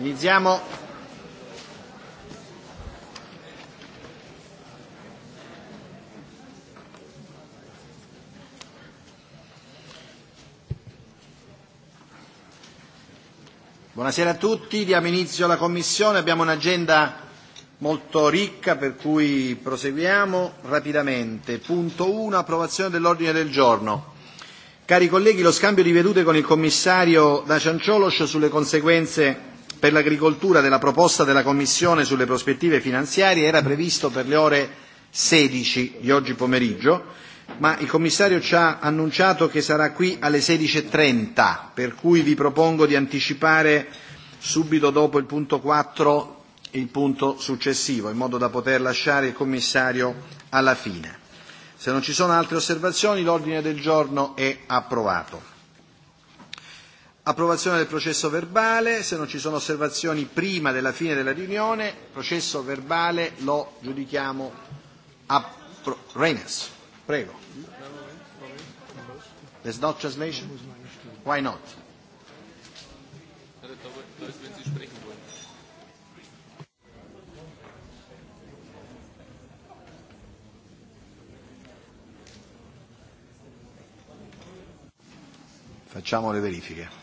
Iniziamo. Buonasera a tutti, diamo inizio alla Commissione, abbiamo un'agenda molto ricca per cui proseguiamo rapidamente. Punto 1, approvazione dell'ordine del giorno. Cari colleghi, lo scambio di vedute con il commissario Dacian Cioloș sulle conseguenze per l'agricoltura della proposta della Commissione sulle prospettive finanziarie era previsto per le ore 16 di oggi pomeriggio, ma il commissario ci ha annunciato che sarà qui alle 16.30, e per cui vi propongo di anticipare subito dopo il punto 4 il punto successivo, in modo da poter lasciare il commissario alla fine. Se non ci sono altre osservazioni, l'ordine del giorno è approvato. Approvazione del processo verbale, se non ci sono osservazioni prima della fine della riunione, il processo verbale lo giudichiamo a pro- Reines. Prego. There's no translation? Why not? Facciamo le verifiche.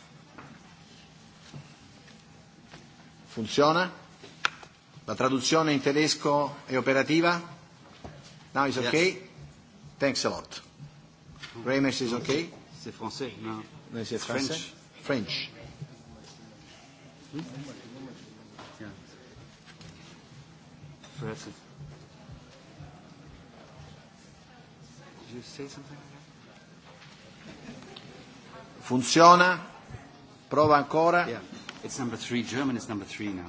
Funziona? La traduzione in tedesco è operativa? Now it's okay? Yes. Thanks a lot. Reimers is okay? C'est français. No. No, c'est français? French. French. Hmm? Yeah. Français. Did you say something? Funziona? Prova ancora? Yeah. It's number three. German is number three now.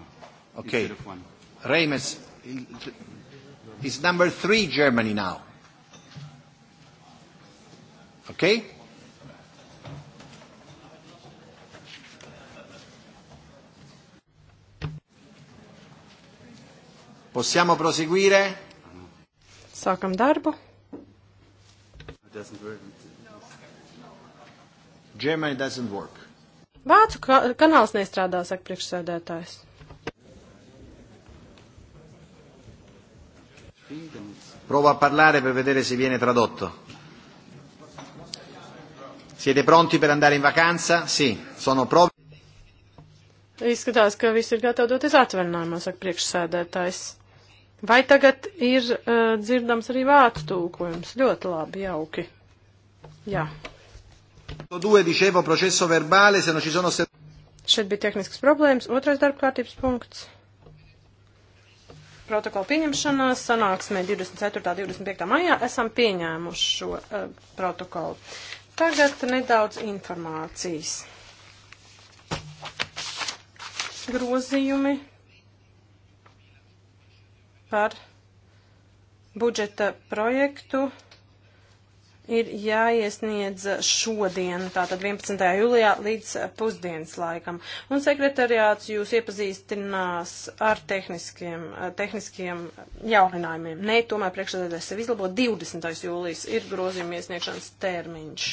Okay. Instead of one. Reimers is number three Germany now. Okay? Possiamo proseguire? Sākam darbu. It doesn't work. Germany doesn't work. Vācu ka kanāls nestrādā, saka priekšsēdētājs. Prova a parlare per vedere se viene tradotto. Siete pronti per andare in vacanza? Sì, sono pronti. Izskatās, ka viss ir gatavi doties atvaļinājumā, saka priekšsēdētājs. Vai tagad ir uh, dzirdams arī vācu tūkojums? Ļoti labi, jauki. Jā. Šeit bija tehniskas problēmas. Otrais darbkārtības punkts. Protokola pieņemšanā sanāksmē 24. un 25. maijā esam pieņēmuši šo uh, protokolu. Tagad nedaudz informācijas. Grozījumi par budžeta projektu ir jāiesniedz šodien, tātad 11. jūlijā līdz pusdienas laikam. Un sekretariāts jūs iepazīstinās ar tehniskiem, tehniskiem jauninājumiem. Nē, tomēr priekšsēdētājs sev izlabo 20. jūlijas ir grozījuma iesniegšanas termiņš.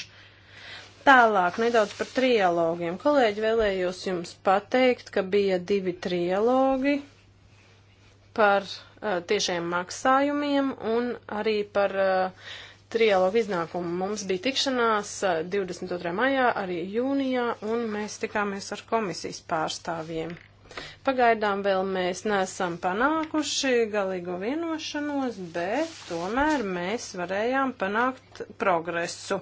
Tālāk nedaudz par trialogiem. Kolēģi, vēlējos jums pateikt, ka bija divi trialogi par uh, eh, tiešiem maksājumiem un arī par uh, trialogu iznākumu. Mums bija tikšanās 22. Eh, maijā, arī jūnijā, un mēs tikāmies ar komisijas pārstāvjiem. Pagaidām vēl mēs nesam panākuši galīgo vienošanos, bet tomēr mēs varējām panākt progresu.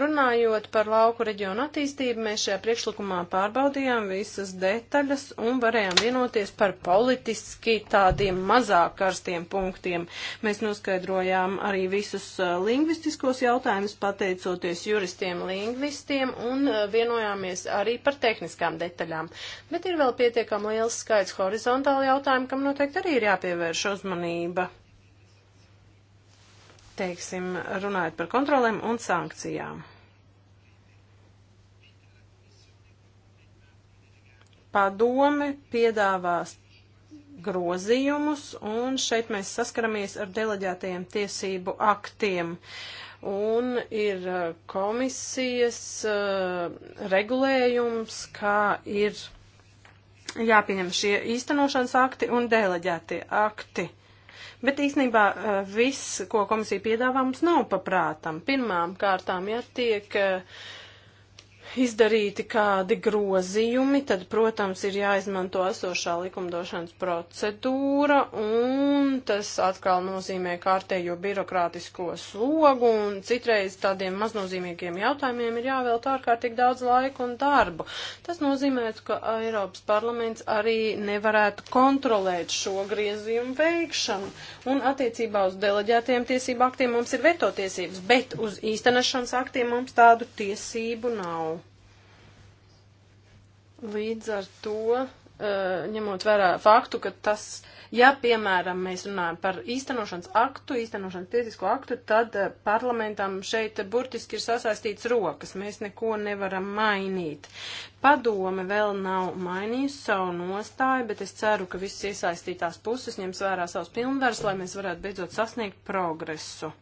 Runājot par lauku reģionu attīstību, mēs šajā priekšlikumā pārbaudījām visas detaļas un varējām vienoties par politiski tādiem mazāk karstiem punktiem. Mēs noskaidrojām arī visus lingvistiskos jautājumus, pateicoties juristiem, lingvistiem, un vienojāmies arī par tehniskām detaļām. Bet ir vēl pietiekam liels skaits horizontāli jautājumu, kam noteikti arī ir jāpievērš uzmanība teiksim, runājot par kontrolēm un sankcijām. Padome piedāvās grozījumus, un šeit mēs saskaramies ar deleģētajiem tiesību aktiem. Un ir uh, komisijas uh, regulējums, kā ir jāpieņem šie īstenošanas akti un deleģētie akti. Bet īstenībā eh, viss, ko komisija piedāvā, mums nav paprātam. Pirmām kārtām, ja tiek uh, izdarīti kādi grozījumi, tad, protams, ir jāizmanto esošā likumdošanas procedūra, un tas atkal nozīmē kārtējo birokrātisko slogu, un citreiz tādiem maznozīmīgiem jautājumiem ir jāvēlt ārkārtīgi daudz laika un darbu. Tas nozīmē, ka Eiropas parlaments arī nevarētu kontrolēt šo griezījumu veikšanu, un attiecībā uz deleģētiem tiesību aktiem mums ir veto tiesības, bet uz īstenošanas aktiem mums tādu tiesību nav. Līdz ar to, eh, ņemot vērā faktu, ka tas, ja, piemēram, mēs runājam par īstenošanas aktu, īstenošanas tiesisko aktu, tad eh, parlamentam šeit burtiski ir sasaistīts rokas. Mēs neko nevaram mainīt. Padome vēl nav mainījusi savu nostāju, bet es ceru, ka visas iesaistītās puses ņems vērā savus pilnvērus, lai mēs varētu beidzot sasniegt progresu.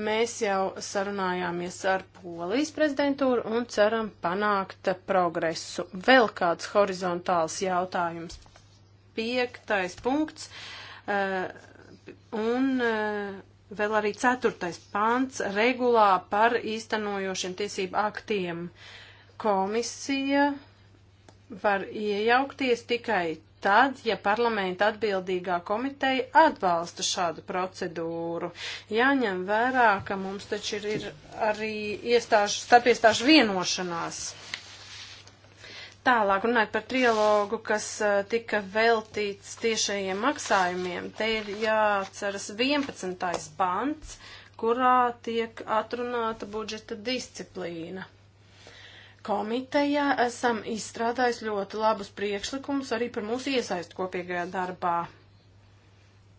Mēs jau sarunājāmies ar Polijas prezidentūru un ceram panākt progresu. Vēl kāds horizontāls jautājums. Piektais punkts eh, un eh, vēl arī ceturtais pants regulā par īstenojošiem tiesību aktiem. Komisija var iejaukties tikai tad, ja parlamenta atbildīgā komiteja atbalsta šādu procedūru. Jāņem vērā, ka mums taču ir, ir arī iestāžu, starpiestāžu vienošanās. Tālāk runājot par trilogu, kas eh, tika veltīts tiešajiem maksājumiem, te ir jāatceras 11. pants, kurā tiek atrunāta budžeta disciplīna komitejā esam izstrādājis ļoti labus priekšlikumus arī par mūsu iesaistu kopīgajā darbā.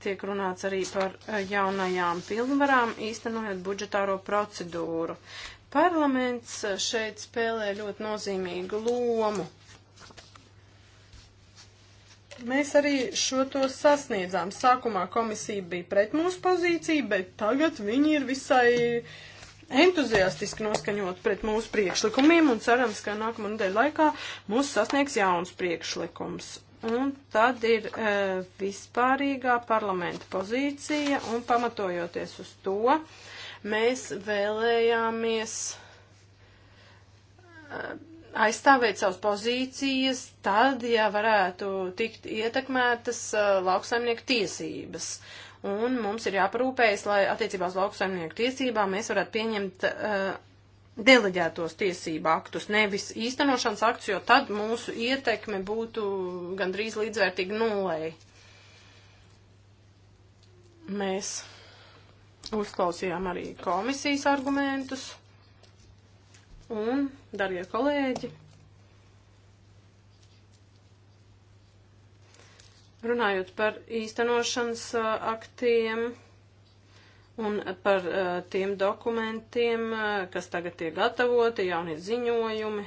Tiek runāts arī par eh, jaunajām pilnvarām, īstenojot budžetāro procedūru. Parlaments eh, šeit spēlē ļoti nozīmīgu lomu. Mēs arī šo to sasniedzām. Sākumā komisija bija pret mūsu pozīciju, bet tagad viņi ir visai uh, entuziastiski noskaņot pret mūsu priekšlikumiem un cerams, ka nākamā nedēļa laikā mūs sasniegs jauns priekšlikums. Un tad ir e, vispārīgā parlamenta pozīcija un pamatojoties uz to, mēs vēlējāmies e, aizstāvēt savas pozīcijas, tad, ja varētu tikt ietekmētas e, lauksaimnieku tiesības un mums ir jāparūpējas, lai attiecībā uz lauksaimnieku tiesībām mēs varētu pieņemt uh, deleģētos tiesību aktus, nevis īstenošanas aktus, jo tad mūsu ietekme būtu gandrīz līdzvērtīga nulēji. Mēs uzklausījām arī komisijas argumentus. Un, darbie kolēģi, Runājot par īstenošanas uh, aktiem un par uh, tiem dokumentiem, uh, kas tagad tiek gatavoti, jaunie ziņojumi.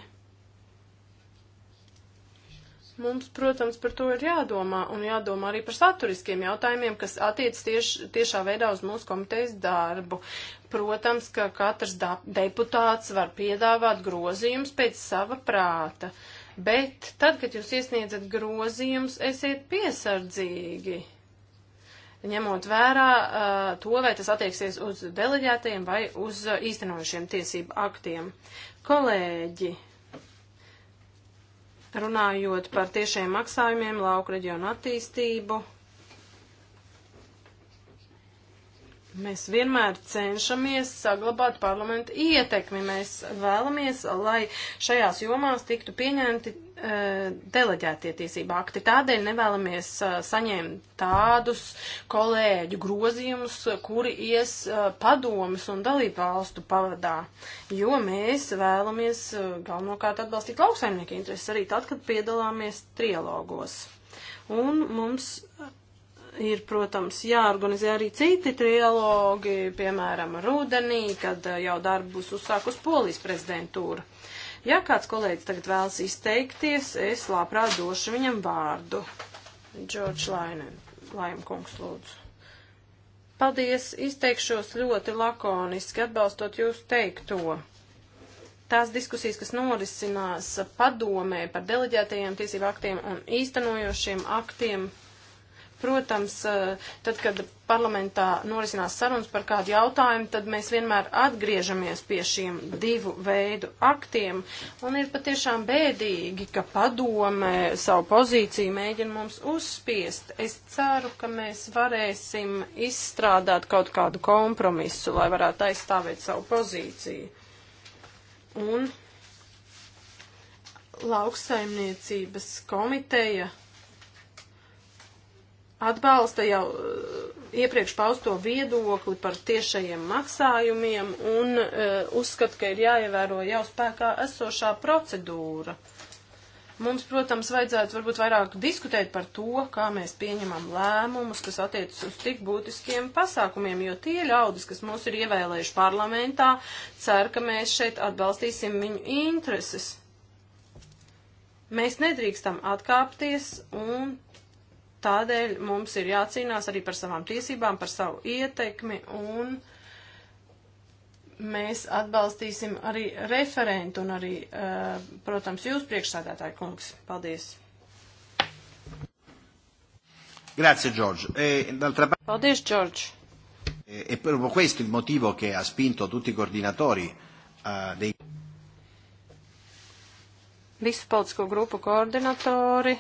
Mums, protams, par to ir jādomā un jādomā arī par saturiskiem jautājumiem, kas attiec tieš, tiešā veidā uz mūsu komitejas darbu. Protams, ka katrs deputāts var piedāvāt grozījumus pēc sava prāta. Uh, bet tad, kad jūs iesniedzat grozījumus, esiet piesardzīgi, ņemot vērā uh, to, vai tas attieksies uz deleģētajiem vai uz uh, īstenojušiem tiesību aktiem. Kolēģi, runājot par tiešiem maksājumiem, lauku reģionu attīstību. Mēs vienmēr cenšamies saglabāt parlamentu ietekmi. Mēs vēlamies, lai šajās jomās tiktu pieņemti uh, deleģētie tiesība akti. Tādēļ nevēlamies uh, saņemt tādus kolēģu grozījumus, kuri ies uh, eh, padomus un dalību valstu pavadā, jo mēs vēlamies uh, galvenokārt atbalstīt lauksaimnieku intereses arī tad, kad piedalāmies trialogos. Un mums ir, protams, jāorganizē arī citi trilogi, piemēram, rudenī, kad eh, jau darbu būs uzsākus polijas prezidentūra. Ja kāds kolēģis tagad vēlas izteikties, es labprāt došu viņam vārdu. Džordž Lainen, Laimkungs, lūdzu. Paldies, izteikšos ļoti lakoniski, atbalstot jūsu teikto tās diskusijas, kas norisinās padomē par deleģētajiem tiesību aktiem un īstenojošiem aktiem, Protams, eh, tad, kad parlamentā norisinās sarunas par kādu jautājumu, tad mēs vienmēr atgriežamies pie šiem divu veidu aktiem. Un ir patiešām bēdīgi, ka padome savu pozīciju mēģina mums uzspiest. Es ceru, ka mēs varēsim izstrādāt kaut kādu kompromisu, lai varētu aizstāvēt savu pozīciju. Un lauksaimniecības komiteja atbalsta jau eh, iepriekš pausto viedokli par tiešajiem maksājumiem un uh, eh, uzskata, ka ir jāievēro jau spēkā esošā procedūra. Mums, protams, vajadzētu varbūt vairāk diskutēt par to, kā mēs pieņemam lēmumus, kas attiecas uz tik būtiskiem pasākumiem, jo tie ļaudis, kas mūs ir ievēlējuši parlamentā, cer, ka mēs šeit atbalstīsim viņu intereses. Mēs nedrīkstam atkāpties un Tādēļ mums ir jācīnās arī par savām tiesībām, par savu ietekmi un mēs atbalstīsim arī referentu un arī, eh, protams, jūs priekšsādātāju kungs. Paldies! Grazie George. E, d'altra parte... Paldies George. E, è proprio questo il motivo che ha spinto tutti i coordinatori uh, dei... Visu politisko grupu koordinatori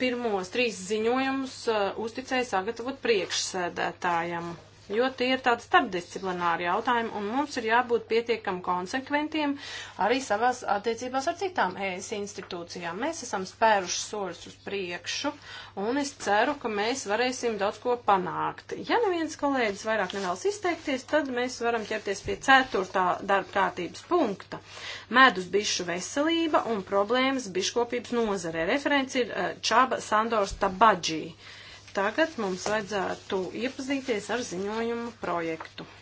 Pirmos trīs ziņojumus uh, uzticēja sagatavot priekšsēdētājam jo tie ir tādi starpdisciplināri jautājumi, un mums ir jābūt pietiekam konsekventiem arī savās attiecībās ar citām ES institūcijām. Mēs esam spēruši soļus uz priekšu, un es ceru, ka mēs varēsim daudz ko panākt. Ja neviens kolēģis vairāk nevēlas izteikties, tad mēs varam ķerties pie ceturtā darba kārtības punkta - medus bišu veselība un problēmas biškopības nozarē. Referents ir eh, Čaba Sandors Tabadžī. Uh, Tagad mums vajadzētu iepazīties ar ziņojumu projektu.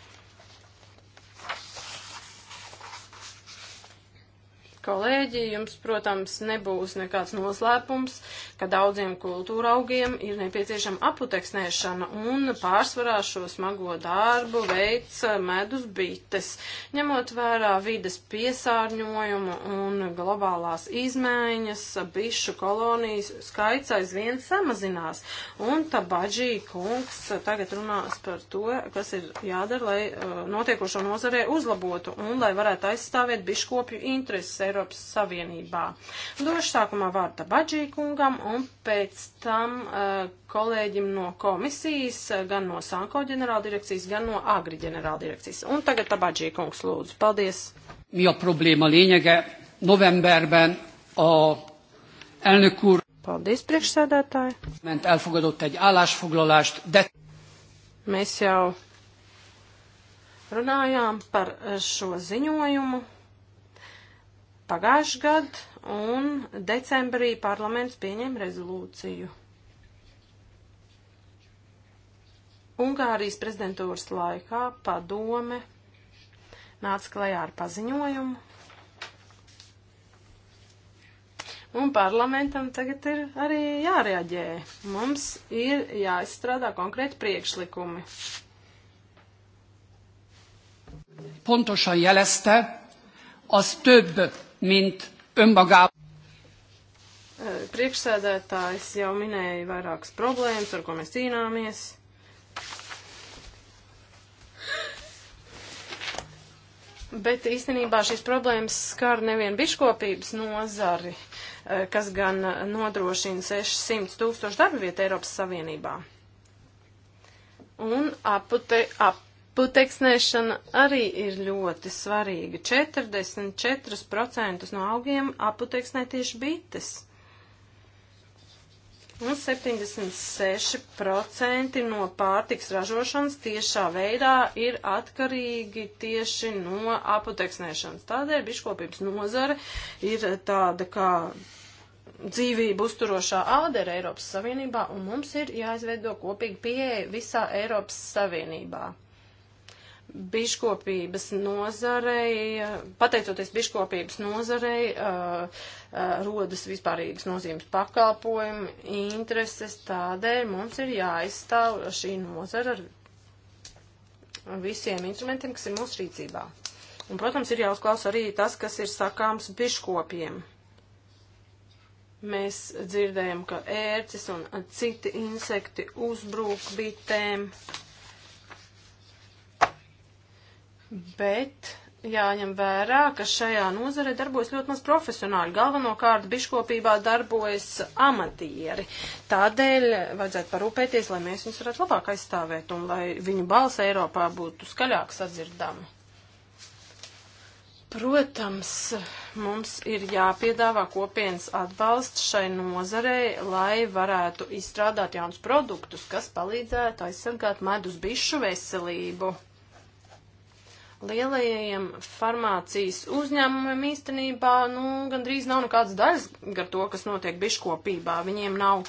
Kolēģi, jums, protams, nebūs nekāds noslēpums, ka daudziem kultūra augiem ir nepieciešama aputeksnēšana un pārsvarā šo smago darbu veids medus bites. Ņemot vērā vides piesārņojumu un globālās izmaiņas, bišu kolonijas skaits aizvien samazinās. Un Tabadžī kungs tagad runās par to, kas ir jādara, lai uh, notiekošo nozarē uzlabotu un lai varētu aizstāvēt biškopju intereses. Eiropas Savienībā. Došu sākumā vārdu Badžī kungam un pēc tam uh, kolēģim no komisijas, uh, gan no Sanko ģenerāldirekcijas, gan no Agri ģenerāldirekcijas. Un tagad Tabadžī kungs lūdzu. Paldies. Mi a problēma lényege? Novemberben a elnök úr Paldies, priekšsēdētāji. Ment elfogadott egy állásfoglalást, de... Mēs jau runājām par uh, šo ziņojumu pagājuši gad, un decembrī parlaments pieņēma rezolūciju. Ungārijas prezidentūras laikā padome nāca klajā ar paziņojumu, Un parlamentam tagad ir arī jārēģē. Mums ir jāizstrādā konkrēti priekšlikumi. Pontosan jelezte, az több mint önmagában. Priekšsēdētājs jau minēja vairākas problēmas, ar ko mēs cīnāmies. Bet īstenībā šīs problēmas skar nevienu biškopības nozari, eh, kas gan nodrošina 600 tūkstošu darba vietu Eiropas Savienībā. Un apute, ap, Puteksnēšana arī ir ļoti svarīga. 44% no augiem aputeksnē tieši bites. Un 76% no pārtiks ražošanas tiešā veidā ir atkarīgi tieši no aputeksnēšanas. Tādēļ biškopības nozare ir tāda kā dzīvību uzturošā ādera Eiropas Savienībā, un mums ir jāizveido kopīgi pieeja visā Eiropas Savienībā biškopības nozarei, pateicoties biškopības nozarei, uh, uh, rodas vispārīgas nozīmes pakalpojumi, intereses, tādēļ mums ir jāizstāv šī nozara ar visiem instrumentiem, kas ir mūsu rīcībā. Un, protams, ir jāuzklaus arī tas, kas ir sakāms biškopiem. Mēs dzirdējam, ka ērces un citi insekti uzbrūk bitēm. Uh, bet jāņem vērā, ka šajā nozarē darbojas ļoti maz profesionāļu. Galvenokārt biškopībā darbojas amatieri. Tādēļ vajadzētu parūpēties, lai mēs viņus varētu labāk aizstāvēt un lai viņu balss Eiropā būtu skaļāk sadzirdama. Protams, mums ir jāpiedāvā kopienas atbalsts šai nozarei, lai varētu izstrādāt jaunus produktus, kas palīdzētu aizsargāt medus bišu veselību lielajiem farmācijas uzņēmumiem īstenībā, nu, gandrīz nav nekādas daļas gar to, kas notiek biškopībā. Viņiem nav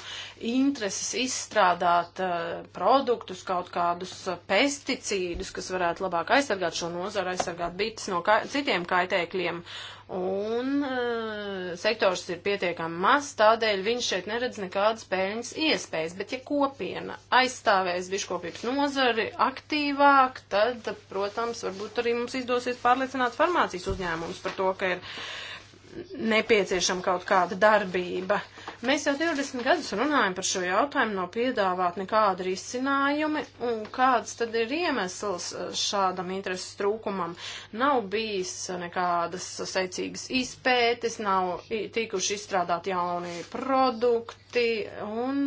intereses izstrādāt uh, produktus, kaut kādus eh, pesticīdus, kas varētu labāk aizsargāt šo nozaru, aizsargāt bites no ka citiem kaitēkļiem. Uh, un uh, sektors ir pietiekami maz, tādēļ viņš šeit neredz nekādas peļņas iespējas. Bet ja kopiena aizstāvēs biškopības nozari aktīvāk, tad, protams, varbūt arī mums izdosies pārliecināt farmācijas uzņēmumus par to, ka ir nepieciešama kaut kāda darbība. Mēs jau 20 gadus runājam par šo jautājumu, nav piedāvāt nekāda risinājumi, un kāds tad ir iemesls uh, šādam interesu trūkumam? Nav bijis uh, nekādas secīgas izpētes, nav tikuši izstrādāti jauni produkti, un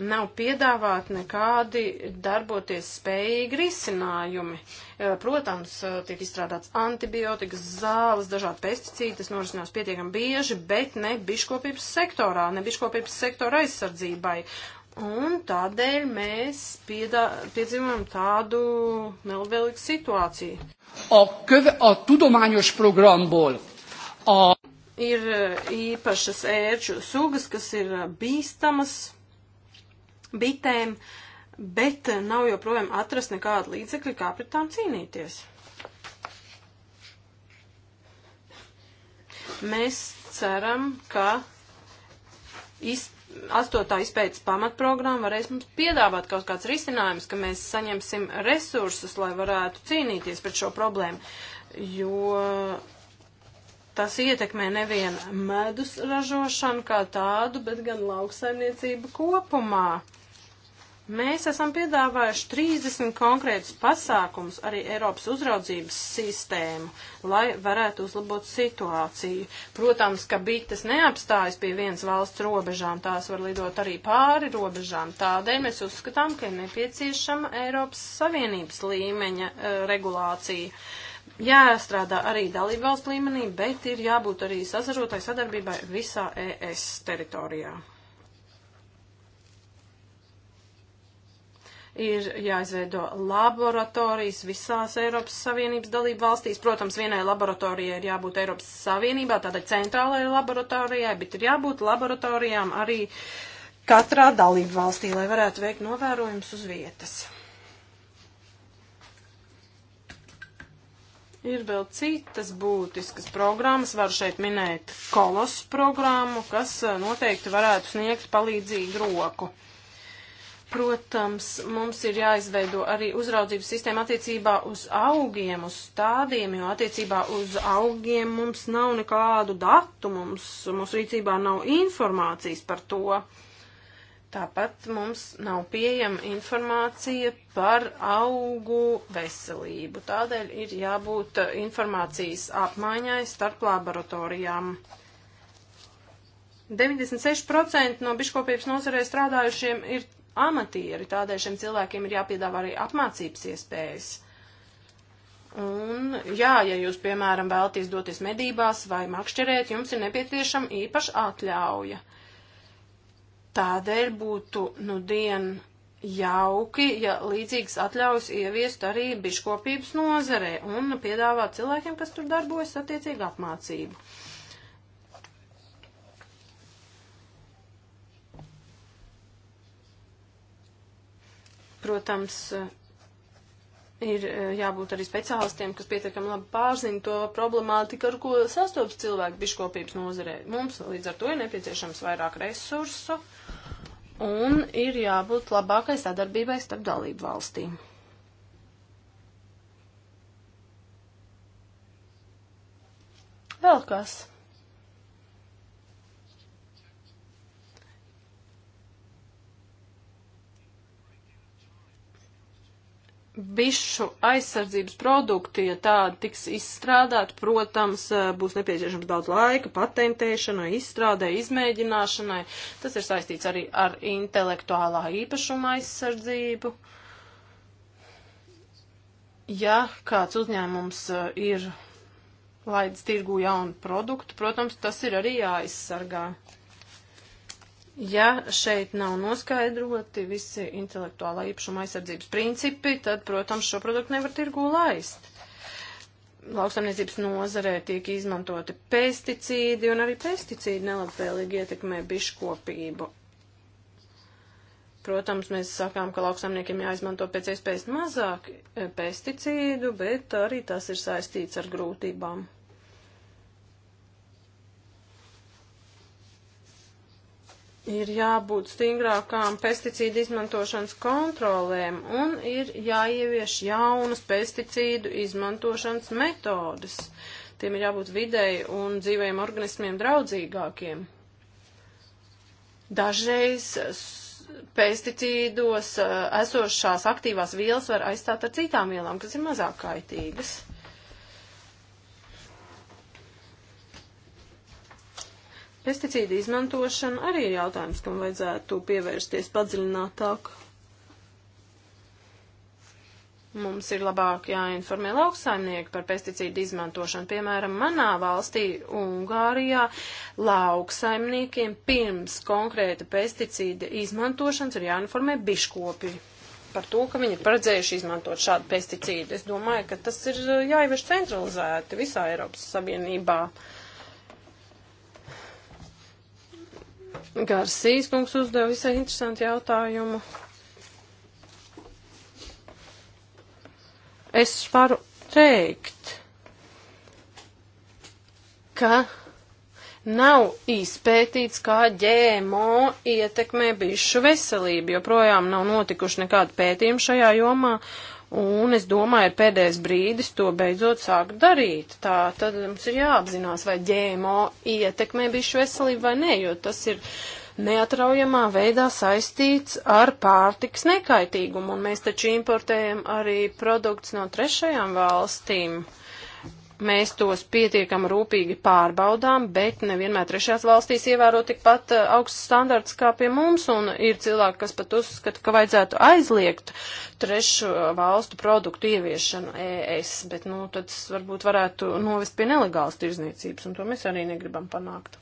nav piedāvāti nekādi darboties spējīgi risinājumi. E, protams, e, tiek izstrādāts antibiotikas, zāles, dažādi pesticīdi, tas norisinās pietiekami bieži, bet ne biškopības sektorā, ne biškopības sektora aizsardzībai. Un tādēļ mēs piedā, piedzīvojam tādu nelabvēlīgu situāciju. A, köve, a tudományos programból a... ir e, īpašas ērču sugas, kas ir bīstamas bitēm, bet nav joprojām atrast nekādu līdzekļu, kā pret tām cīnīties. Mēs ceram, ka iz, astotā izpētes pamatprogramma varēs mums piedāvāt kaut kāds risinājums, ka mēs saņemsim resursus, lai varētu cīnīties pret šo problēmu, jo tas ietekmē nevien medus ražošanu kā tādu, bet gan lauksaimniecību kopumā. Mēs esam piedāvājuši 30 konkrētus pasākumus arī Eiropas uzraudzības sistēmu, lai varētu uzlabot situāciju. Protams, ka bites neapstājas pie vienas valsts robežām, tās var lidot arī pāri robežām. Tādēļ mēs uzskatām, ka ir nepieciešama Eiropas Savienības līmeņa e, regulācija. Jāstrādā arī dalībvalsts līmenī, bet ir jābūt arī sazarotai sadarbībai visā ES teritorijā. ir jāizveido laboratorijas visās Eiropas Savienības dalību valstīs. Protams, vienai laboratorijai ir jābūt Eiropas Savienībā, tādai centrālajai laboratorijai, bet ir jābūt laboratorijām arī katrā dalību valstī, lai varētu veikt novērojumus uz vietas. Ir vēl citas būtiskas programmas, varu šeit minēt kolos programmu, kas eh, noteikti varētu sniegt palīdzīgu roku. Protams, mums ir jāizveido arī uzraudzības sistēma attiecībā uz augiem, uz stādiem, jo attiecībā uz augiem mums nav nekādu datu, mums, mums rīcībā nav informācijas par to. Tāpat mums nav pieejama informācija par augu veselību. Tādēļ ir jābūt informācijas apmaiņai starp laboratorijām. 96% no biškopības nozarē strādājušiem ir amatieri, tādēļ šiem cilvēkiem ir jāpiedāvā arī apmācības iespējas. Un, jā, ja jūs, piemēram, vēlaties doties medībās vai makšķerēt, jums ir nepieciešama īpaša atļauja. Tādēļ būtu, nu, dien jauki, ja līdzīgas atļaujas ieviest arī biškopības nozarē un piedāvāt cilvēkiem, kas tur darbojas, attiecīgu apmācību. Protams, eh, ir eh, jābūt arī speciālistiem, kas pietiekami labi pārzina to problemātiku, ar ko sastopas cilvēki biškopības nozarē. Mums līdz ar to ir nepieciešams vairāk resursu un ir jābūt labākai sadarbībai starp dalību valstīm. Vēl kas? bišu aizsardzības produkti, ja tādi tiks izstrādāt, protams, eh, būs nepieciešams daudz laika patentēšanai, izstrādē, izmēģināšanai. Tas ir saistīts arī ar intelektuālā īpašuma aizsardzību. Ja kāds uzņēmums eh, ir laidz tirgu jaunu produktu, protams, tas ir arī jāaizsargā. Ja šeit nav noskaidroti visi intelektuālā īpašuma aizsardzības principi, tad, protams, šo produktu nevar tirgu laist. Lauksaimniecības nozarē tiek izmantoti pesticīdi, un arī pesticīdi nelabvēlīgi ietekmē biškopību. Protams, mēs sakām, ka lauksaimniekiem jāizmanto pēc iespējas mazāk eh, pesticīdu, bet arī tas ir saistīts ar grūtībām. ir jābūt stingrākām pesticīdu izmantošanas kontrolēm un ir jāievieš jaunas pesticīdu izmantošanas metodas. Tiem ir jābūt videi un dzīvajiem organismiem draudzīgākiem. Dažreiz pesticīdos esošās aktīvās vielas var aizstāt ar citām vielām, kas ir mazāk kaitīgas. Pesticīdu izmantošana arī ir jautājums, kam vajadzētu pievērsties padziļinātāk. Mums ir labāk jāinformē lauksaimnieki par pesticīdu izmantošanu. Piemēram, manā valstī, Ungārijā, lauksaimniekiem pirms konkrēta pesticīda izmantošanas ir jāinformē biškopi par to, ka viņi ir paredzējuši izmantot šādu pesticīdu. Es domāju, ka tas ir jāievieš centralizēti visā Eiropas Savienībā. Uh, Garsīs kungs uzdeva visai interesantu jautājumu. Es varu teikt, ka nav izpētīts, kā ģēmo ietekmē bišu veselību, jo projām nav notikuši nekādi pētījumi šajā jomā. Uh, Un es domāju, ir pēdējais brīdis to beidzot sākt darīt. Tā tad mums ir jāapzinās, vai GMO ietekmē bišu veselību vai nē, jo tas ir neatraujamā veidā saistīts ar pārtiks nekaitīgumu. Un mēs taču importējam arī produkts no trešajām valstīm. Uh, mēs tos pietiekam rūpīgi pārbaudām, bet nevienmēr trešās valstīs ievēro tikpat eh, augsts standarts kā pie mums, un ir cilvēki, kas pat uzskata, ka vajadzētu aizliegt trešu valstu produktu ieviešanu ES, bet, nu, tad varbūt varētu novest pie nelegālas tirzniecības, un to mēs arī negribam panākt.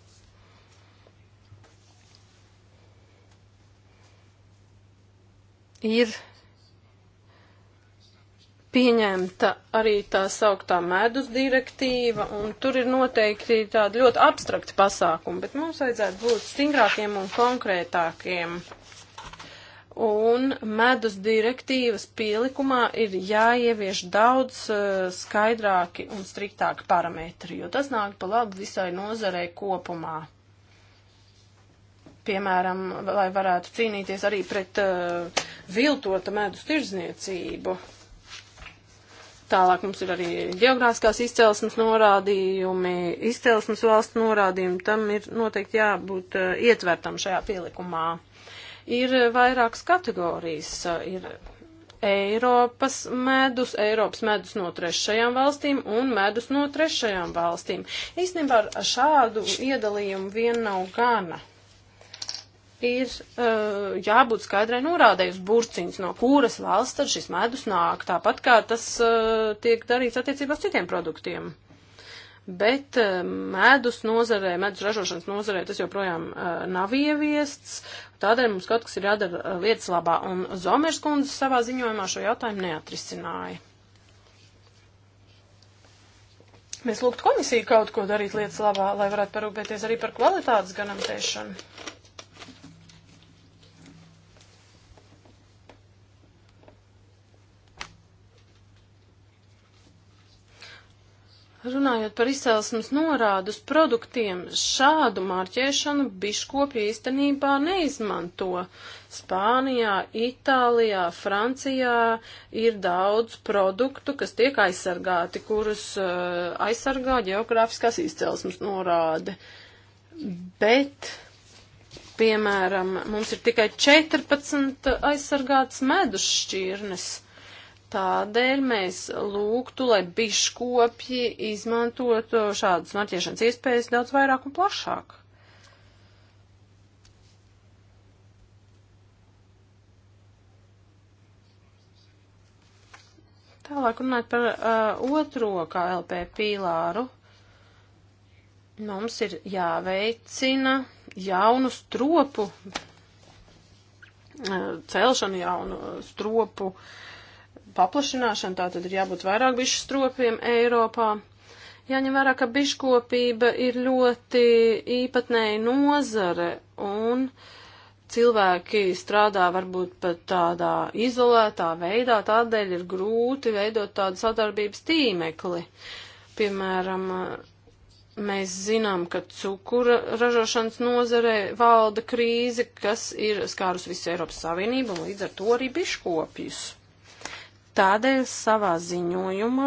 Ir pieņemta arī tā sauktā medus direktīva, un tur ir noteikti tādi ļoti abstrakti pasākumi, bet mums vajadzētu būt stingrākiem un konkrētākiem. Un medus direktīvas pielikumā ir jāievieš daudz uh, skaidrāki un striktāki parametri, jo tas nāk pa labu visai nozarei kopumā. Piemēram, lai varētu cīnīties arī pret uh, viltota medus tirzniecību. Tālāk mums ir arī geogrāfiskās izcelsmes norādījumi, izcelsmes valstu norādījumi. Tam ir noteikti jābūt eh, ietvertam šajā pielikumā. Ir vairākas kategorijas. Eh, ir Eiropas medus, Eiropas medus no trešajām valstīm un medus no trešajām valstīm. Īstenībā ar šādu iedalījumu vien nav gana ir uh, jābūt skaidrai norādēji uz burciņas, no kuras valsts tad šis medus nāk, tāpat kā tas uh, tiek darīts attiecībā uz citiem produktiem. Bet uh, medus nozarē, medus ražošanas nozarē tas joprojām uh, nav ieviests, tādēļ mums kaut kas ir jādara uh, lietas labā, un Zomers kundze savā ziņojumā šo jautājumu neatrisināja. Mēs lūgtu komisiju kaut ko darīt lietas labā, lai varētu parūpēties arī par kvalitātes ganamtēšanu. Runājot par izcelsmes norādu uz produktiem, šādu marķēšanu biškopju īstenībā neizmanto. Spānijā, Itālijā, Francijā ir daudz produktu, kas tiek aizsargāti, kurus uh, aizsargā geogrāfiskās izcelsmes norāde. Bet, piemēram, mums ir tikai 14 aizsargātas medus šķirnes. Tādēļ mēs lūgtu, lai biškopji izmantotu uh, šādas marķiešanas iespējas daudz vairāk un plašāk. Tālāk runāt par uh, otro KLP pīlāru. Mums ir jāveicina jaunu stropu, uh, celšanu jaunu stropu uh, paplašināšanu, tā tad ir jābūt vairāk bišu stropiem Eiropā. Jāņem vērā, ka biškopība ir ļoti īpatnēja nozare un cilvēki strādā varbūt pat tādā izolētā veidā, tādēļ ir grūti veidot tādu sadarbības tīmekli. Piemēram, mēs zinām, ka cukura ražošanas nozarē valda krīze, kas ir skārus visu Eiropas Savienību un līdz ar to arī biškopjus. Tādēļ savā ziņojumā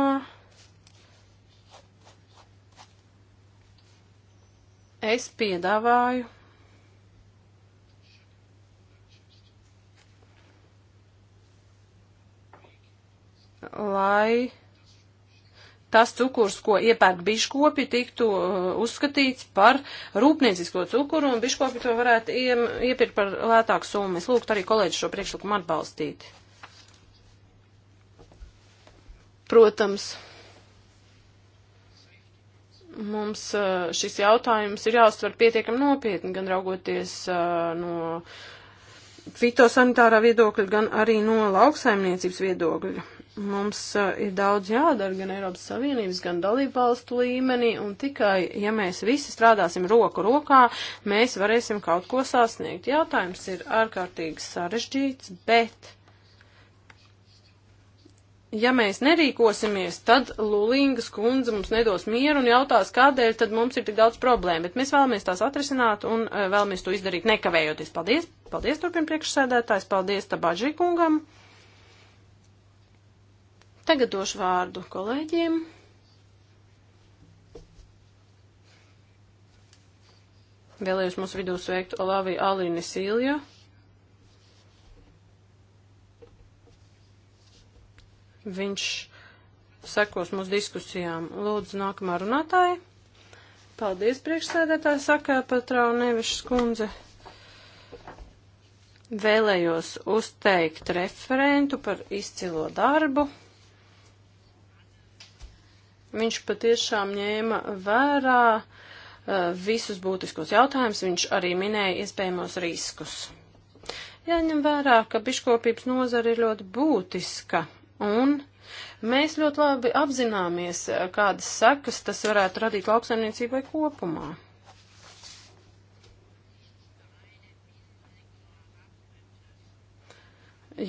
es piedāvāju lai tas cukurs, ko iepērk biškopi, tiktu uh, uzskatīts par rūpniecisko cukuru, un biškopi to varētu iem, iepirkt par lētāku summu. Es lūgtu arī kolēģi šo priekšlikumu atbalstīt. Protams, mums uh, šis jautājums ir jāuztver pietiekam nopietni, gan raugoties uh, no fitosanitārā viedokļa, gan arī no lauksaimniecības viedokļa. Mums uh, ir daudz jādara gan Eiropas Savienības, gan dalību valstu līmenī, un tikai, ja mēs visi strādāsim roku rokā, mēs varēsim kaut ko sasniegt. Jautājums ir ārkārtīgi sarežģīts, bet ja mēs nerīkosimies, tad Lulīngas kundze mums nedos mieru un jautās, kādēļ tad mums ir tik daudz problēmu, bet mēs vēlamies tās atrisināt un e, vēlamies to izdarīt nekavējoties. Paldies, paldies turpin priekšsēdētājs, paldies Tabadžī kungam. Tagad došu vārdu kolēģiem. Vēlējos mūsu vidū sveikt Olaviju Alīni Silju Viņš sekos mūsu diskusijām. Lūdzu, nākamā runātāja. Paldies, priekšsēdētāja, saka Patrau Nevišs kundze. Vēlējos uzteikt referentu par izcilo darbu. Viņš patiešām ņēma vērā uh, visus būtiskos jautājumus, viņš arī minēja iespējamos riskus. Jāņem vērā, ka biškopības nozara ir ļoti būtiska Un mēs ļoti labi apzināmies, kādas sekas tas varētu radīt lauksaimniecībai kopumā.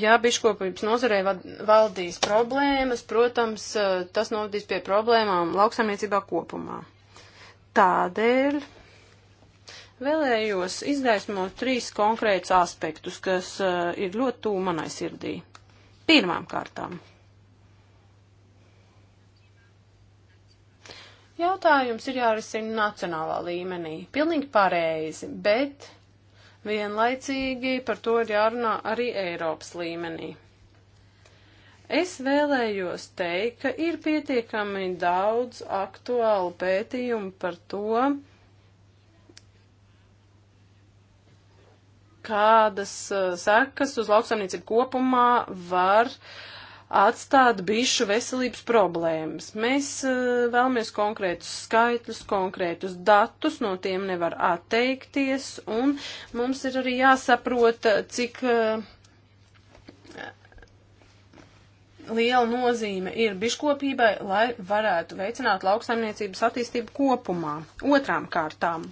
Ja biškopības nozarē valdīs problēmas, protams, tas novadīs pie problēmām lauksaimniecībā kopumā. Tādēļ vēlējos izgaismot trīs konkrētus aspektus, kas eh, ir ļoti tūmanai sirdī. Pirmām kārtām. Jautājums ir jārisina nacionālā līmenī. Pilnīgi pareizi, bet vienlaicīgi par to ir jārunā arī Eiropas līmenī. Es vēlējos teikt, ka ir pietiekami daudz aktuālu pētījumu par to, kādas eh, sekas uz lauksaimniecību kopumā var atstāt bišu veselības problēmas. Mēs eh, vēlamies konkrētus skaitļus, konkrētus datus, no tiem nevar atteikties, un mums ir arī jāsaprot, eh, cik liela nozīme ir biškopībai, lai varētu veicināt lauksaimniecības attīstību kopumā. Otrām kārtām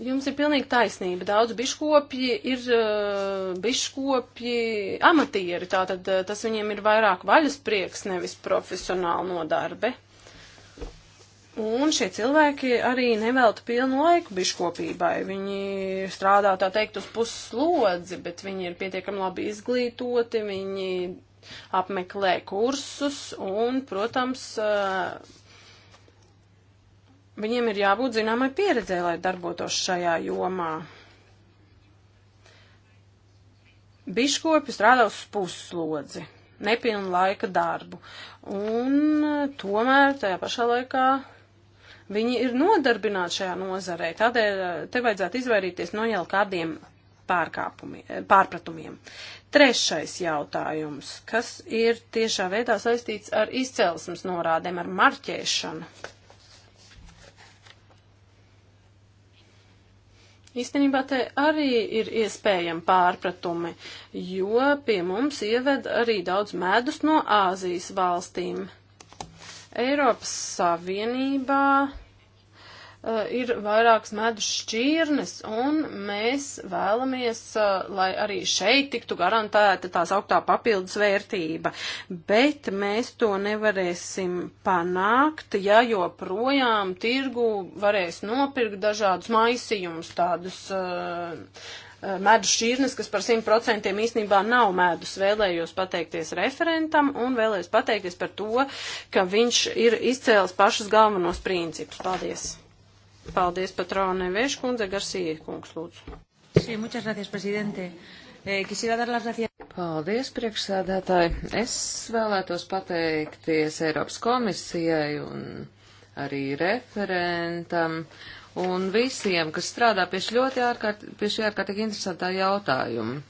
Jums ir pilnīgi taisnība. Daudz biškopji ir uh, biškopji amatieri, tātad uh, tas viņiem ir vairāk vaļas prieks, nevis profesionāla nodarbe. Un šie cilvēki arī nevelta pilnu laiku biškopībai. Viņi strādā, tā teikt, uz puslodzi, bet viņi ir pietiekami labi izglītoti, viņi apmeklē kursus un, protams, uh, Viņiem ir jābūt zināmai pieredzē, lai darbotos šajā jomā. Biškopi strādā uz puslodzi, nepilnu laika darbu, un eh, tomēr tajā pašā laikā viņi ir nodarbināti šajā nozarē. Tādēļ eh, te vajadzētu izvairīties no jau kādiem eh, pārpratumiem. Trešais jautājums, kas ir tiešā veidā saistīts ar izcelsmes norādēm, ar marķēšanu. Īstenībā te arī ir iespējami pārpratumi, jo pie mums ieved arī daudz medus no Āzijas valstīm. Eiropas Savienībā uh, ir vairākas medus šķirnes, un mēs vēlamies, uh, lai arī šeit tiktu garantēta tās augtā papildus vērtība, bet mēs to nevarēsim panākt, ja joprojām tirgu varēs nopirkt dažādus maisījumus, tādus uh, uh medus šķirnes, kas par 100% īstenībā nav medus. Vēlējos pateikties referentam un vēlējos pateikties par to, ka viņš ir izcēlis pašus galvenos principus. Paldies! Paldies, patrone Vieškundze, Garsija kungs, lūdzu. Sí, muchas gracias, presidente. Eh, quisiera dar las gracias. Paldies, priekšsēdētāji. Es vēlētos pateikties Eiropas komisijai un arī referentam un visiem, kas strādā pie šī ļoti ārkārt, pie šī ārkārtīgi interesantā jautājuma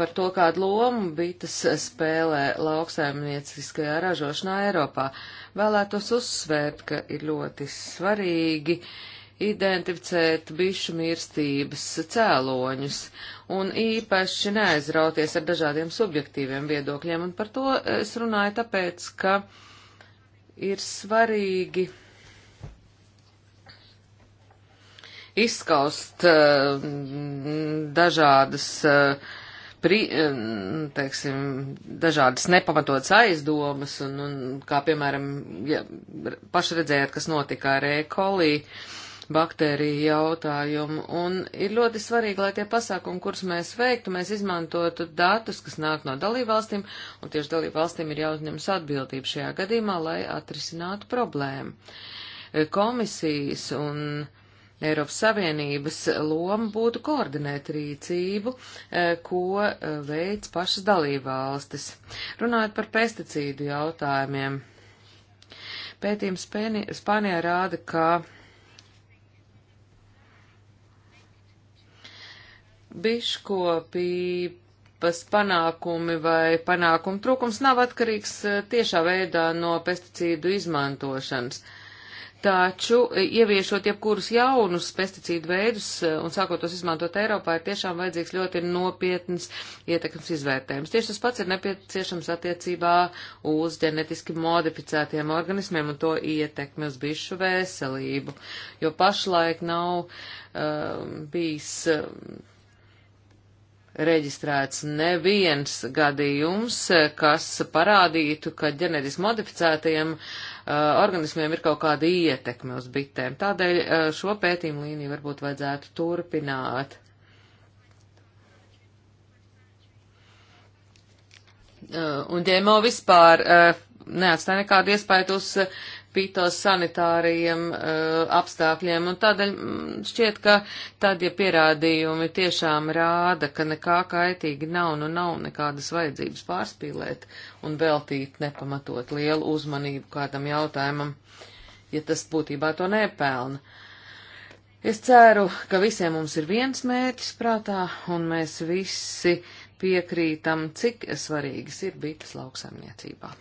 par to, kādu lomu bites spēlē lauksaimnieciskajā ražošanā Eiropā. Vēlētos uzsvērt, ka ir ļoti svarīgi identificēt bišu mirstības cēloņus un īpaši neaizrauties ar dažādiem subjektīviem viedokļiem. Un par to es runāju tāpēc, ka ir svarīgi izskaust uh, dažādas uh, pri, eh, teiksim, dažādas nepamatotas aizdomas, un, un kā piemēram, ja paši redzējāt, kas notika ar E. coli baktēriju jautājumu, un ir ļoti svarīgi, lai tie pasākumi, kurus mēs veiktu, mēs izmantotu datus, kas nāk no dalībvalstīm, un tieši dalībvalstīm ir jāuzņemas atbildība šajā gadījumā, lai atrisinātu problēmu. Eh, komisijas un uh, Eiropas Savienības loma būtu koordinēt rīcību, eh, ko eh, veids pašas dalībvalstis. Runājot par pesticīdu jautājumiem, pētījums Spānijā rāda, ka biškopības panākumi vai panākumu trūkums nav atkarīgs eh, tiešā veidā no pesticīdu izmantošanas. Uh, Taču, e, ieviešot jebkurus jaunus pesticīdu veidus e, un sākot tos izmantot Eiropā, ir tiešām vajadzīgs ļoti nopietns ietekmes izvērtējums. Tieši tas pats ir nepieciešams attiecībā uz ģenetiski modificētiem organismiem un to ietekmi uz bišu veselību, jo pašlaik nav um, bijis. Um, reģistrēts neviens gadījums, kas parādītu, ka ģenetiski modificētajiem uh, Uh, organismiem ir kaut kāda ietekme uz bitēm. Tādēļ uh, šo pētījumu līniju varbūt vajadzētu turpināt. Uh, un ģēmo vispār neatstāja nekādu iespēju uz fitosanitāriem uh, apstākļiem, un tādēļ mm, šķiet, ka tad, ja pierādījumi tiešām rāda, ka nekā kaitīgi nav, nu nav nekādas vajadzības pārspīlēt un veltīt nepamatot lielu uzmanību kādam jautājumam, ja tas būtībā to nepelna. Es ceru, ka visiem mums ir viens mērķis prātā, un mēs visi piekrītam, cik svarīgas ir bites lauksaimniecībā.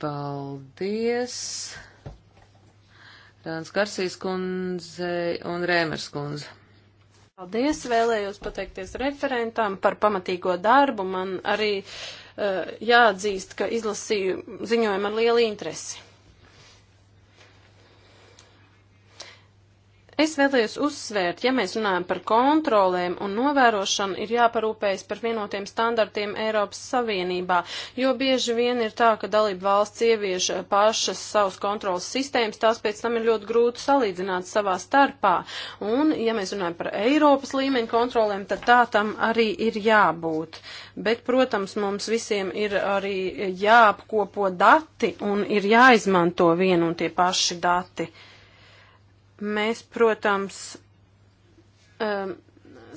Paldies. Rāns Karsīs kundze un Rēmers kundze. Paldies, vēlējos pateikties referentam par pamatīgo darbu. Man arī uh, jāatzīst, ka izlasīju ziņojumu ar lielu interesi. Es vēlējos uzsvērt, ja mēs runājam par kontrolēm un novērošanu, ir jāparūpējas par vienotiem standartiem Eiropas Savienībā, jo bieži vien ir tā, ka dalība valsts ievieš pašas savus kontrolas sistēmas, tās pēc tam ir ļoti grūti salīdzināt savā starpā. Un, ja mēs runājam par Eiropas līmeņu kontrolēm, tad tā tam arī ir jābūt. Bet, protams, mums visiem ir arī jāapkopo dati un ir jāizmanto vien un tie paši dati. Mēs, protams, um,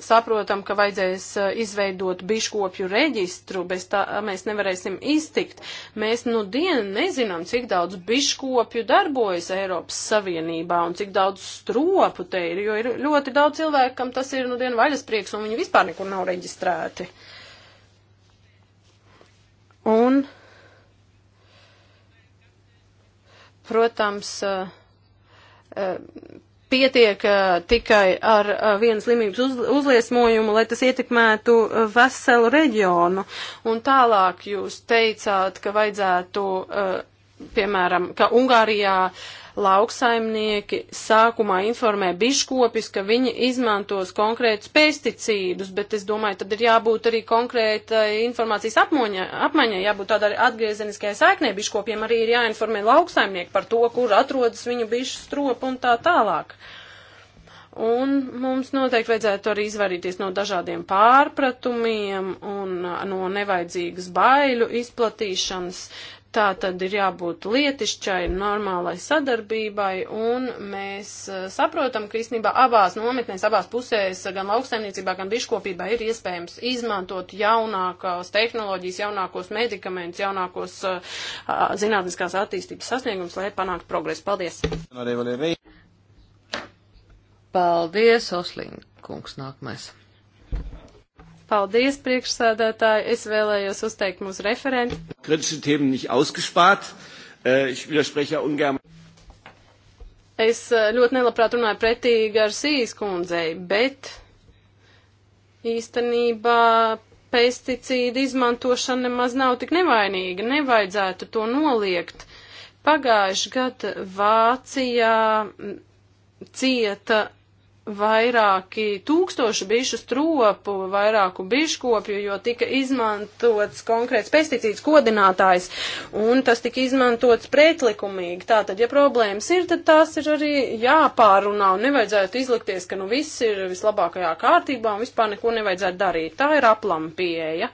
saprotam, ka vajadzēs uh, izveidot biškopju reģistru, bez tā mēs nevarēsim iztikt. Mēs nu dienu nezinām, cik daudz biškopju darbojas Eiropas Savienībā un cik daudz stropu te ir, jo ir ļoti daudz cilvēku, kam tas ir nu dienu vaļas prieks un viņi vispār nekur nav reģistrēti. Un, protams, uh, pietiek tikai ar vienas slimības uz, uzliesmojumu, lai tas ietekmētu veselu reģionu. Un tālāk jūs teicāt, ka vajadzētu, piemēram, ka Ungārijā uh, lauksaimnieki sākumā informē biškopis, ka viņi izmantos konkrētus pesticīdus, bet es domāju, tad ir jābūt arī konkrētai informācijas apmoņa, apmaiņai, jābūt tādai atgriezeniskajai saiknē biškopiem, arī ir jāinformē lauksaimnieki par to, kur atrodas viņu bišu stropa un tā tālāk. Un mums noteikti vajadzētu arī izvairīties no dažādiem pārpratumiem un no nevajadzīgas baiļu izplatīšanas. Uh, Tā tad ir jābūt lietišķai, normālai sadarbībai, un mēs eh, saprotam, ka īstenībā abās nometnēs, abās pusēs, eh, gan lauksaimniecībā, gan diškopībā ir iespējams izmantot jaunākās tehnoloģijas, jaunākos medikamentus, jaunākos eh, zinātniskās attīstības sasniegumus, lai panāktu progresu. Paldies! Paldies, Oslīna kungs, nākamais. Paldies, priekšsēdētāji. Es vēlējos uzteikt mūsu referentu. Kritische Themen nicht ausgespart. Äh, ich widerspreche ja ungern. Es äh, ļoti nelabprāt runāju pretī Garcijas kundzei, bet īstenībā pesticīdu izmantošana nemaz nav tik nevainīga, nevajadzētu to noliegt. Pagājuši gadu Vācijā cieta vairāki tūkstoši bišu stropu, vairāku biškopju, jo tika izmantots konkrēts pesticīds kodinātājs, un tas tika izmantots pretlikumīgi. Tātad, ja problēmas ir, tad tās ir arī jāpārunā, un nevajadzētu izlikties, ka nu viss ir vislabākajā kārtībā, un vispār neko nevajadzētu darīt. Tā ir aplama pieeja. Ja?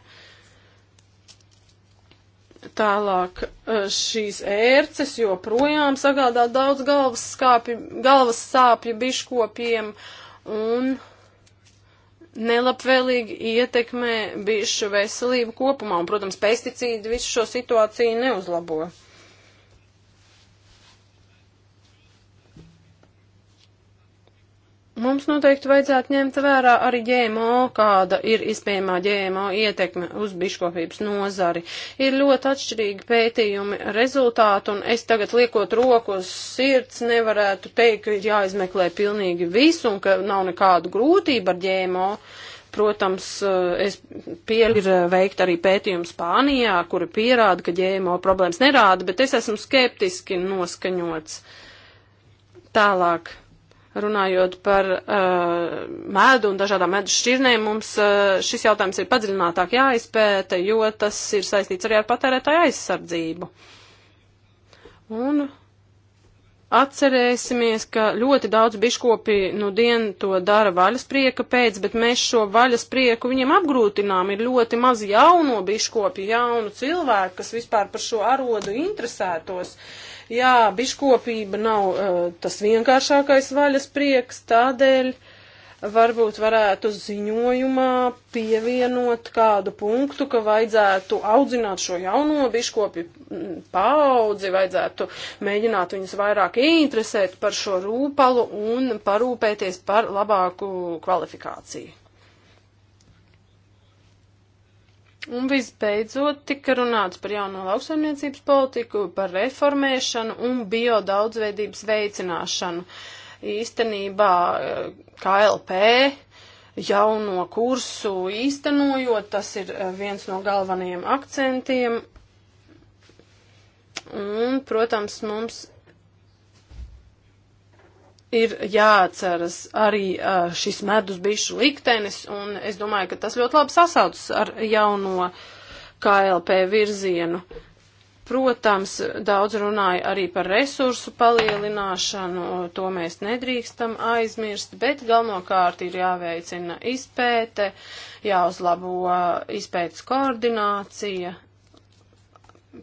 Tālāk e, šīs ērces joprojām sagādā daudz galvas, skāpi, galvas sāpju biškopiem un nelabvēlīgi ietekmē bišu veselību kopumā. Un, protams, pesticīdi visu šo situāciju neuzlabo. Mums noteikti vajadzētu ņemt vērā arī ģēmo, kāda ir izpējamā ģēmo ietekme uz biškopības nozari. Ir ļoti atšķirīgi pētījumi rezultāti, un es tagad liekot roku uz sirds nevarētu teikt, ka ir jāizmeklē pilnīgi visu un ka nav nekādu grūtību ar ģēmo. Protams, eh, es pieļauju eh, veikt arī pētījumu Spānijā, kuri pierāda, ka ģēmo problēmas nerāda, bet es esmu skeptiski noskaņots. Tālāk Runājot par uh, medu un dažādām medus šķirnēm, mums uh, šis jautājums ir padziļinātāk jāizpēta, jo tas ir saistīts arī ar patērētāju aizsardzību. Un atcerēsimies, ka ļoti daudz biškopi nu dien to dara vaļas prieka pēc, bet mēs šo vaļas prieku viņiem apgrūtinām. Ir ļoti maz jauno biškopi, jaunu cilvēku, kas vispār par šo arodu interesētos. Uh, Jā, biškopība nav uh, tas vienkāršākais vaļas prieks, tādēļ varbūt varētu ziņojumā pievienot kādu punktu, ka vajadzētu audzināt šo jauno biškopi mm, paudzi, vajadzētu mēģināt viņus vairāk interesēt par šo rūpalu un parūpēties par labāku kvalifikāciju. Un visbeidzot tika runāts par jauno lauksaimniecības politiku, par reformēšanu un biodaudzveidības veicināšanu. Īstenībā eh, KLP jauno kursu īstenojot, tas ir eh, viens no galvenajiem akcentiem. Un, protams, mums ir jāatceras arī šis medus bišu liktenis, un es domāju, ka tas ļoti labi sasaucas ar jauno KLP virzienu. Protams, daudz runāja arī par resursu palielināšanu, to mēs nedrīkstam aizmirst, bet galvenokārt ir jāveicina izpēte, jāuzlabo izpētes koordinācija,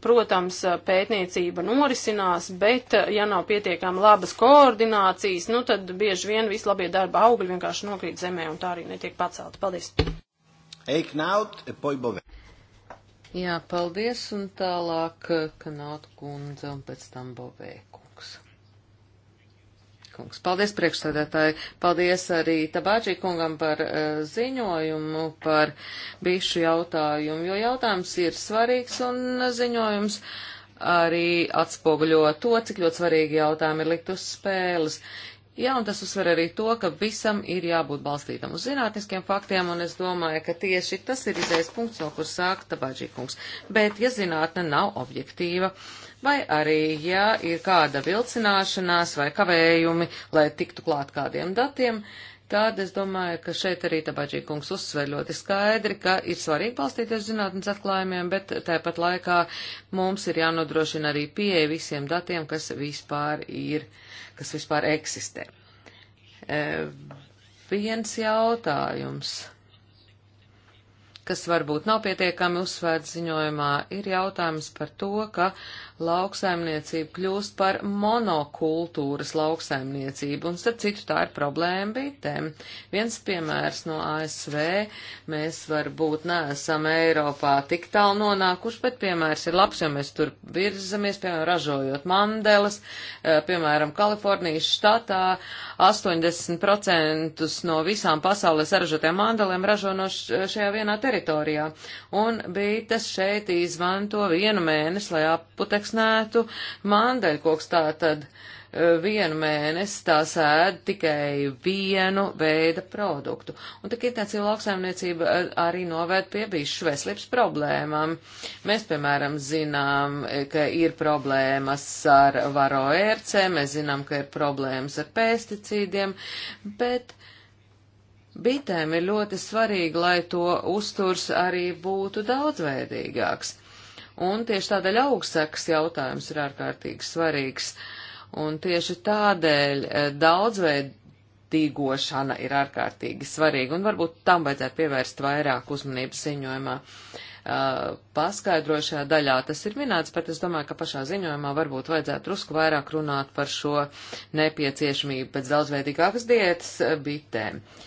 Protams, pētniecība norisinās, bet ja nav pietiekami labas koordinācijas, nu tad bieži vien vislabie darba augļi vienkārši nokrīt zemē un tā arī netiek pacelta. Paldies! Eiknaut, e, poibove. Jā, paldies un tālāk Kanātu kundze un pēc tam Bovē kungs kungs. Paldies priekšsēdētāji. Paldies arī Tabāčī kungam par uh, ziņojumu, par bišu jautājumu, jo jautājums ir svarīgs un ziņojums arī atspoguļo to, cik ļoti svarīgi jautājumi ir likt uz spēles. Jā, un tas uzsver arī to, ka visam ir jābūt balstītam uz zinātniskiem faktiem, un es domāju, ka tieši tas ir izējas punkts, no kur sāk tabadžīkungs. Bet, ja zinātne nav objektīva, vai arī, ja ir kāda vilcināšanās vai kavējumi, lai tiktu klāt kādiem datiem, uh, Tad es domāju, ka šeit arī Tabaģī kungs uzsver ļoti skaidri, ka ir svarīgi balstīties zinātnes atklājumiem, bet tāpat laikā mums ir jānodrošina arī pieeja visiem datiem, kas vispār ir, kas vispār eksistē. E, viens jautājums, kas varbūt nav pietiekami uzsvērts ziņojumā, ir jautājums par to, ka uh, lauksaimniecība kļūst par monokultūras lauksaimniecību, un starp citu tā ir problēma bitēm. Viens piemērs no ASV, mēs varbūt neesam Eiropā tik tālu nonākuši, bet piemērs ir labs, jo mēs tur virzamies, piemēram, ražojot mandelas, eh, piemēram, Kalifornijas štatā 80% no visām pasaules ražotiem mandeliem ražo no šajā vienā teritorijā, un bites šeit izmanto vienu mēnesi, lai aputeks aploksnētu mandaļkoks. Tātad e, vienu mēnesi tā sēd tikai vienu veidu produktu. Un tā kitniecība lauksaimniecība e, arī novērt pie bišu veselības problēmām. Mēs, piemēram, zinām, e, ka ir problēmas ar varo ērcē, mēs zinām, ka ir problēmas ar pesticīdiem, bet bitēm ir ļoti svarīgi, lai to uzturs arī būtu daudzveidīgāks. Un tieši tādēļ augstsaks jautājums ir ārkārtīgi svarīgs. Un tieši tādēļ e, daudzveidīgošana ir ārkārtīgi svarīga, un varbūt tam vajadzētu pievērst vairāk uzmanības ziņojumā. Uh, paskaidrošajā daļā tas ir minēts, bet es domāju, ka pašā ziņojumā varbūt vajadzētu drusku vairāk runāt par šo nepieciešamību pēc daudzveidīgākas dietas e, bitēm. Uh,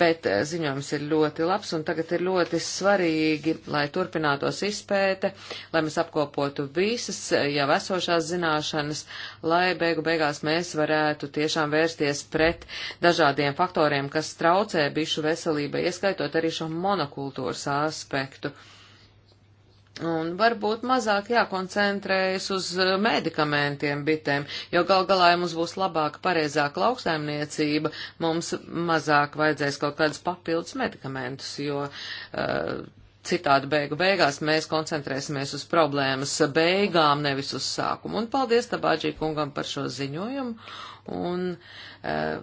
bet eh, ziņojums ir ļoti labs un tagad ir ļoti svarīgi, lai turpinātos izpēte, lai mēs apkopotu visas eh, jau esošās zināšanas, lai beigu beigās mēs varētu tiešām vērsties pret dažādiem faktoriem, kas traucē bišu veselībai, ieskaitot arī šo monokultūras aspektu. Un varbūt mazāk jākoncentrējas uz eh, medikamentiem bitēm, jo gal galā, ja mums būs labāka, pareizāka lauksaimniecība, mums mazāk vajadzēs kaut kādus papildus medikamentus, jo uh, citādi beigu beigās mēs koncentrēsimies uz problēmas beigām, nevis uz sākumu. Un paldies Tabāģī kungam par šo ziņojumu, un uh,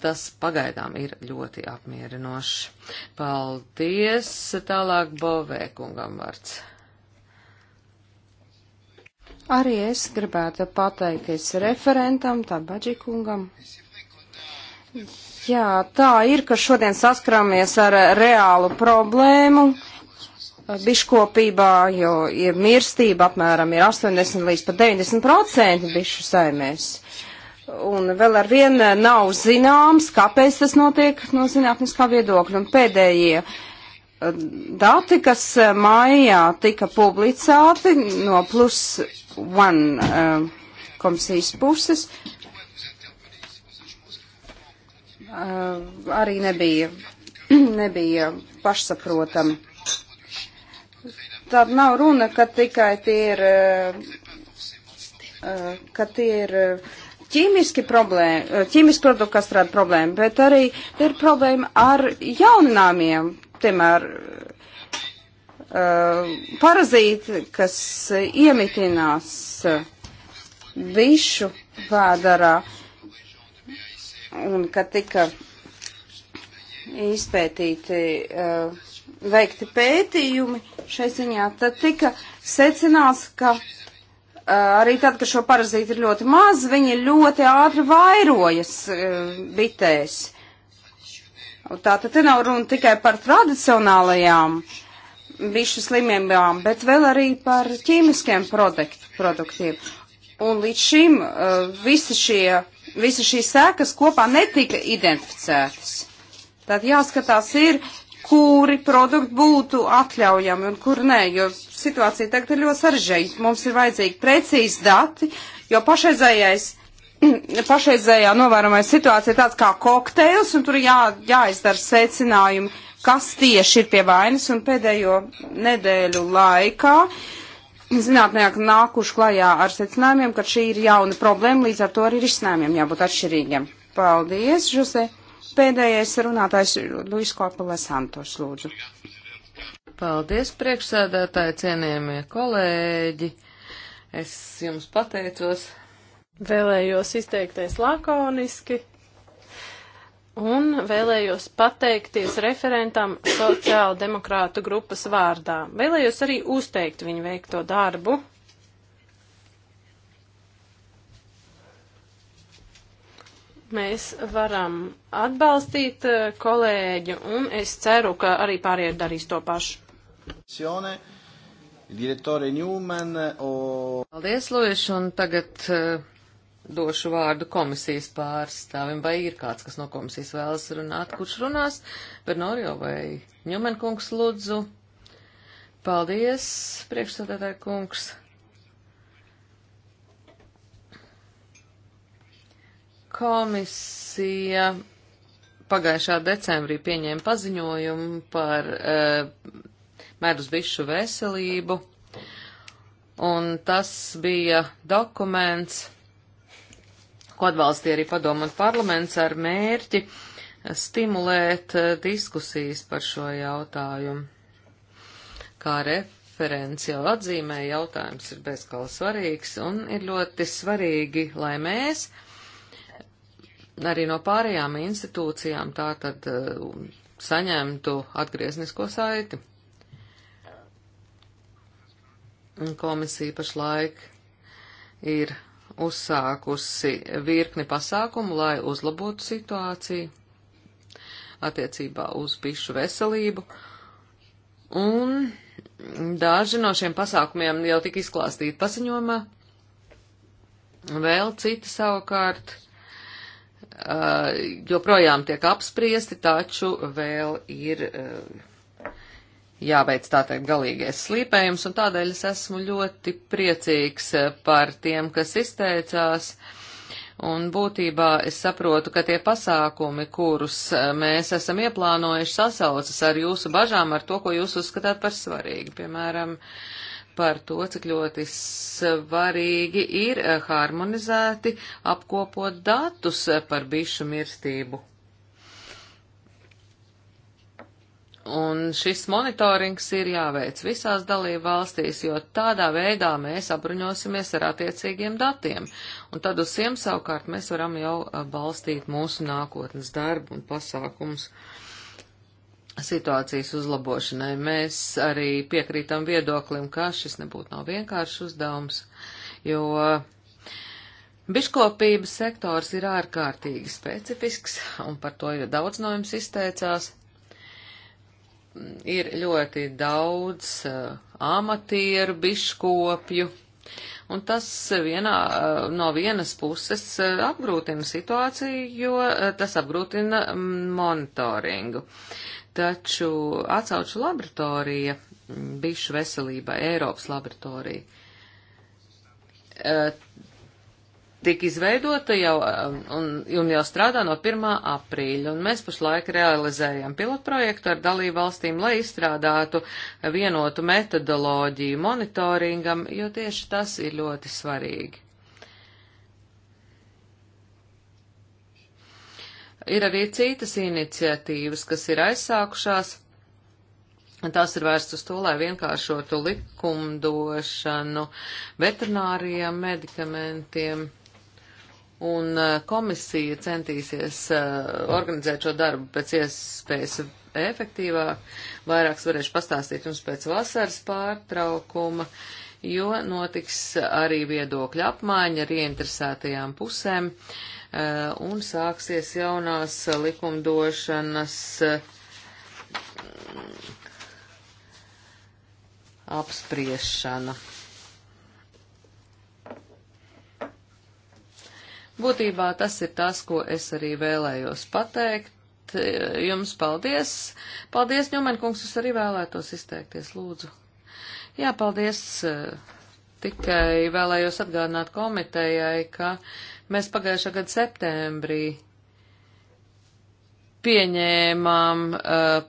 tas pagaidām ir ļoti apmierinoši. Paldies, tālāk Bovē kungam vārds. Arī es gribētu pateikties referentam, tā Baģikungam. Jā, tā ir, ka šodien saskaramies ar reālu problēmu biškopībā, jo ir mirstība apmēram ir 80 līdz pat 90 procenti bišu saimēs. Un vēl ar vienu nav zināms, kāpēc tas notiek no zinātniskā viedokļa. Un pēdējie uh, dati, kas eh, mājā tika publicēti no plus one uh, komisijas puses, uh, arī nebija, nebija pašsaprotami. Tad nav runa, ka tikai tie ir, uh, ka tie ir ķīmiski problēma, ķīmiski produkti, kas rada problēmu, bet arī ir problēma ar jauninājumiem, piemēr, parazīti, kas iemitinās višu vēdarā, un kad tika izpētīti, veikti pētījumi šai ziņā, tad tika secināts, ka arī tad, kad šo parazītu ir ļoti maz, viņi ļoti ātri vairojas bitēs. Tātad te nav runa tikai par tradicionālajām bišu slimībām, bet vēl arī par ķīmiskiem produkt, produktiem. Un līdz šim uh, visi šie, visi šīs sēkas kopā netika identificētas. Tad jāskatās ir, kuri produkti būtu atļaujami un kur nē, jo situācija tagad ir ļoti sarežģīta. Mums ir vajadzīgi precīzi dati, jo pašreizējais pašreizējā novērojamais situācija ir tāds kā kokteils, un tur jā, jāizdara secinājumi, kas tieši ir pie vainas, un pēdējo nedēļu laikā zinātnieki nākuši klajā ar secinājumiem, ka šī ir jauna problēma, līdz ar to arī risinājumiem jābūt atšķirīgiem. Paldies, Žuse. Pēdējais runātājs Luis Kopala Santos, lūdzu. Paldies, priekšsēdētāji, cienījamie kolēģi. Es jums pateicos Vēlējos izteikties lakoniski un vēlējos pateikties referentam sociāla demokrātu grupas vārdā. Vēlējos arī uzteikt viņu veikto darbu. Mēs varam atbalstīt eh, kolēģi, un es ceru, ka arī pārējie darīs to pašu. Eh, Paldies, Lujiš, un tagad uh, došu vārdu komisijas pārstāvim, vai ir kāds, kas no komisijas vēlas runāt, kurš runās, Bernorio vai Ņumenkungs lūdzu. Paldies, priekšstādātāja kungs. Komisija pagājušā decembrī pieņēma paziņojumu par uh, medus bišu veselību, un tas bija dokuments, ko atbalstīja arī padomu un parlaments ar mērķi stimulēt eh, diskusijas par šo jautājumu. Kā referents jau atzīmē, jautājums ir bezkala svarīgs un ir ļoti svarīgi, lai mēs arī no pārējām institūcijām tā tad eh, saņemtu atgrieznisko saiti. Komisija pašlaik ir uzsākusi virkni pasākumu, lai uzlabotu situāciju attiecībā uz bišu veselību. Un daži no šiem pasākumiem jau tika izklāstīti paziņojumā, vēl citi savukārt joprojām tiek apspriesti, taču vēl ir jāveic tā teikt galīgais slīpējums, un tādēļ es esmu ļoti priecīgs eh, par tiem, kas izteicās. Un būtībā es saprotu, ka tie pasākumi, kurus eh, mēs esam ieplānojuši, sasaucas ar jūsu bažām, ar to, ko jūs uzskatāt par svarīgu. Piemēram, par to, cik ļoti svarīgi ir eh, harmonizēti apkopot datus par bišu mirstību Un šis monitorings ir jāveic visās dalību valstīs, jo tādā veidā mēs apbruņosimies ar attiecīgiem datiem. Un tad uz tiem savukārt mēs varam jau balstīt mūsu nākotnes darbu un pasākums situācijas uzlabošanai. Mēs arī piekrītam viedoklim, ka šis nebūtu nav vienkāršs uzdevums, jo biškopības sektors ir ārkārtīgi specifisks, un par to jau daudz no jums izteicās ir ļoti daudz eh, amatieru, biškopju, un tas eh, vienā, eh, no vienas puses apgrūtina situāciju, jo tas apgrūtina mm, monitoringu. Taču atsauču laboratorija, mm, bišu veselība, Eiropas laboratorija, tika izveidota jau um, un, un jau strādā no 1. aprīļa, un mēs pašlaik realizējam pilotprojektu ar dalību valstīm, lai izstrādātu vienotu metodoloģiju monitoringam, jo tieši tas ir ļoti svarīgi. Ir arī citas iniciatīvas, kas ir aizsākušās. Tās ir vērsts uz to, lai vienkāršotu likumdošanu veterinārijiem medikamentiem un uh, komisija centīsies uh, organizēt šo darbu pēc iespējas efektīvāk. Vairāks varēšu pastāstīt jums pēc vasaras pārtraukuma, jo notiks arī viedokļa apmaiņa ar ieinteresētajām pusēm uh, un sāksies jaunās likumdošanas apspriešana. Būtībā tas ir tas, ko es arī vēlējos pateikt. Jums paldies. Paldies, Ņumenkungs, es arī vēlētos izteikties, lūdzu. Jā, paldies. Tikai vēlējos atgādināt komitejai, ka mēs pagājušā gada septembrī pieņēmām uh,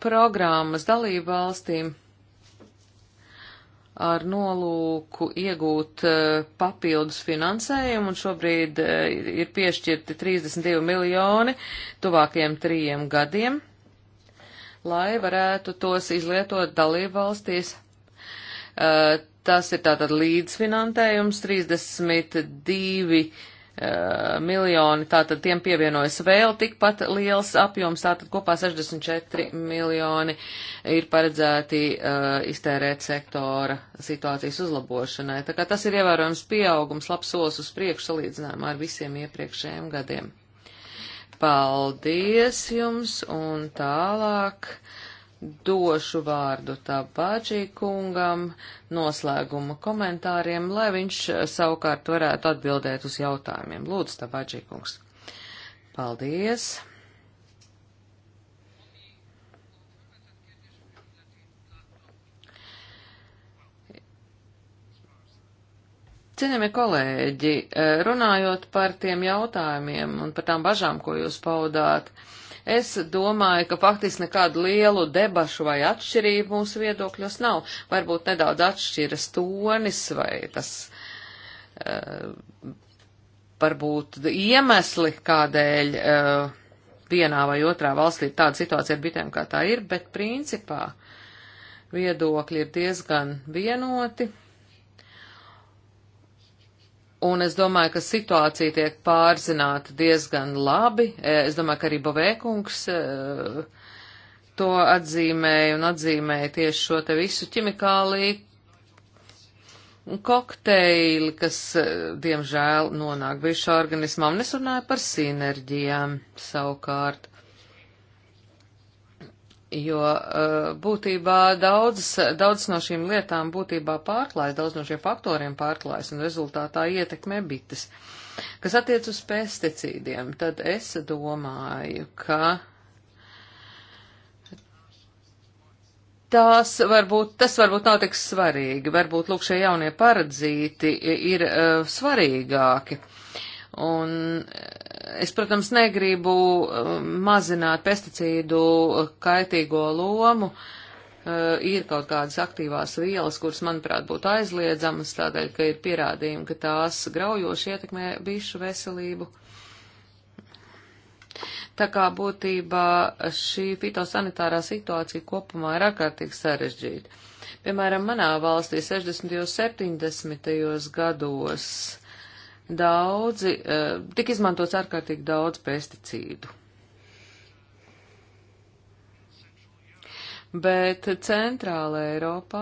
programmas dalību valstīm ar nolūku iegūt eh, papildus finansējumu, un šobrīd eh, ir piešķirti 32 miljoni tuvākajiem trījiem gadiem, lai varētu tos izlietot dalībvalstīs. Eh, tas ir tātad līdzfinantējums 32 Eh, miljoni, tātad tiem pievienojas vēl tikpat liels apjoms, tātad kopā 64 miljoni ir paredzēti uh, iztērēt sektora situācijas uzlabošanai. Tā kā tas ir ievērojams pieaugums, labs solis uz priekšu salīdzinājumā ar visiem iepriekšējiem gadiem. Paldies jums un tālāk došu vārdu Tabāģī kungam noslēguma komentāriem, lai viņš eh, savukārt varētu atbildēt uz jautājumiem. Lūdzu, Tabāģī kungs. Paldies. Cienījamie kolēģi, eh, runājot par tiem jautājumiem un par tām bažām, ko jūs paudāt, uh, Es domāju, ka faktiski nekādu lielu debašu vai atšķirību mūsu viedokļos nav. Varbūt nedaudz atšķiras tonis vai tas uh, varbūt iemesli, kādēļ uh, vienā vai otrā valstī tāda situācija ar bitēm kā tā ir, bet principā viedokļi ir diezgan vienoti. Un es domāju, ka situācija tiek pārzināta diezgan labi. E, es domāju, ka arī Bovēkungs e, to atzīmēja un atzīmēja tieši šo te visu ķimikāliju kokteili, kas, e, diemžēl, nonāk bijušā organismā. Un es runāju par sinerģijām savukārt jo eh, būtībā daudzas, daudz no šīm lietām būtībā pārklājas, daudz no šiem faktoriem pārklājas un rezultātā ietekmē bites. Kas attiec uz pesticīdiem, tad es domāju, ka tās varbūt, tas varbūt nav tik svarīgi, varbūt lūk šie jaunie paradzīti ir uh, svarīgāki. Un uh, Es, protams, negribu um, mazināt pesticīdu kaitīgo lomu. Uh, ir kaut kādas aktīvās vielas, kuras, manuprāt, būtu aizliedzamas, tādēļ, ka ir pierādījumi, ka tās graujoši ietekmē bišu veselību. Tā kā būtībā šī fitosanitārā situācija kopumā ir ārkārtīgi sarežģīta. Piemēram, manā valstī 60. un 70. gados daudzi, eh, tik izmantots ārkārtīgi daudz pesticīdu. Bet centrāla Eiropā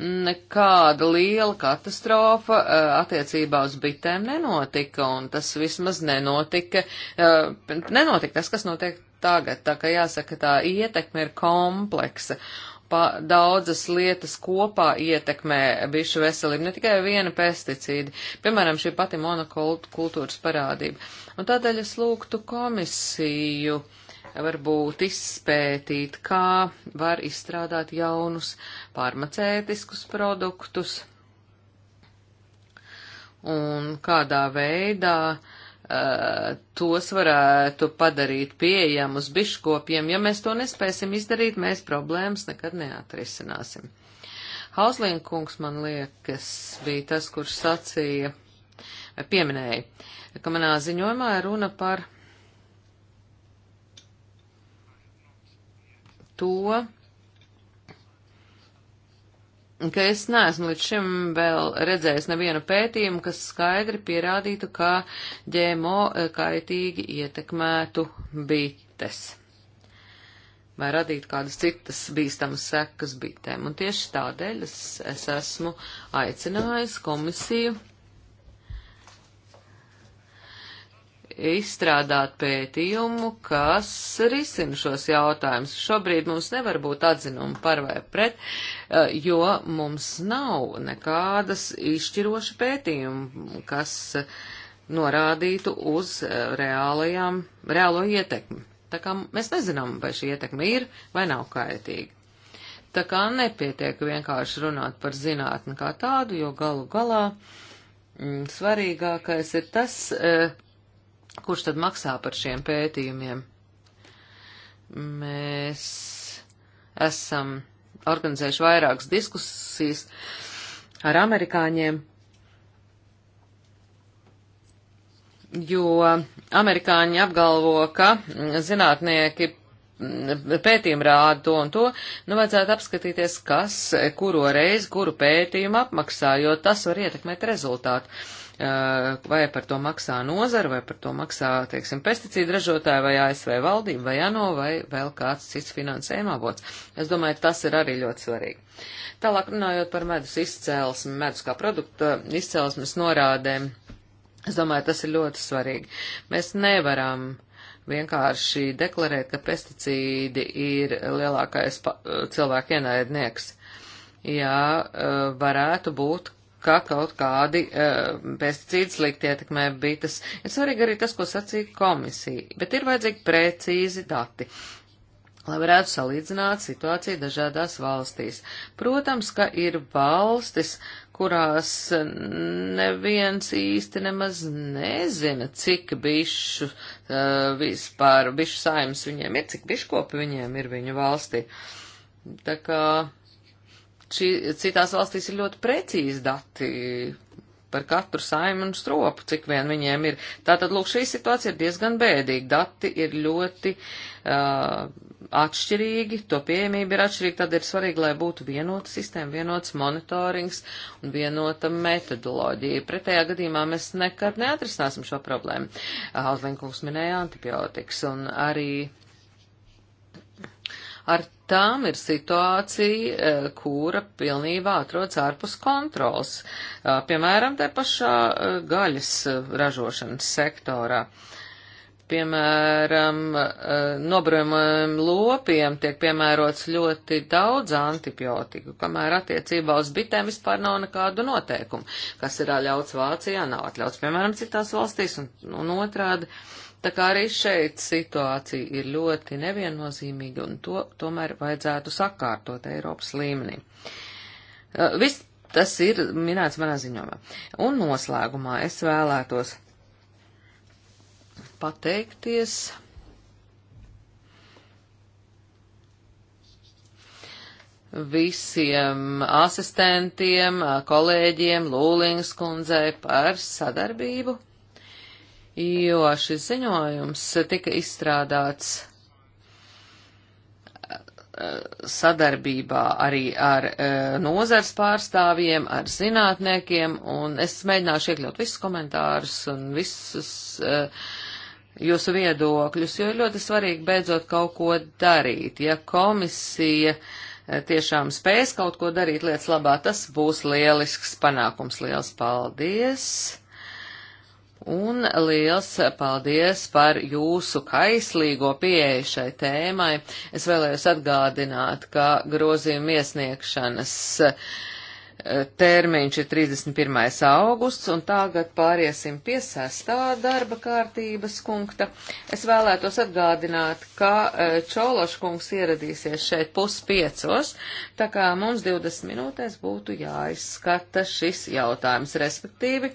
nekāda liela katastrofa eh, attiecībā uz bitēm nenotika, un tas vismaz nenotika, eh, nenotika tas, kas notiek tagad, tā ka jāsaka, tā ietekme ir kompleksa, pa daudzas lietas kopā ietekmē bišu veselību, ne tikai viena pesticīda, piemēram, šī pati monokultūras parādība. Un tādēļ es lūgtu komisiju varbūt izpētīt, kā var izstrādāt jaunus farmacētiskus produktus un kādā veidā uh, Uh, tos varētu padarīt pieejamus biškopiem. Ja mēs to nespēsim izdarīt, mēs problēmas nekad neatrisināsim. Hauslīnkungs, man liekas, bija tas, kurš sacīja, vai pieminēja, ka manā ziņojumā ir runa par to, ka es neesmu līdz šim vēl redzējis nevienu pētījumu, kas skaidri pierādītu, kā ģēmo eh, kaitīgi ietekmētu bites vai radītu kādas citas bīstamas sekas bitēm. Un tieši tādēļ es, es esmu aicinājis komisiju izstrādāt pētījumu, kas risina šos jautājumus. Šobrīd mums nevar būt atzinumi par vai pret, eh, jo mums nav nekādas izšķiroša pētījuma, kas norādītu uz eh, reālajām, reālo ietekmi. Tā kā mēs nezinām, vai šī ietekme ir vai nav kaitīga. Tā kā nepietiek vienkārši runāt par zinātni kā tādu, jo galu galā m, mm, svarīgākais ir tas, e, Kurš tad maksā par šiem pētījumiem? Mēs esam organizējuši vairākas diskusijas ar amerikāņiem, jo amerikāņi apgalvo, ka zinātnieki pētījumi rāda to un to, nu vajadzētu apskatīties, kas kuro reizi, kuru pētījumu apmaksā, jo tas var ietekmēt rezultātu. Eh, vai par to maksā nozara, vai par to maksā, teiksim, pesticīdu ražotāji, vai ASV valdība, vai ANO, vai vēl kāds cits finansējuma avots. Es domāju, tas ir arī ļoti svarīgi. Tālāk runājot par medus izcēlesmi, medus kā produkta eh, izcēlesmes norādēm, es domāju, tas ir ļoti svarīgi. Mēs nevaram vienkārši deklarēt, ka pesticīdi ir lielākais cilvēku ienaidnieks. Jā, eh, varētu būt, ka kaut kādi uh, pesticīdi slikti ietekmē bites. Ir svarīgi arī tas, ko sacīja komisija, bet ir vajadzīgi precīzi dati lai varētu salīdzināt situāciju dažādās valstīs. Protams, ka ir valstis, kurās neviens īsti nemaz nezina, cik bišu uh, vispār, bišu saimas viņiem ir, cik biškopi viņiem ir viņu valstī. Tā kā šī, citās valstīs ir ļoti precīzi dati par katru saimi un stropu, cik vien viņiem ir. Tātad, lūk, šī situācija ir diezgan bēdīga. Dati ir ļoti uh, atšķirīgi, to pieejamība ir atšķirīga, tad ir svarīgi, lai būtu vienota sistēma, vienots monitorings un vienota metodoloģija. Pretējā gadījumā mēs nekad neatrisināsim šo problēmu. Hauslinkums minēja antibiotikas un arī ar tām ir situācija, e, kura pilnībā atrodas ārpus kontrols, e, piemēram, te pašā e, gaļas ražošanas sektorā. Piemēram, nobrojumiem lopiem tiek piemērots ļoti daudz antibiotiku, kamēr attiecībā uz bitēm vispār nav nekādu noteikumu, kas ir ļauts Vācijā, nav atļauts, piemēram, citās valstīs un, un otrādi. Uh, Tā kā arī šeit situācija ir ļoti neviennozīmīga un to tomēr vajadzētu sakārtot Eiropas līmenī. Viss tas ir minēts manā ziņojumā. Un noslēgumā es vēlētos pateikties. visiem asistentiem, kolēģiem, Lūlīngas kundzei par sadarbību jo šis ziņojums tika izstrādāts eh, sadarbībā arī ar eh, nozars pārstāvjiem, ar zinātniekiem, un es mēģināšu iekļaut visus komentārus un visus eh, jūsu viedokļus, jo ir ļoti svarīgi beidzot kaut ko darīt. Ja komisija tiešām spēs kaut ko darīt lietas labā, tas būs lielisks panākums. Liels paldies! Un liels paldies par jūsu kaislīgo pieeju šai tēmai. Es vēlējos atgādināt, ka grozījuma iesniegšanas e, termiņš ir 31. augusts, un tagad pāriesim pie sestā darba kārtības punkta. Es vēlētos atgādināt, ka e, Čološkungs ieradīsies šeit puspiecos, tā kā mums 20 minūtēs būtu jāizskata šis jautājums, respektīvi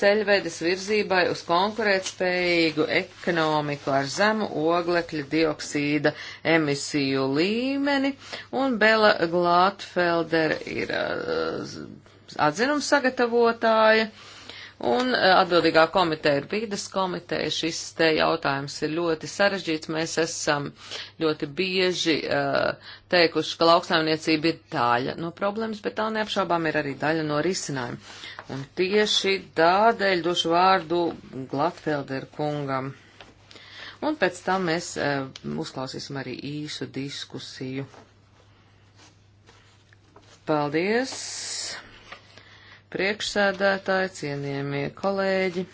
ceļvedes virzībai uz konkurētspējīgu ekonomiku ar zemu oglekļa dioksīda emisiju līmeni, un Bela Glātfelder ir uh, atzinums sagatavotāja, un uh, atbildīgā komiteja ir bīdas komiteja. Šis te jautājums ir ļoti sarežģīts. Mēs esam ļoti bieži uh, teikuši, ka lauksaimniecība ir daļa no problēmas, bet tā neapšaubām ir arī daļa no risinājuma. Un tieši tādēļ došu vārdu Glatfelder kungam. Un pēc tam mēs e, uzklausīsim arī īsu diskusiju. Paldies, priekšsēdētāji, cienījamie kolēģi.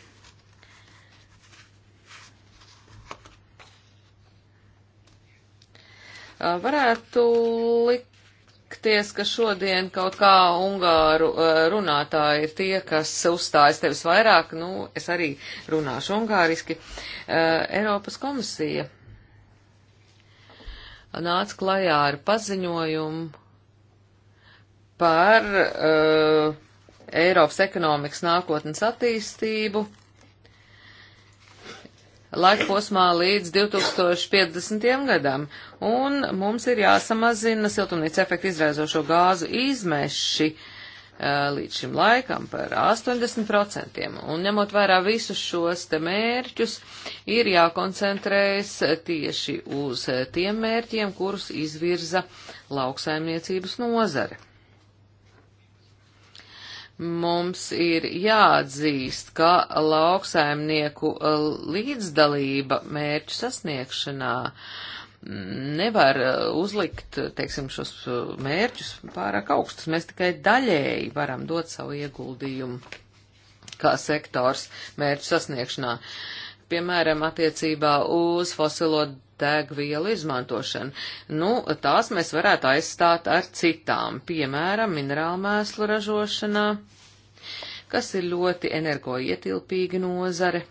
Varētu likt likties, ka šodien kaut kā ungāru eh, runātāji ir tie, kas uzstājas tevis vairāk, nu, es arī runāšu ungāriski. Eh, Eiropas komisija nāca klajā ar paziņojumu par uh, Eiropas ekonomikas nākotnes attīstību laika posmā līdz 2050. gadam, un mums ir jāsamazina siltumnīca efektu izraizošo gāzu izmeši uh, līdz šim laikam par 80%, un ņemot vērā visus šos te mērķus, ir jākoncentrējas tieši uz tiem mērķiem, kurus izvirza lauksaimniecības nozare. Mums ir jāatzīst, ka lauksaimnieku e, līdzdalība mērķu sasniegšanā mm, nevar e, uzlikt, teiksim, šos e, mērķus pārāk augstus. Mēs tikai daļēji varam dot savu ieguldījumu kā sektors mērķu sasniegšanā. Uh, piemēram, attiecībā uz fosilo degvielu izmantošanu. Nu, tās mēs varētu aizstāt ar citām, piemēram, minerālmēslu ražošanā, kas ir ļoti energoietilpīga nozare.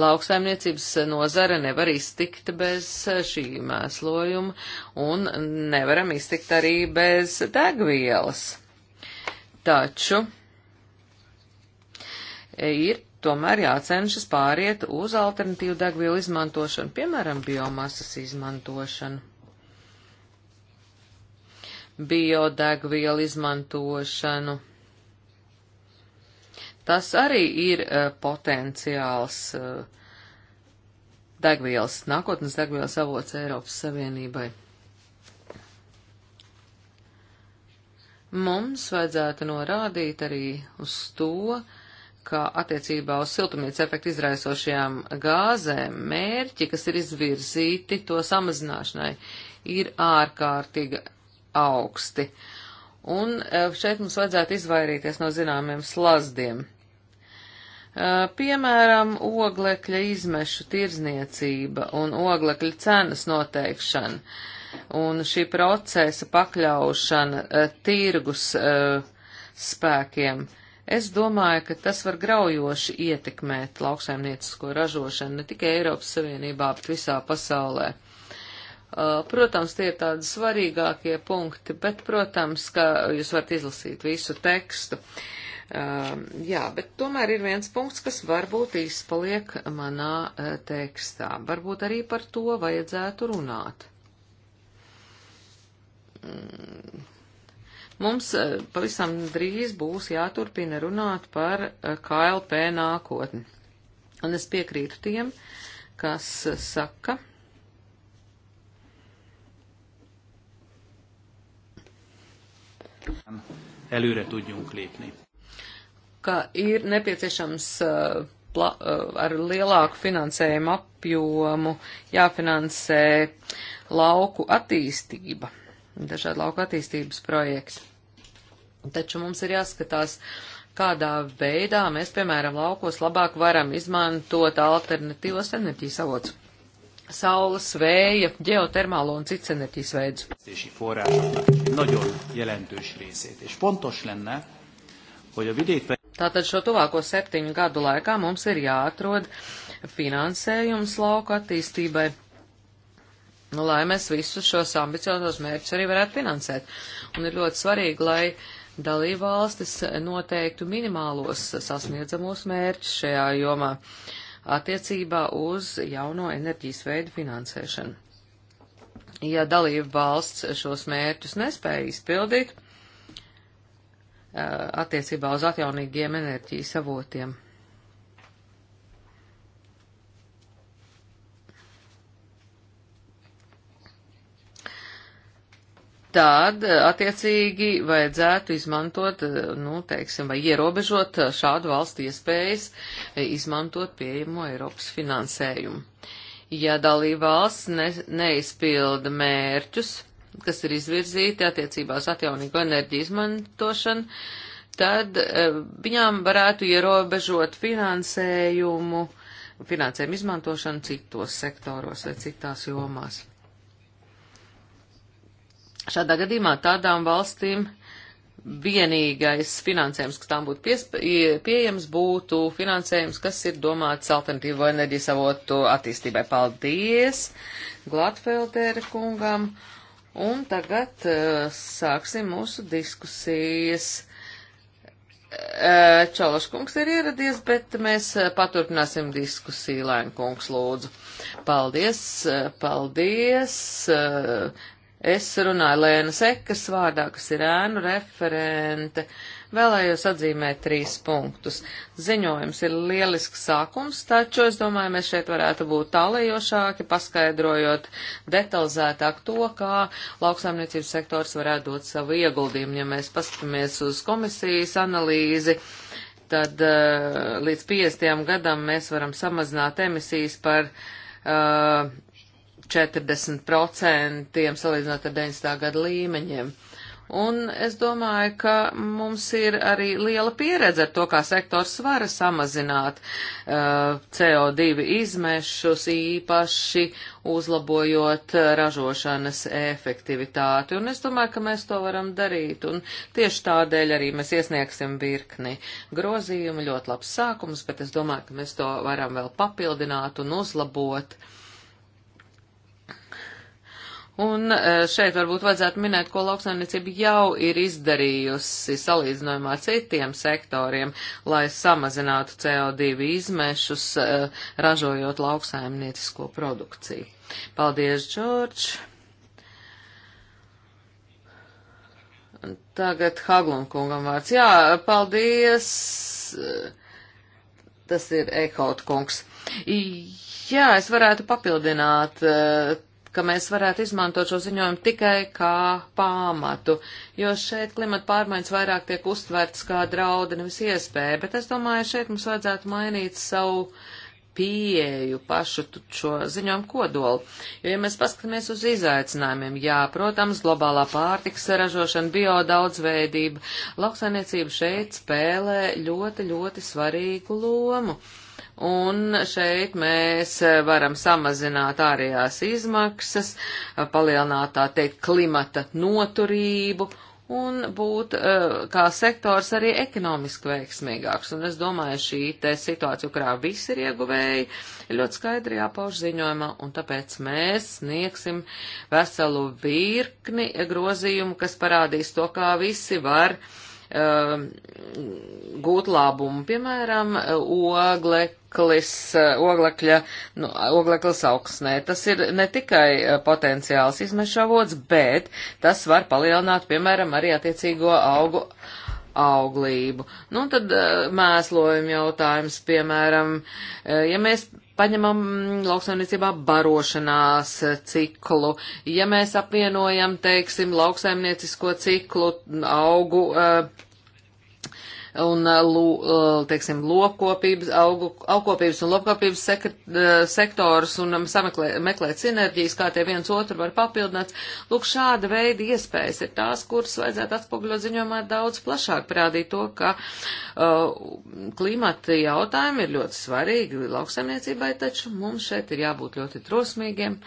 Lauksaimniecības nozara nevar iztikt bez šī mēslojuma un nevaram iztikt arī bez degvielas. Taču ir tomēr jācenšas pāriet uz alternatīvu degvielu izmantošanu, piemēram, biomasas izmantošanu. Biodegvielu izmantošanu. Tas arī ir uh, potenciāls uh, degvielas, nākotnes degvielas avots Eiropas Savienībai. Mums vajadzētu norādīt arī uz to, uh, ka attiecībā uz siltumnīca efektu izraisošajām gāzēm mērķi, kas ir izvirzīti to samazināšanai, ir ārkārtīgi augsti. Un e, šeit mums vajadzētu izvairīties no zināmiem slazdiem. E, piemēram, oglekļa izmešu tirzniecība un oglekļa cenas noteikšana un šī procesa pakļaušana e, tirgus spēkiem. Uh, Es domāju, ka tas var graujoši ietekmēt lauksaimniecisko ražošanu ne tikai Eiropas Savienībā, bet visā pasaulē. Uh, protams, tie ir tādi svarīgākie punkti, bet, protams, ka jūs varat izlasīt visu tekstu. Uh, jā, bet tomēr ir viens punkts, kas varbūt izpaliek manā uh, tekstā. Varbūt arī par to vajadzētu runāt mm. Mums e, pavisam drīz būs jāturpina runāt par e, KLP nākotni. Un es piekrītu tiem, kas e, saka, előre tudjunk lépni. Ka ir nepieciešams uh, pla, uh, ar lielāku finansējumu apjomu jāfinansē lauku attīstība, dažādi lauku attīstības projekti. Taču mums ir jāskatās, kādā veidā mēs, piemēram, laukos labāk varam izmantot alternatīvos enerģijas avots saules, vēja, geotermālo un citas enerģijas veidus. Tātad šo tuvāko septiņu gadu laikā mums ir jāatrod finansējums lauku attīstībai, nu, lai mēs visus šos ambiciotos mērķus arī varētu finansēt. Un ir ļoti svarīgi, lai uh, Dalībvalstis noteiktu minimālos sasniedzamos mērķus šajā jomā attiecībā uz jauno enerģijas veidu finansēšanu. Ja dalībvalsts šos mērķus nespēja izpildīt, eh, attiecībā uz atjaunīgiem enerģijas avotiem. tad eh, attiecīgi vajadzētu izmantot, eh, nu, teiksim, vai ierobežot eh, šādu valstu iespējas izmantot pieejamo Eiropas finansējumu. Ja dalībvalsts ne, neizpilda mērķus, kas ir izvirzīti attiecībās atjaunīgo enerģiju izmantošanu, tad viņām varētu ierobežot finansējumu, finansējumu izmantošanu citos sektoros vai citās jomās. Šādā gadījumā tādām valstīm vienīgais finansējums, kas tām būtu pieejams, būtu finansējums, kas ir domāts alternatīvo enerģijas avotu attīstībai. Paldies Glatfeldera kungam! Un tagad uh, sāksim mūsu diskusijas. Uh, Čološ kungs ir ieradies, bet mēs uh, paturpināsim diskusiju, Lēn kungs lūdzu. Paldies, paldies Es runāju Lēna Sekas vārdā, kas ir ēnu referente. Vēlējos atzīmēt trīs punktus. Ziņojums ir lielisks sākums, taču es domāju, mēs šeit varētu būt tālējošāki, paskaidrojot detalizētāk to, kā lauksaimniecības sektors varētu dot savu ieguldījumu. Ja mēs paskatāmies uz komisijas analīzi, tad uh, līdz 50. gadam mēs varam samazināt emisijas par uh, 40% salīdzinot ar 90. gada līmeņiem. Un es domāju, ka mums ir arī liela pieredze ar to, kā sektors var samazināt uh, CO2 izmešus, īpaši uzlabojot uh, ražošanas efektivitāti. Un es domāju, ka mēs to varam darīt. Un tieši tādēļ arī mēs iesniegsim virkni grozījumu. Ļoti labs sākums, bet es domāju, ka mēs to varam vēl papildināt un uzlabot. Uh, Un e, šeit varbūt vajadzētu minēt, ko lauksaimniecība jau ir izdarījusi salīdzinājumā ar citiem sektoriem, lai samazinātu CO2 izmešus, e, ražojot lauksaimniecisko produkciju. Paldies, Džordž! Tagad Haglunkungam vārds. Jā, paldies! Tas ir Eikaut kungs. Jā, es varētu papildināt e, ka mēs varētu izmantot šo ziņojumu tikai kā pamatu, jo šeit klimata pārmaiņas vairāk tiek uztverts kā draudi, nevis iespēja, bet es domāju, šeit mums vajadzētu mainīt savu pieeju pašu šo ziņojumu kodolu. Jo, ja mēs paskatāmies uz izaicinājumiem, jā, protams, globālā pārtiks ražošana, biodaudzveidība, lauksainiecība šeit spēlē ļoti, ļoti svarīgu lomu. Uh, Un šeit mēs eh, varam samazināt ārējās izmaksas, eh, palielināt tā teikt klimata noturību un būt eh, kā sektors arī ekonomiski veiksmīgāks. Un es domāju, šī te situācija, kurā visi ir ieguvēji, ir ļoti skaidri jāpauž ziņojumā, un tāpēc mēs sniegsim veselu virkni grozījumu, kas parādīs to, kā visi var uh, Um, gūt labumu, piemēram, ogleklis, oglekļa, nu, ogleklis augsnē. Tas ir ne tikai uh, potenciāls izmešavots, bet tas var palielināt, piemēram, arī attiecīgo augu auglību. Nu, tad uh, mēslojuma jautājums, piemēram, uh, ja mēs paņemam mm, lauksaimniecībā barošanās eh, ciklu, ja mēs apvienojam, teiksim, lauksaimniecisko ciklu mm, augu uh, un, uh, uh, teiksim, lokopības, augu, augkopības un lopkopības sekt, uh, sektors un um, sameklē, meklēt sinerģijas, kā tie viens otru var papildināt. Lūk, šāda veida iespējas ir tās, kuras vajadzētu atspoguļot ziņojumā daudz plašāk, parādīt to, ka uh, klimata jautājumi ir ļoti svarīgi lauksaimniecībai, taču mums šeit ir jābūt ļoti drosmīgiem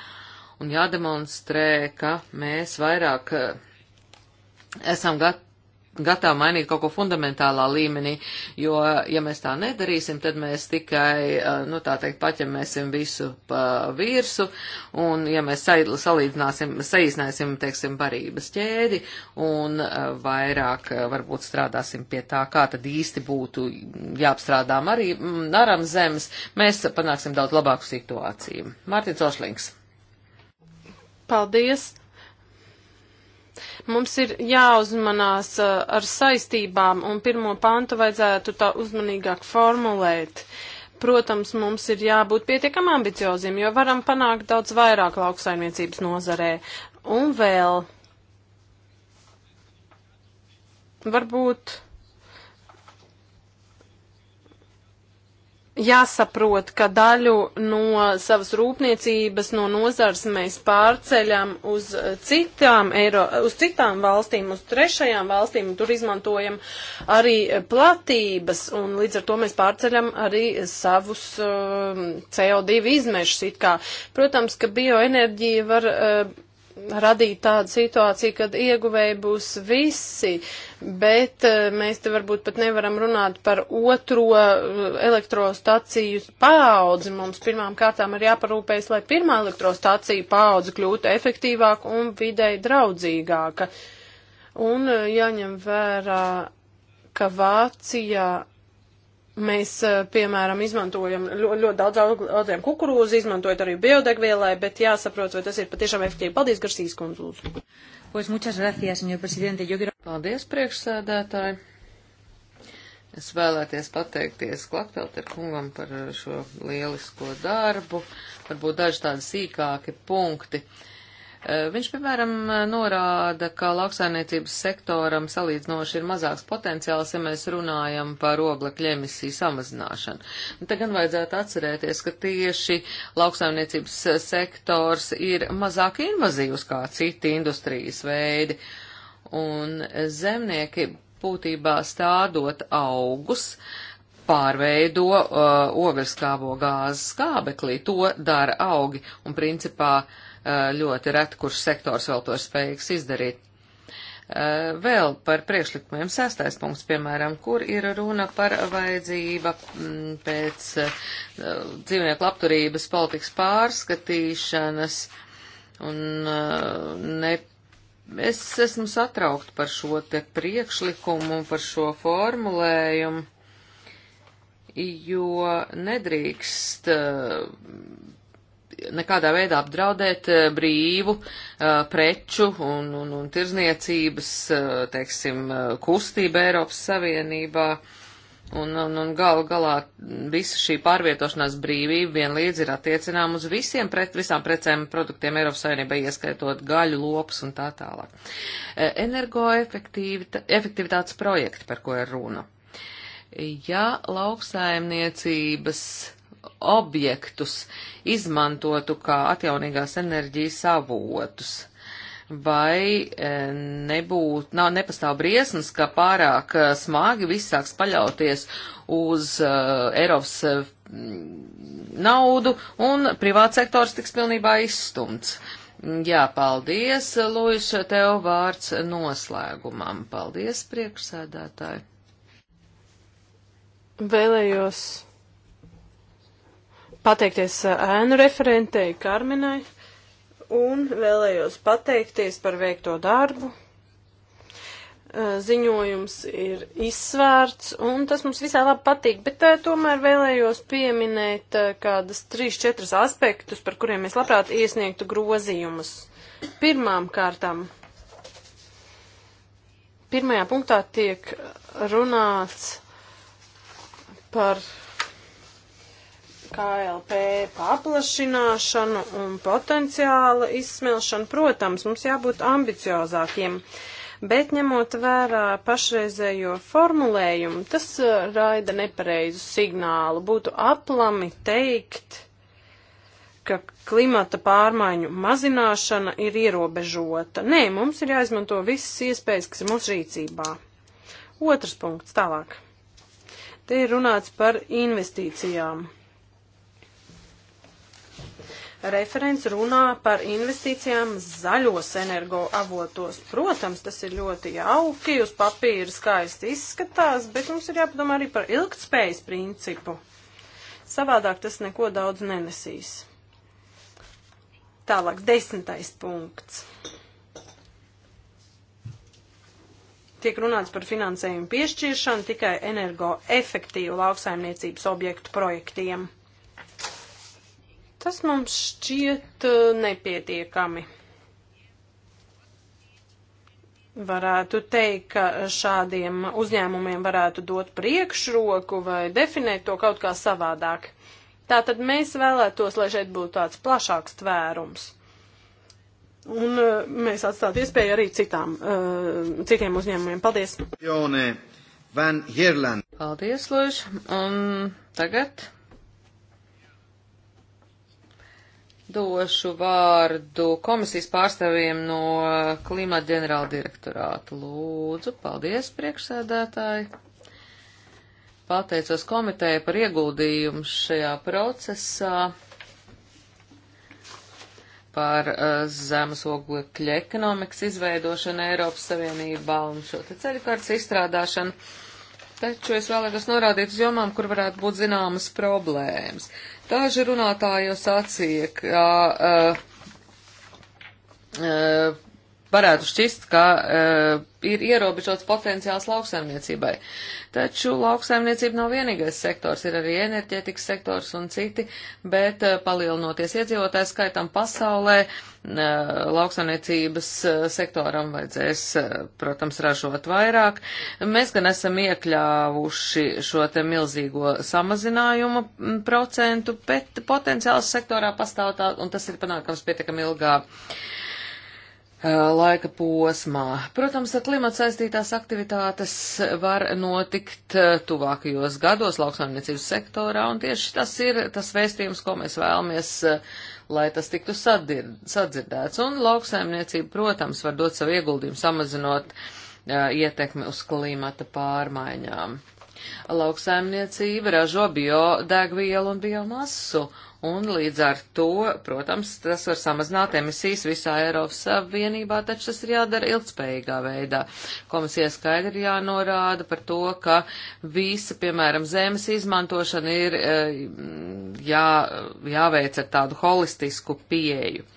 un jādemonstrē, ka mēs vairāk esam gat, gatavi mainīt kaut ko fundamentālā līmenī, jo, ja mēs tā nedarīsim, tad mēs tikai, eh, nu tā teikt, paķemēsim visu pa virsu, un ja mēs salīdzināsim, saīsināsim, teiksim, barības ķēdi, un eh, vairāk eh, varbūt strādāsim pie tā, kā tad īsti būtu jāapstrādā arī mm, naram zemes, mēs panāksim daudz labāku situāciju. Mārtiņš Ošlings. Paldies! Mums ir jāuzmanās uh, ar saistībām, un pirmo pantu vajadzētu tā uzmanīgāk formulēt. Protams, mums ir jābūt pietiekam ambicioziem, jo varam panākt daudz vairāk lauksaimniecības nozarē. Un vēl varbūt jāsaprot, ka daļu no savas rūpniecības, no nozars mēs pārceļam uz citām, Eiro, uz citām valstīm, uz trešajām valstīm, un tur izmantojam arī platības, un līdz ar to mēs pārceļam arī savus uh, um, CO2 izmešus. Protams, ka bioenerģija var. Uh, radīt tādu situāciju, kad ieguvēji būs visi, bet eh, mēs te varbūt pat nevaram runāt par otro eh, elektrostaciju paudzi. Mums pirmām kārtām ir jāparūpējas, lai pirmā elektrostacija paudze kļūtu efektīvāka un videi draudzīgāka. Un eh, jāņem vērā, ka Vācijā Mēs, piemēram, izmantojam ļoti, ļoti daudz audzēm kukurūzu, izmantojot arī biodegvielai, bet jāsaprot, vai tas ir patiešām efektīvi. Paldies, Garsīs kundze, lūdzu. Pues muchas gracias, señor presidente. Yo quiero... Paldies, priekšsēdētāji. Es vēlēties pateikties Klaktelter kungam par šo lielisko darbu. Varbūt daži tādi sīkāki punkti. Uh, Eh, viņš, piemēram, norāda, ka lauksainiecības sektoram salīdzinoši ir mazāks potenciāls, ja mēs runājam par oglekļa emisiju samazināšanu. Un nu, te gan vajadzētu atcerēties, ka tieši lauksainiecības eh, sektors ir mazāk invazīvs kā citi industrijas veidi. Un zemnieki būtībā stādot augus, pārveido uh, ogleskābo gāzes skābeklī, to dara augi, un principā Eh, ļoti ret, kurš sektors vēl to spējīgs izdarīt. Eh, vēl par priekšlikumiem sastais punkts, piemēram, kur ir runa par vajadzība mm, pēc eh, dzīvnieku labturības politikas pārskatīšanas un ne es esmu satraukta par šo te priekšlikumu un par šo formulējumu, jo nedrīkst nekādā veidā apdraudēt eh, brīvu eh, preču un, un, un tirzniecības, eh, teiksim, kustību Eiropas Savienībā. Un, un, un gal galā visa šī pārvietošanās brīvība vienlīdz ir attiecinām uz visiem pret, visām precēm un produktiem Eiropas Savienībā, ieskaitot gaļu, lopus un tā tālāk. Energoefektivitātes projekti, par ko ir runa. Ja lauksaimniecības objektus izmantotu kā atjaunīgās enerģijas avotus. Vai e, nebūtu, nav, nepastāv briesmas, ka pārāk e, smagi viss sāks paļauties uz uh, Eiropas uh, naudu un privāts sektors tiks pilnībā izstumts. Jā, paldies, Lūis, tev vārds noslēgumam. Paldies, priekšsēdētāji. Vēlējos pateikties eh, ēnu referentei Karminai un vēlējos pateikties par veikto darbu. Eh, ziņojums ir izsvērts, un tas mums visā labi patīk, bet eh, tomēr vēlējos pieminēt kādas trīs, četras aspektus, par kuriem es labprāt iesniegtu grozījumus. Pirmām kārtām, pirmajā punktā tiek runāts par KLP paplašināšanu un potenciāla izsmelšanu. Protams, mums jābūt ambiciozākiem, bet ņemot vērā pašreizējo formulējumu, tas uh, raida nepareizu signālu. Būtu aplami teikt, ka klimata pārmaiņu mazināšana ir ierobežota. Nē, mums ir jāizmanto visas iespējas, kas ir mūsu rīcībā. Otrs punkts tālāk. Te ir runāts par investīcijām referents runā par investīcijām zaļos energoavotos. Protams, tas ir ļoti jauki, uz papīra skaisti izskatās, bet mums ir jāpadomā arī par ilgtspējas principu. Savādāk tas neko daudz nenesīs. Tālāk, desmitais punkts. Tiek runāts par finansējumu piešķiršanu tikai energoefektīvu lauksaimniecības objektu projektiem. Tas mums šķiet eh, nepietiekami. Varētu teikt, ka šādiem uzņēmumiem varētu dot priekšroku vai definēt to kaut kā savādāk. Tātad mēs vēlētos, lai šeit būtu tāds plašāks tvērums. Un eh, mēs atstātu iespēju arī citām, eh, citiem uzņēmumiem. Paldies! Jonē, Van Hierland. Paldies, Lūž! Un tagad Došu vārdu komisijas pārstāvjiem no klimata ģenerāla direktorāta. Lūdzu, paldies, priekšsēdētāji. Pateicos komiteja par ieguldījumu šajā procesā par uh, zemes oglekļa ekonomikas izveidošanu Eiropas Savienībā un šo te ceļu kārtas izstrādāšanu. Taču es vēlētos norādīt uz jomām, kur varētu būt zināmas problēmas. Uh, Daži runātāji jau sacīja, ka uh, uh, varētu šķist, ka uh, ir ierobežots potenciāls lauksaimniecībai. Taču lauksaimniecība nav vienīgais sektors, ir arī enerģētikas sektors un citi, bet uh, palielinoties iedzīvotāju skaitam pasaulē, uh, lauksaimniecības uh, sektoram vajadzēs, uh, protams, ražot vairāk. Mēs gan esam iekļāvuši šo te milzīgo samazinājumu mm, procentu, bet potenciāls sektorā pastāv tā, un tas ir panākams pietiekami ilgā. Uh, Uh, laika posmā. Protams, ar klimatu saistītās aktivitātes var notikt uh, tuvākajos gados lauksaimniecības sektorā, un tieši tas ir tas vēstījums, ko mēs vēlamies, uh, lai tas tiktu sadzirdēts. Un lauksaimniecība, protams, var dot savu ieguldījumu samazinot uh, ietekmi uz klimata pārmaiņām. Lauksaimniecība ražo biodegvielu un biomasu, un līdz ar to, protams, tas var samazināt emisijas visā Eiropas Savienībā, taču tas ir jādara ilgspējīgā veidā. Komisija skaidri jānorāda par to, ka visa, piemēram, zemes izmantošana ir e, jā, jāveic ar tādu holistisku pieeju.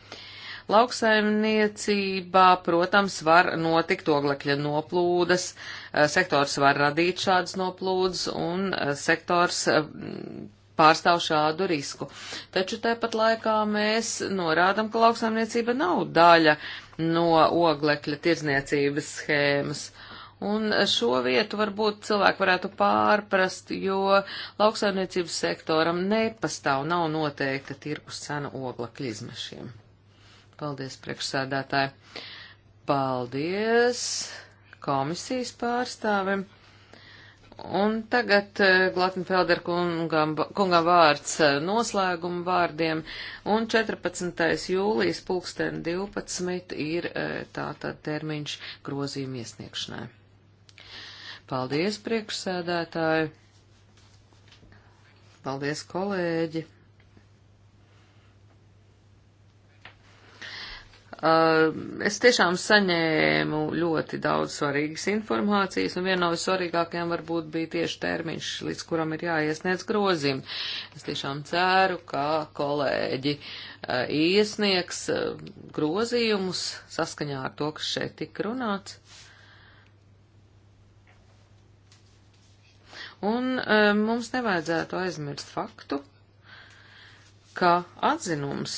Lauksaimniecībā, protams, var notikt oglekļa noplūdes, e, sektors var radīt šādas noplūdes, un e, sektors pārstāv šādu risku. Taču tāpat laikā mēs norādam, ka lauksaimniecība nav daļa no oglekļa tirdzniecības schēmas. Un šo vietu varbūt cilvēki varētu pārprast, jo lauksaimniecības sektoram nepastāv, nav noteikta tirkus cena oglekļa izmešiem. Paldies, priekšsēdētāji. Paldies komisijas pārstāvim. Un tagad eh, Glatnfelder kungam, kungam vārds eh, noslēguma vārdiem, un 14. jūlijas pulksten 12 ir eh, tātad termiņš grozījuma iesniegšanai. Paldies, priekšsēdētāji! Paldies, kolēģi! Uh, es tiešām saņēmu ļoti daudz svarīgas informācijas, un viena no svarīgākajām varbūt bija tieši termiņš, līdz kuram ir jāiesniedz grozījumi. Es tiešām ceru, ka kolēģi uh, iesniegs uh, grozījumus saskaņā ar to, kas šeit tika runāts. Un mums nevajadzētu aizmirst faktu, ka atzinums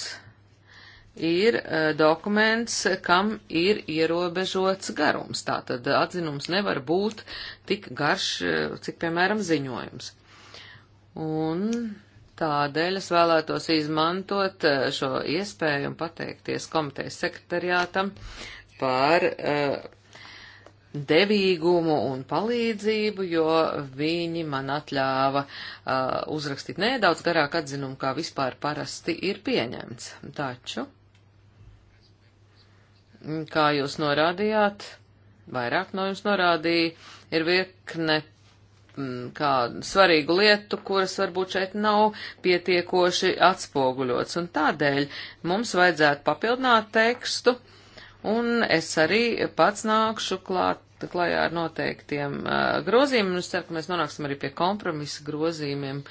ir eh, dokuments, kam ir ierobežots garums. Tātad atzinums nevar būt tik garš, eh, cik, piemēram, ziņojums. Un Tādēļ es vēlētos izmantot eh, šo iespēju un pateikties komitejas sekretariātam par uh, devīgumu un palīdzību, jo viņi man atļāva uh, uzrakstīt nedaudz garāk atzinumu, kā vispār parasti ir pieņemts. Taču Kā jūs norādījāt, vairāk no jums norādīja, ir virkne mm, kā svarīgu lietu, kuras varbūt šeit nav pietiekoši atspoguļots. Un tādēļ mums vajadzētu papildināt tekstu, un es arī pats nākšu klāt, klājā ar noteiktiem uh, grozījumiem, un es ceru, ka mēs nonāksim arī pie kompromisa grozījumiem,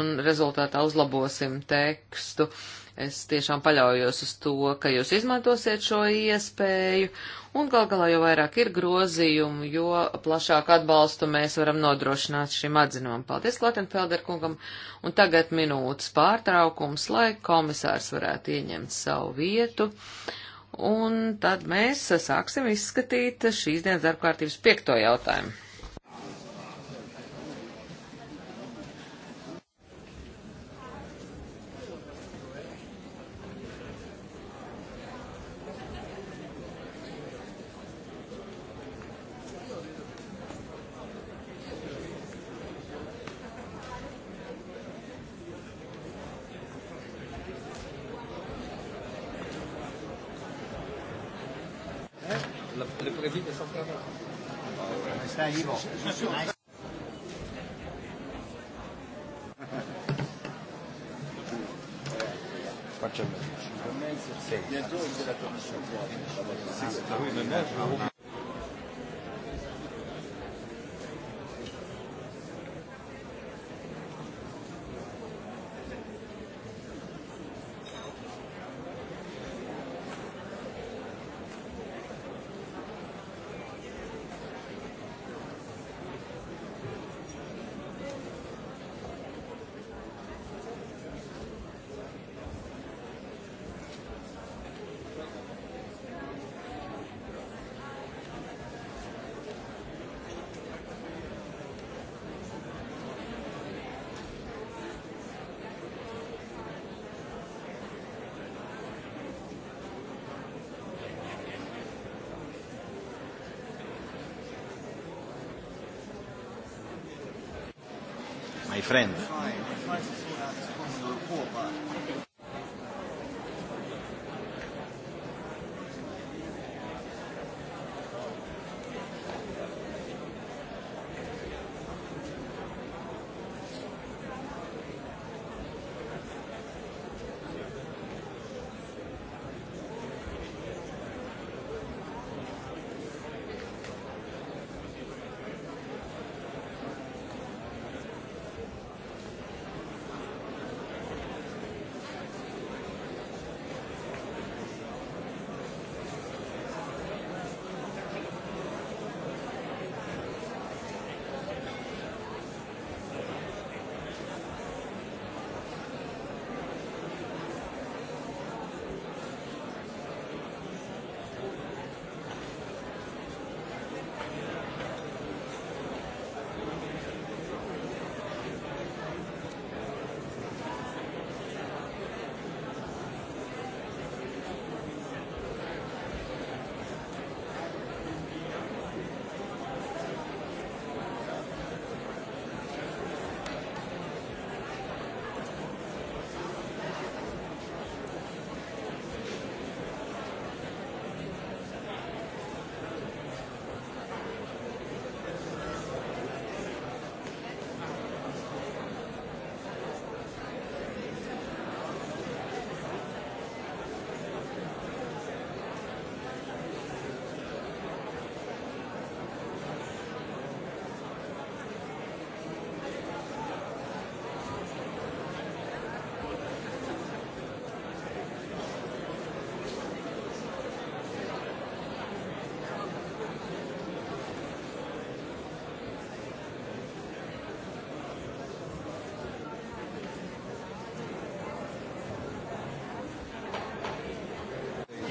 un rezultātā uzlabosim tekstu. Uh, Es tiešām paļaujos uz to, ka jūs izmantosiet šo iespēju, un gal galā jau vairāk ir grozījumu, jo plašāku atbalstu mēs varam nodrošināt šim atzinumam. Paldies Latenfelder kungam, un tagad minūtes pārtraukums, lai komisārs varētu ieņemt savu vietu, un tad mēs sāksim izskatīt šīs dienas darbkārtības piekto jautājumu. friend.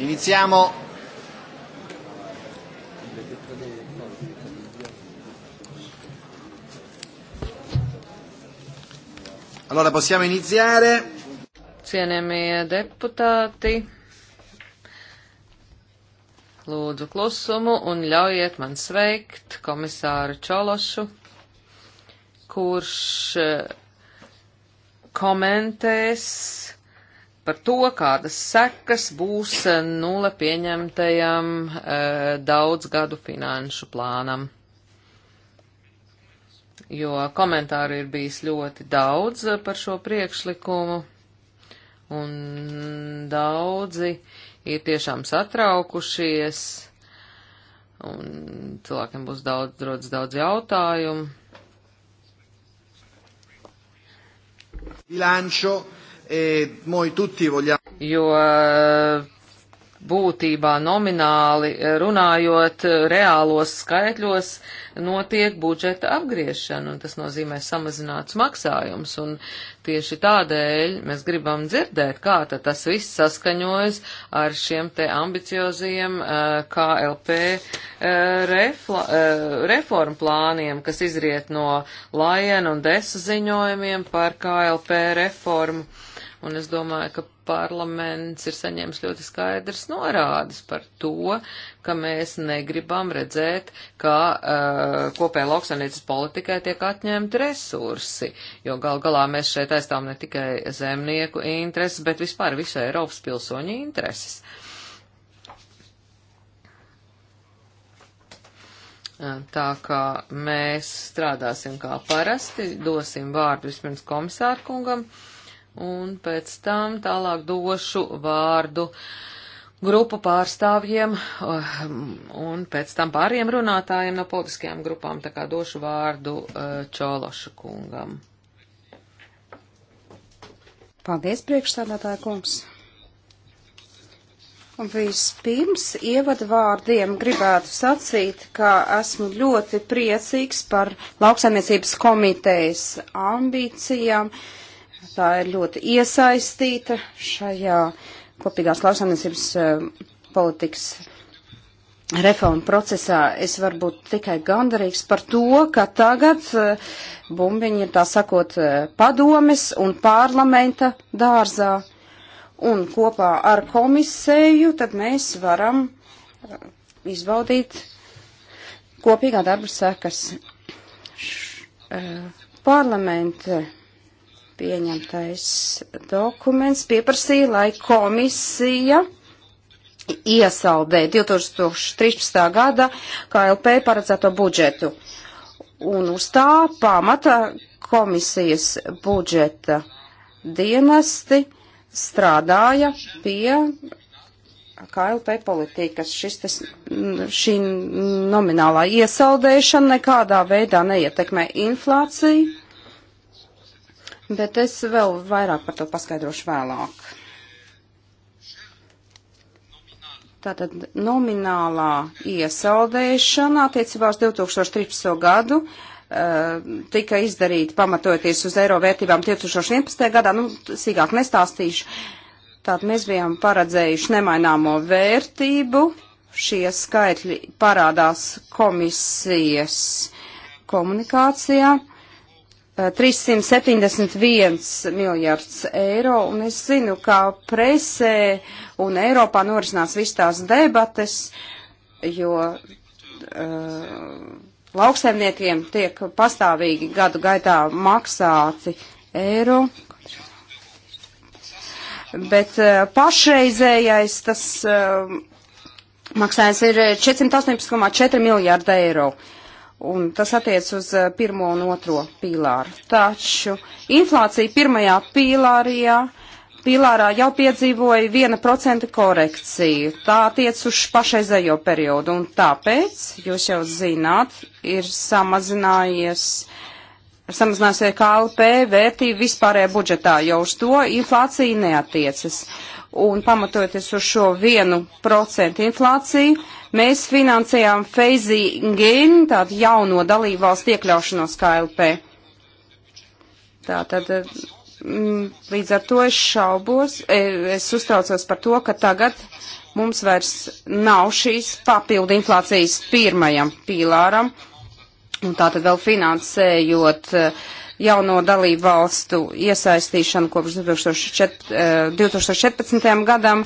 Iniziamo. Allora possiamo iniziare. Cienējamie deputāti, lūdzu klusumu un ļaujiet man sveikt komisāru Čološu, kurš eh, komentēs par to, kādas sekas būs eh, nula pieņemtajam e, eh, daudzgadu finanšu plānam. Jo komentāru ir bijis ļoti daudz eh, par šo priekšlikumu, un daudzi ir tiešām satraukušies, un cilvēkiem būs daudz, rodas daudz jautājumu. Bilančo e noi tutti vogliamo. Jo eh, būtībā nomināli eh, runājot eh, reālos skaitļos notiek budžeta apgriešana, un tas nozīmē samazināts maksājums, un tieši tādēļ mēs gribam dzirdēt, kā tad tas viss saskaņojas ar šiem te ambiciozajiem KLP refla, reformu plāniem, kas izriet no Lajena un Desa ziņojumiem par KLP reformu Un es domāju, ka parlaments ir saņēmis ļoti skaidrs norādes par to, ka mēs negribam redzēt, kā uh, kopējā lauksaimniecības politikai tiek atņemti resursi, jo gal galā mēs šeit aizstāvam ne tikai zemnieku intereses, bet vispār visu Eiropas pilsoņu intereses. Eh, tā kā mēs strādāsim kā parasti, dosim vārdu vispirms komisārkungam. kungam un pēc tam tālāk došu vārdu grupu pārstāvjiem eh, un pēc tam pāriem runātājiem no politiskajām grupām, tā kā došu vārdu eh, Čološa kungam. Paldies, priekšstādātāja kungs. Un vispirms ievadvārdiem gribētu sacīt, ka esmu ļoti priecīgs par lauksaimniecības komitejas ambīcijām. Uh, Tā ir ļoti iesaistīta šajā kopīgās lauksaimniecības eh, politikas reformu procesā. Es varbūt tikai gandarīgs par to, ka tagad eh, bumbiņi ir tā sakot eh, padomes un parlamenta dārzā. Un kopā ar komisēju tad mēs varam izbaudīt kopīgā darba sekas. Parlamenta pieņemtais dokuments pieprasīja, lai komisija iesaldē 2013. gada KLP paredzēto budžetu. Un uz tā pamata komisijas budžeta dienesti strādāja pie KLP politikas. Šis, tas, šī nominālā iesaldēšana nekādā veidā neietekmē inflāciju bet es vēl vairāk par to paskaidrošu vēlāk. Tātad nominālā iesaldēšana attiecībā uz 2013. gadu eh, tika izdarīta pamatojoties uz eiro vērtībām 2011. gadā, nu, sīkāk nestāstīšu. Tātad mēs bijām paredzējuši nemaināmo vērtību, šie skaitļi parādās komisijas komunikācijā. 371 eh, miljārds eiro, un es zinu, ka presē un Eiropā norisinās viss tās debates, jo uh, lauksaimniekiem tiek pastāvīgi gadu gaitā maksāti eiro, bet uh, pašreizējais tas uh, maksājums ir 418,4 miljārda eiro. Uh, un tas attiec uz eh, pirmo un otro pīlāru. Taču inflācija pirmajā pīlārijā, pīlārā jau piedzīvoja 1% korekciju. Tā attiec uz pašreizējo periodu, un tāpēc, jūs jau zināt, ir samazinājies. Samazināsies KLP vērtība vispārējā budžetā, jo uz to inflācija neatiecas un pamatojoties uz šo vienu procentu inflāciju, mēs finansējām Feizi Gin, tādu jauno dalību valstu iekļaušanos KLP. Tātad mm, līdz ar to es šaubos, e, es uztraucos par to, ka tagad mums vairs nav šīs papildu inflācijas pirmajam pīlāram, un tātad vēl finansējot uh, jauno dalību valstu iesaistīšanu kopš 2014. Eh, gadam,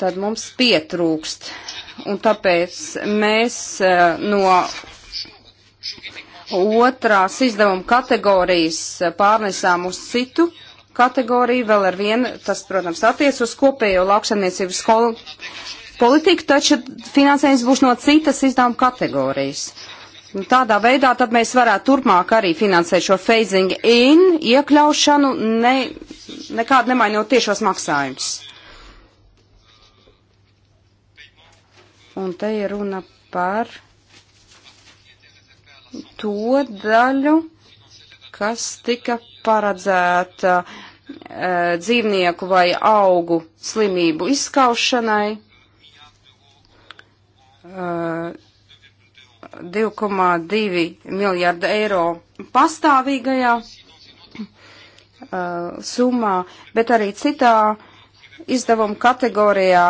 tad mums pietrūkst. Un tāpēc mēs eh, no otrās izdevuma kategorijas eh, pārnesām uz citu kategoriju, vēl ar vienu, tas, protams, attiec uz kopējo lauksaimniecības politiku, taču finansējums būs no citas izdevuma kategorijas. Uh, Nu, tādā veidā tad mēs varētu turpmāk arī finansēt šo phasing in iekļaušanu, ne, nekādu nemainot tiešos maksājumus. Un te ir runa par to daļu, kas tika paredzēta e, dzīvnieku vai augu slimību izskaušanai. E, 2,2 miljārda eiro pastāvīgajā uh, summā, bet arī citā izdevuma kategorijā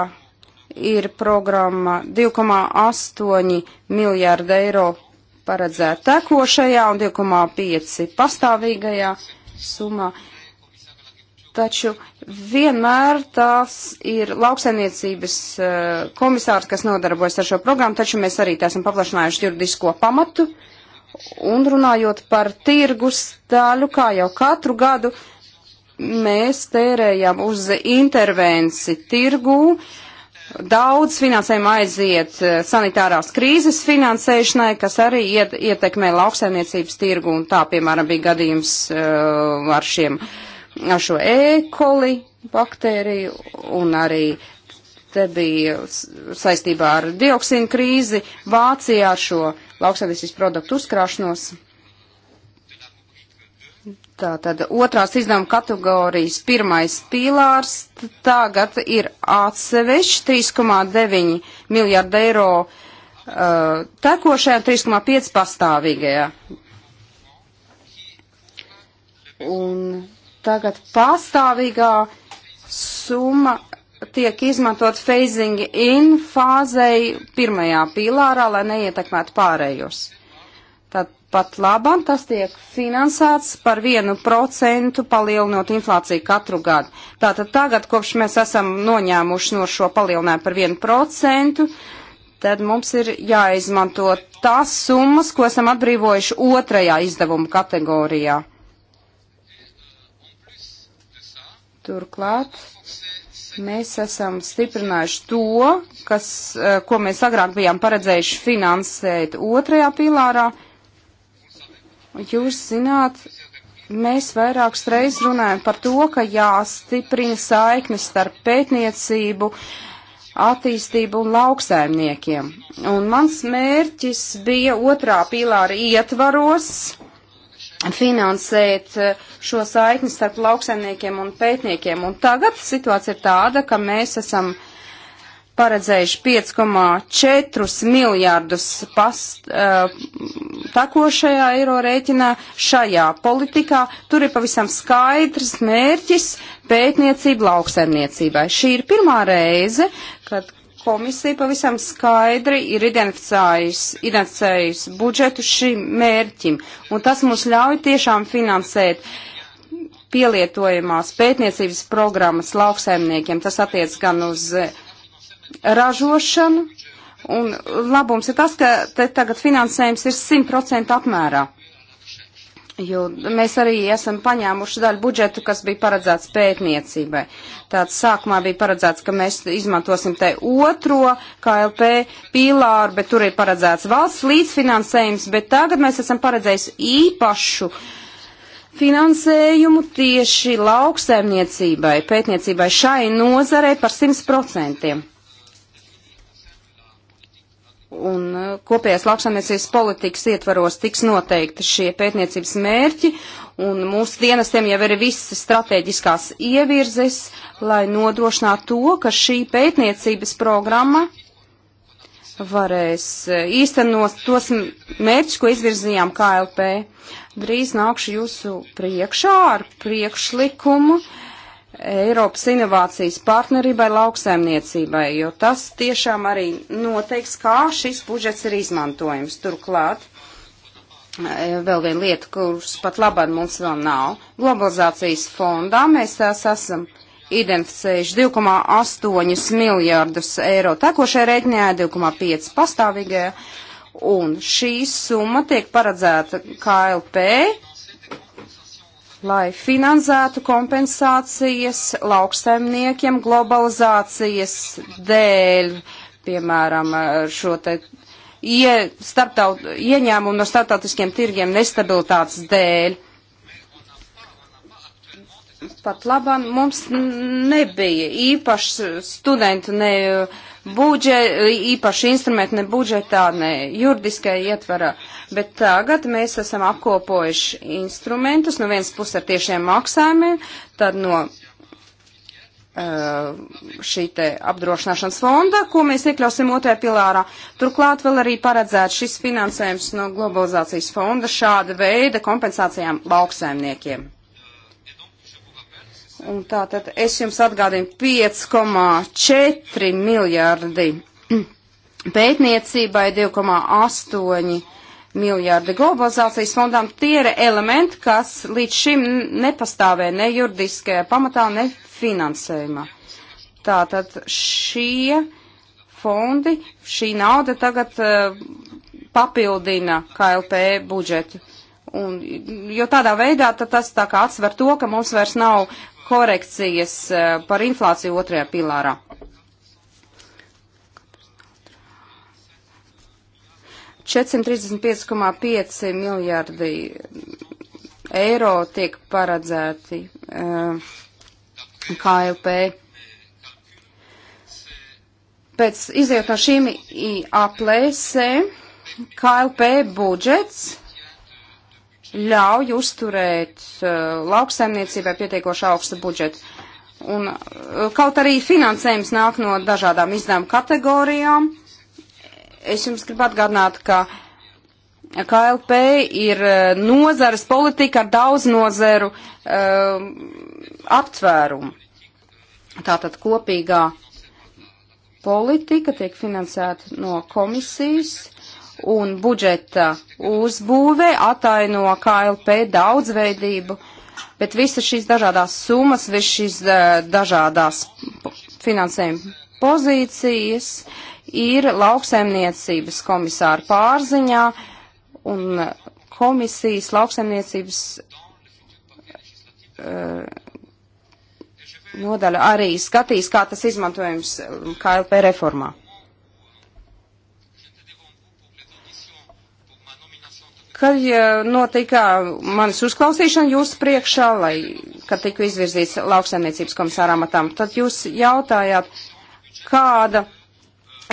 ir programma 2,8 miljārda eiro paredzēta tekošajā un 2,5 pastāvīgajā summā. Uh, taču vienmēr tās ir lauksainiecības eh, komisārs, kas nodarbojas ar šo programmu, taču mēs arī tā esam paplašinājuši juridisko pamatu. Un runājot par tirgus daļu, kā jau katru gadu, mēs tērējam uz intervenci tirgū. Daudz finansējuma aiziet eh, sanitārās krīzes finansēšanai, kas arī iet, ietekmē lauksaimniecības tirgu, un tā, piemēram, bija gadījums uh, ar šiem uh, ar šo e-koli baktēriju un arī te bija saistībā ar dioksīnu krīzi Vācijā ar šo lauksaimniecības produktu uzkrāšanos. Tā tad otrās izdevuma kategorijas pirmais pīlārs tagad ir atsevišķi 3,9 miljārdu eiro uh, tekošajā un 3,5 pastāvīgajā. Un Tagad pastāvīgā summa tiek izmantot phasing in fāzei pirmajā pīlārā, lai neietekmētu pārējos. Tad pat labam tas tiek finansēts par vienu procentu palielinot inflāciju katru gadu. Tātad tagad, kopš mēs esam noņēmuši no šo palielinājumu par vienu procentu, tad mums ir jāizmanto tās summas, ko esam atbrīvojuši otrajā izdevuma kategorijā. Turklāt mēs esam stiprinājuši to, kas, eh, ko mēs agrāk bijām paredzējuši finansēt otrajā pilārā. Jūs zināt, mēs vairākas reizes runājam par to, ka jāstiprina saiknes starp pētniecību, attīstību un lauksaimniekiem. Un mans mērķis bija otrā pilāra ietvaros finansēt eh, šo saikni starp lauksaimniekiem un pētniekiem. Un tagad situācija ir tāda, ka mēs esam paredzējuši 5,4 miljārdus past, uh, takošajā eiro rēķinā šajā politikā. Tur ir pavisam skaidrs mērķis pētniecība lauksaimniecībai. Šī ir pirmā reize, kad komisija pavisam skaidri ir identificējusi budžetu šim mērķim, un tas mums ļauj tiešām finansēt pielietojumās pētniecības programmas lauksaimniekiem. Tas attiec gan uz eh, ražošanu, un labums ir tas, ka te tagad finansējums ir 100% apmērā jo mēs arī esam paņēmuši daļu budžetu, kas bija paredzēts pētniecībai. Tāds sākumā bija paredzēts, ka mēs izmantosim te otro KLP pīlāru, bet tur ir paredzēts valsts līdzfinansējums, bet tagad mēs esam paredzējuši īpašu finansējumu tieši lauksaimniecībai, pētniecībai šai nozarei par 100% un uh, kopējās lauksaimniecības politikas ietvaros tiks noteikti šie pētniecības mērķi, un mūsu dienestiem jau ir visas strateģiskās ievirzes, lai nodrošinātu to, ka šī pētniecības programma varēs uh, īstenot tos mērķus, ko izvirzījām KLP. Drīz nākšu jūsu priekšā ar priekšlikumu. Uh, Eiropas inovācijas partnerībai lauksaimniecībai, jo tas tiešām arī noteiks, kā šis budžets ir izmantojams. Turklāt e, vēl viena lieta, kuras pat labāk mums vēl nav. Globalizācijas fondā mēs tās esam identificējuši 2,8 miljārdus eiro tekošajā rēķinā, 2,5 pastāvīgajā, un šī summa tiek paredzēta KLP lai finansētu kompensācijas lauksaimniekiem globalizācijas dēļ, piemēram, šo te ie, starptaut, ieņēmumu no starptautiskiem tirgiem nestabilitātes dēļ. Pat labam mums nebija īpašs studentu ne budžet, īpaši instrumenti ne budžetā, ne juridiskai ietvarā, bet tagad mēs esam apkopojuši instrumentus no vienas puses ar tiešiem maksājumiem, tad no eh, šī te apdrošināšanas fonda, ko mēs iekļausim otrajā pilārā. Turklāt vēl arī paredzēts šis finansējums no globalizācijas fonda šāda veida kompensācijām lauksaimniekiem. Un tātad es jums atgādinu 5,4 miljardi pētniecībai, 2,8 miljardi globalizācijas fondām. Tie ir elementi, kas līdz šim nepastāvēja ne juridiskajā pamatā, ne finansējumā. Tātad šie fondi, šī nauda tagad uh, papildina KLP budžetu. Un, jo tādā veidā tas tā kā atsver to, ka mums vairs nav korekcijas eh, par inflāciju otrajā pilārā. miljardi eiro tiek paredzēti eh, KLP. Pēc iziet no šīm aplēsēm KLP budžets ļauj uzturēt uh, lauksaimniecībai pietiekoši augstu budžetu. Un, uh, kaut arī finansējums nāk no dažādām izdevuma kategorijām, es jums gribu atgādināt, ka KLP ir uh, nozares politika ar daudz nozeru uh, aptvērumu. Tātad kopīgā politika tiek finansēta no komisijas un budžeta uzbūvē ataino KLP daudzveidību, bet visas šīs dažādās summas, visas šīs dažādās finansējuma pozīcijas ir lauksaimniecības komisāra pārziņā un komisijas lauksaimniecības uh, nodaļa arī skatīs, kā tas izmantojams KLP reformā. ka ja notika manas uzklausīšana jūsu priekšā, lai, kad tika izvirzīts lauksaimniecības komisārā matām, tad jūs jautājāt, kāda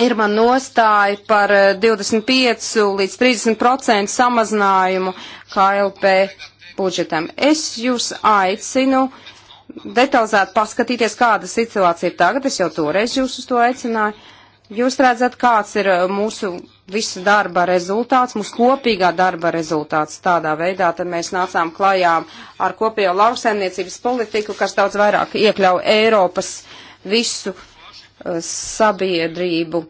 ir man nostāja par 25 eh, līdz 30% samazinājumu KLP budžetam. Es jūs aicinu detalizēt paskatīties, kāda situācija ir tagad, es jau toreiz jūs uz to aicināju Jūs redzat, kāds ir uh, mūsu visu darba rezultāts, mūsu kopīgā darba rezultāts. Tādā veidā tad mēs nācām klajām ar kopējo lauksaimniecības politiku, kas daudz vairāk iekļauj Eiropas visu uh, sabiedrību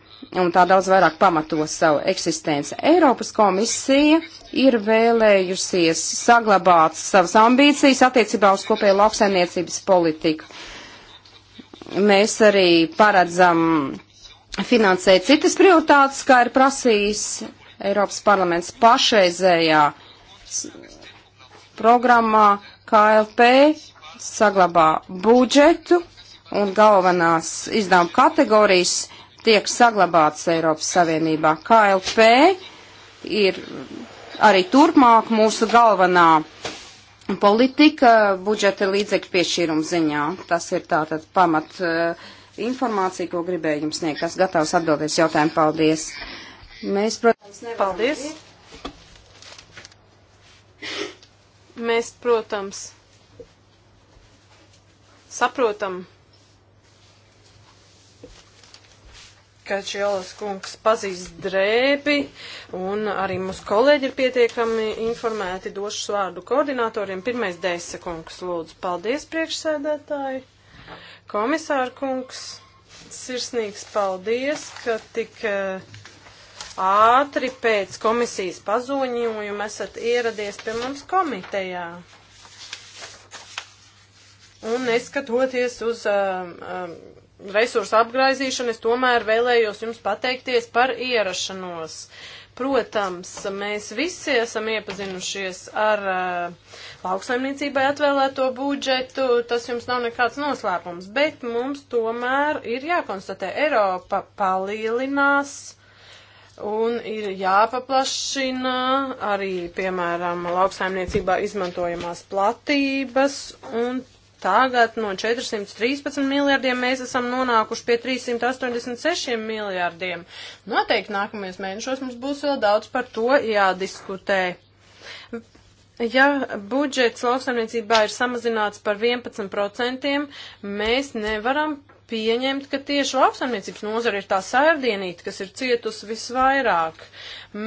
un tā daudz vairāk pamato savu eksistenci. Eiropas komisija ir vēlējusies saglabāt savas ambīcijas attiecībā uz kopējo lauksaimniecības politiku. Mēs arī paredzam finansēt citas prioritātes, kā ir prasījis Eiropas parlaments pašreizējā programmā KLP saglabā budžetu un galvenās izdevuma kategorijas tiek saglabātas Eiropas Savienībā. KLP ir arī turpmāk mūsu galvenā politika budžeta līdzekļu piešķīruma ziņā. Tas ir tātad pamat uh, informāciju, ko gribēju jums sniegt. Tas gatavs atbildēs jautājumu. Paldies! Mēs, protams, nevaram. Paldies! Mēs, protams, saprotam, ka Čielas kungs pazīst drēbi, un arī mūsu kolēģi ir pietiekami informēti došu vārdu koordinatoriem. Pirmais Deisa kungs, lūdzu, paldies priekšsēdētāji! Komisāra kungs, sirsnīgs paldies, ka tik eh, ātri pēc komisijas pazoņojuma esat ieradies pie mums komitejā. Un neskatoties uz um, um, resursu apgraizīšanu, es tomēr vēlējos jums pateikties par ierašanos. Protams, mēs visi esam iepazinušies ar uh, lauksaimniecībai atvēlēto budžetu, tas jums nav nekāds noslēpums, bet mums tomēr ir jākonstatē, Eiropa palielinās un ir jāpaplašina arī, piemēram, lauksaimniecībā izmantojamās platības un Tagad no 413 miljardiem mēs esam nonākuši pie 386 miljardiem. Noteikti nākamajos mēnešos mums būs vēl daudz par to jādiskutē. Ja budžets lauksaimniecībā ir samazināts par 11%, mēs nevaram pieņemt, ka tieši lauksaimniecības nozara ir tā sērdienīta, kas ir cietusi visvairāk.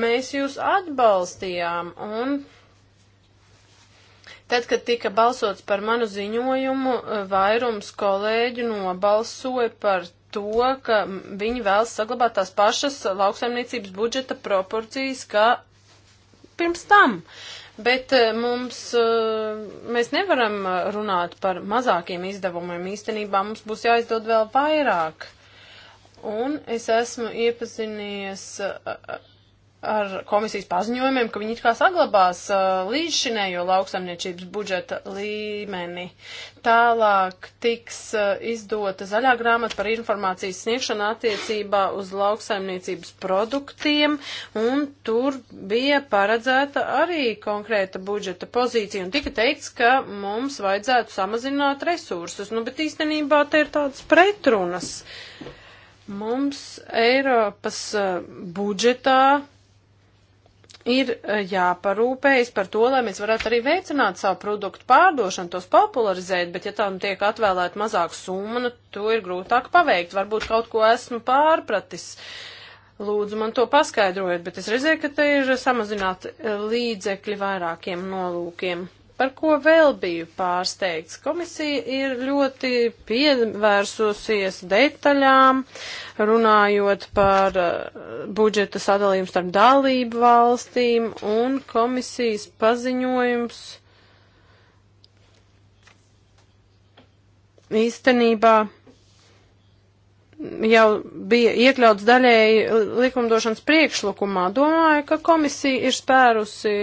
Mēs jūs atbalstījām un. Tad, kad tika balsots par manu ziņojumu, vairums kolēģu nobalsoja par to, ka viņi vēlas saglabāt tās pašas lauksaimniecības budžeta proporcijas, kā pirms tam. Uh, bet eh, mums, eh, mēs nevaram eh, runāt par mazākiem izdevumiem. Īstenībā mums būs jāizdod vēl vairāk. Un es esmu iepazinies ar komisijas paziņojumiem, ka viņi it kā saglabās uh, līdzšinējo lauksaimniecības budžeta līmeni. Tālāk tiks uh, izdota zaļā grāmata par informācijas sniegšanu attiecībā uz lauksaimniecības produktiem, un tur bija paredzēta arī konkrēta budžeta pozīcija, un tika teikts, ka mums vajadzētu samazināt resursus. Nu, bet īstenībā te ir tādas pretrunas. Mums Eiropas uh, budžetā ir eh, jāparūpējas par to, lai mēs varētu arī veicināt savu produktu pārdošanu, tos popularizēt, bet ja tam nu tiek atvēlēta mazāka summa, nu, to ir grūtāk paveikt. Varbūt kaut ko esmu pārpratis. Lūdzu, man to paskaidrojiet, bet es redzēju, ka te ir samazināti eh, līdzekļi vairākiem nolūkiem. Par ko vēl biju pārsteigts? Komisija ir ļoti pievērsusies detaļām, runājot par eh, budžeta sadalījumu starp dalību valstīm, un komisijas paziņojums īstenībā jau bija iekļauts daļēji uh, likumdošanas priekšlikumā. Domāju, ka komisija ir spērusi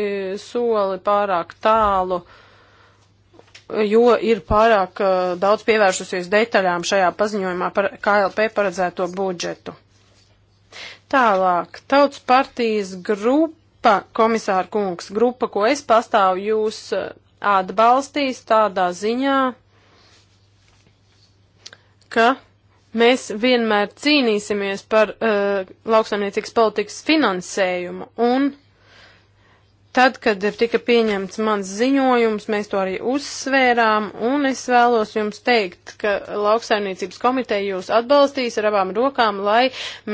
soli pārāk tālu, jo ir pārāk uh, daudz pievēršusies detaļām šajā paziņojumā par KLP paredzēto budžetu. Tālāk, Tautas partijas grupa, komisāra kungs, grupa, ko es pastāvu, jūs uh, atbalstīs tādā ziņā, ka Mēs vienmēr cīnīsimies par uh, lauksaimniecības politikas finansējumu un tad, kad tika pieņemts mans ziņojums, mēs to arī uzsvērām un es vēlos jums teikt, ka lauksaimniecības komiteja jūs atbalstīs ar abām rokām, lai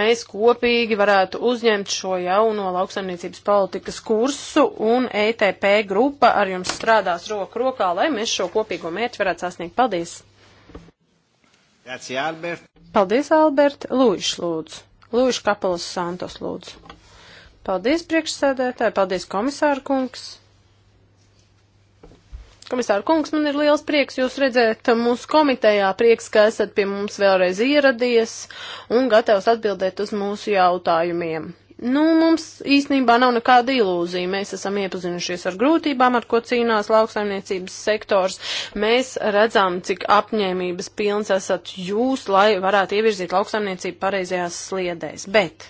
mēs kopīgi varētu uzņemt šo jauno lauksaimniecības politikas kursu un ETP grupa ar jums strādās roku rokā, lai mēs šo kopīgo mērķi varētu sasniegt. Paldies! Grazie, Albert. Paldies, Albert. Lūdzu, lūdzu. Lūdzu, Kapelas Santos, lūdzu. Paldies, priekšsēdētāji. Paldies, komisāra kungs. Komisāra kungs, man ir liels prieks jūs redzēt mūsu komitejā, prieks, ka esat pie mums vēlreiz ieradies un gatavs atbildēt uz mūsu jautājumiem. Nu, mums īstenībā nav nekāda ilūzija. Mēs esam iepazinušies ar grūtībām, ar ko cīnās lauksaimniecības sektors. Mēs redzam, cik apņēmības pilns esat jūs, lai varētu ievirzīt lauksaimniecību pareizajās sliedēs. Bet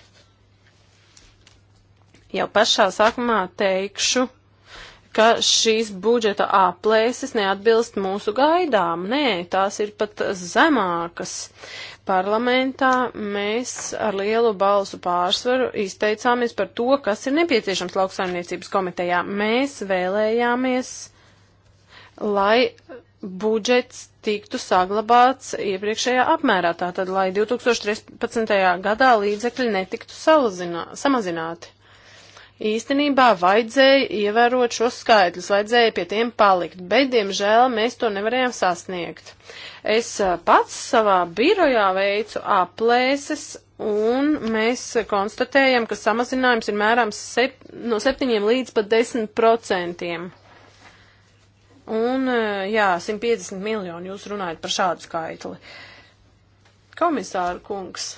jau pašā sākumā teikšu, ka šīs budžeta aplēses neatbilst mūsu gaidām. Nē, tās ir pat zemākas parlamentā mēs ar lielu balsu pārsvaru izteicāmies par to, kas ir nepieciešams lauksaimniecības komitejā. Mēs vēlējāmies, lai budžets tiktu saglabāts iepriekšējā apmērā, tātad, lai 2013. gadā līdzekļi netiktu samazināt, samazināti īstenībā vajadzēja ievērot šos skaitļus, vajadzēja pie tiem palikt, bet, diemžēl, mēs to nevarējām sasniegt. Es eh, pats savā birojā veicu aplēses, un mēs konstatējam, ka samazinājums ir mēram sep no 7 līdz pat 10 procentiem. Un, eh, jā, 150 miljoni jūs runājat par šādu skaitli. Komisāra kungs.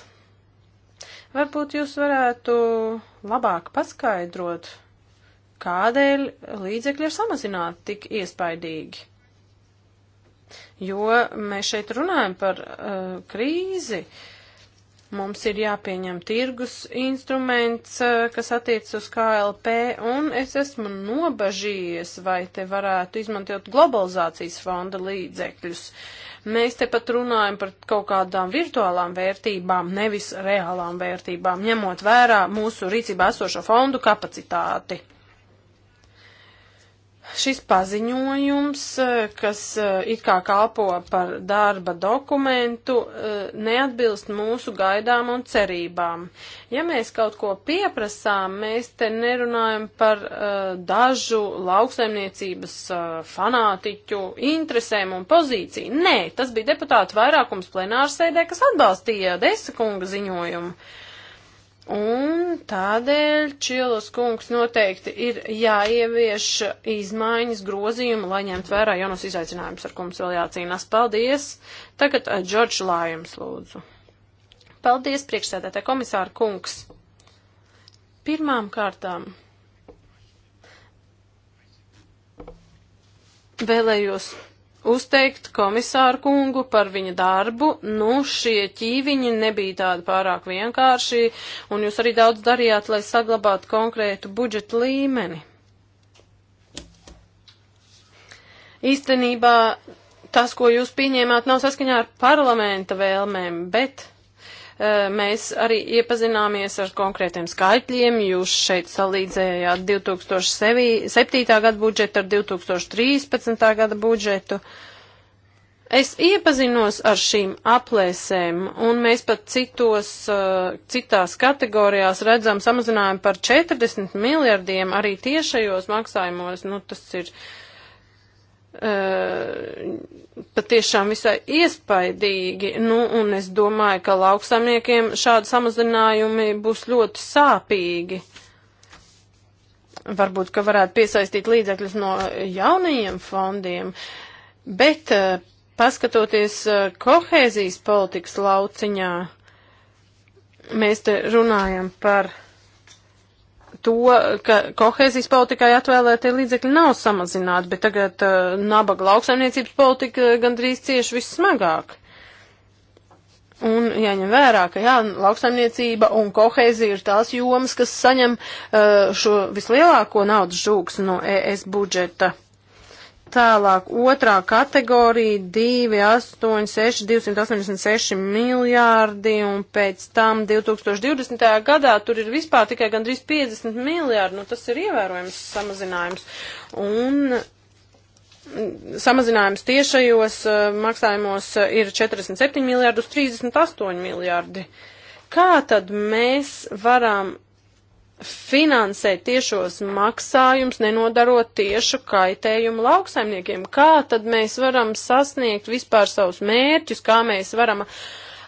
Varbūt jūs varētu labāk paskaidrot, kādēļ līdzekļi ir samazināti tik iespaidīgi. Jo mēs šeit runājam par uh, krīzi, mums ir jāpieņem tirgus instruments, uh, kas attiecas uz KLP, un es esmu nobažījies, vai te varētu izmantot globalizācijas fonda līdzekļus. Uh, Mēs te pat runājam par kaut kādām virtuālām vērtībām, nevis reālām vērtībām, ņemot vērā mūsu rīcībā esošo fondu kapacitāti šis paziņojums, eh, kas eh, it kā kalpo par darba dokumentu, eh, neatbilst mūsu gaidām un cerībām. Ja mēs kaut ko pieprasām, mēs te nerunājam par dažu lauksaimniecības fanātiķu interesēm un pozīciju. Nē, tas bija deputātu vairākums plenārsēdē, kas atbalstīja Desa kunga ziņojumu. Uh, Un tādēļ Čielos kungs noteikti ir jāievieš izmaiņas grozījumi, lai ņemt vērā jaunos izaicinājumus, ar ko mums vēl jācīnās. Paldies! Tagad uh, Džordž Lājums lūdzu. Paldies, priekšsēdētāji komisāra kungs! Pirmām kārtām vēlējos uzteikt komisāru kungu par viņa darbu. Nu, šie ķīviņi nebija tādi pārāk vienkārši, un jūs arī daudz darījāt, lai saglabātu konkrētu budžeta līmeni. Īstenībā tas, ko jūs pieņēmāt, nav saskaņā ar parlamenta vēlmēm, bet Eh, mēs arī iepazināmies ar konkrētiem skaitļiem. Jūs šeit salīdzējāt 2007. gada budžetu ar 2013. gada budžetu. Es iepazinos ar šīm aplēsēm, un mēs pat citos, eh, citās kategorijās redzam samazinājumu par 40 miljardiem arī tiešajos maksājumos. Nu, tas ir uh, Eh, patiešām visai iespaidīgi, nu, un es domāju, ka lauksamniekiem šādi samazinājumi būs ļoti sāpīgi. Varbūt, ka varētu piesaistīt līdzekļus no jaunajiem fondiem, bet eh, paskatoties eh, kohēzijas politikas lauciņā, mēs te runājam par to, ka kohēzijas politikai atvēlētie līdzekļi nav samazināti, bet tagad uh, nabaga lauksaimniecības politika gandrīz cieši vissmagāk. Un jāņem vērā, ka jā, lauksaimniecība un kohēzija ir tās jomas, kas saņem uh, šo vislielāko naudas žūks no ES budžeta. Uh, Tālāk otrā kategorija 2, 8, 6, 286 miljārdi un pēc tam 2020. gadā tur ir vispār tikai gandrīz 50 miljārdi, nu tas ir ievērojams samazinājums. Un mm, samazinājums tiešajos eh, maksājumos eh, ir 47 miljārdi uz 38 miljārdi. Kā tad mēs varam finansē tiešos maksājums, nenodarot tiešu kaitējumu lauksaimniekiem. Kā tad mēs varam sasniegt vispār savus mērķus, kā mēs varam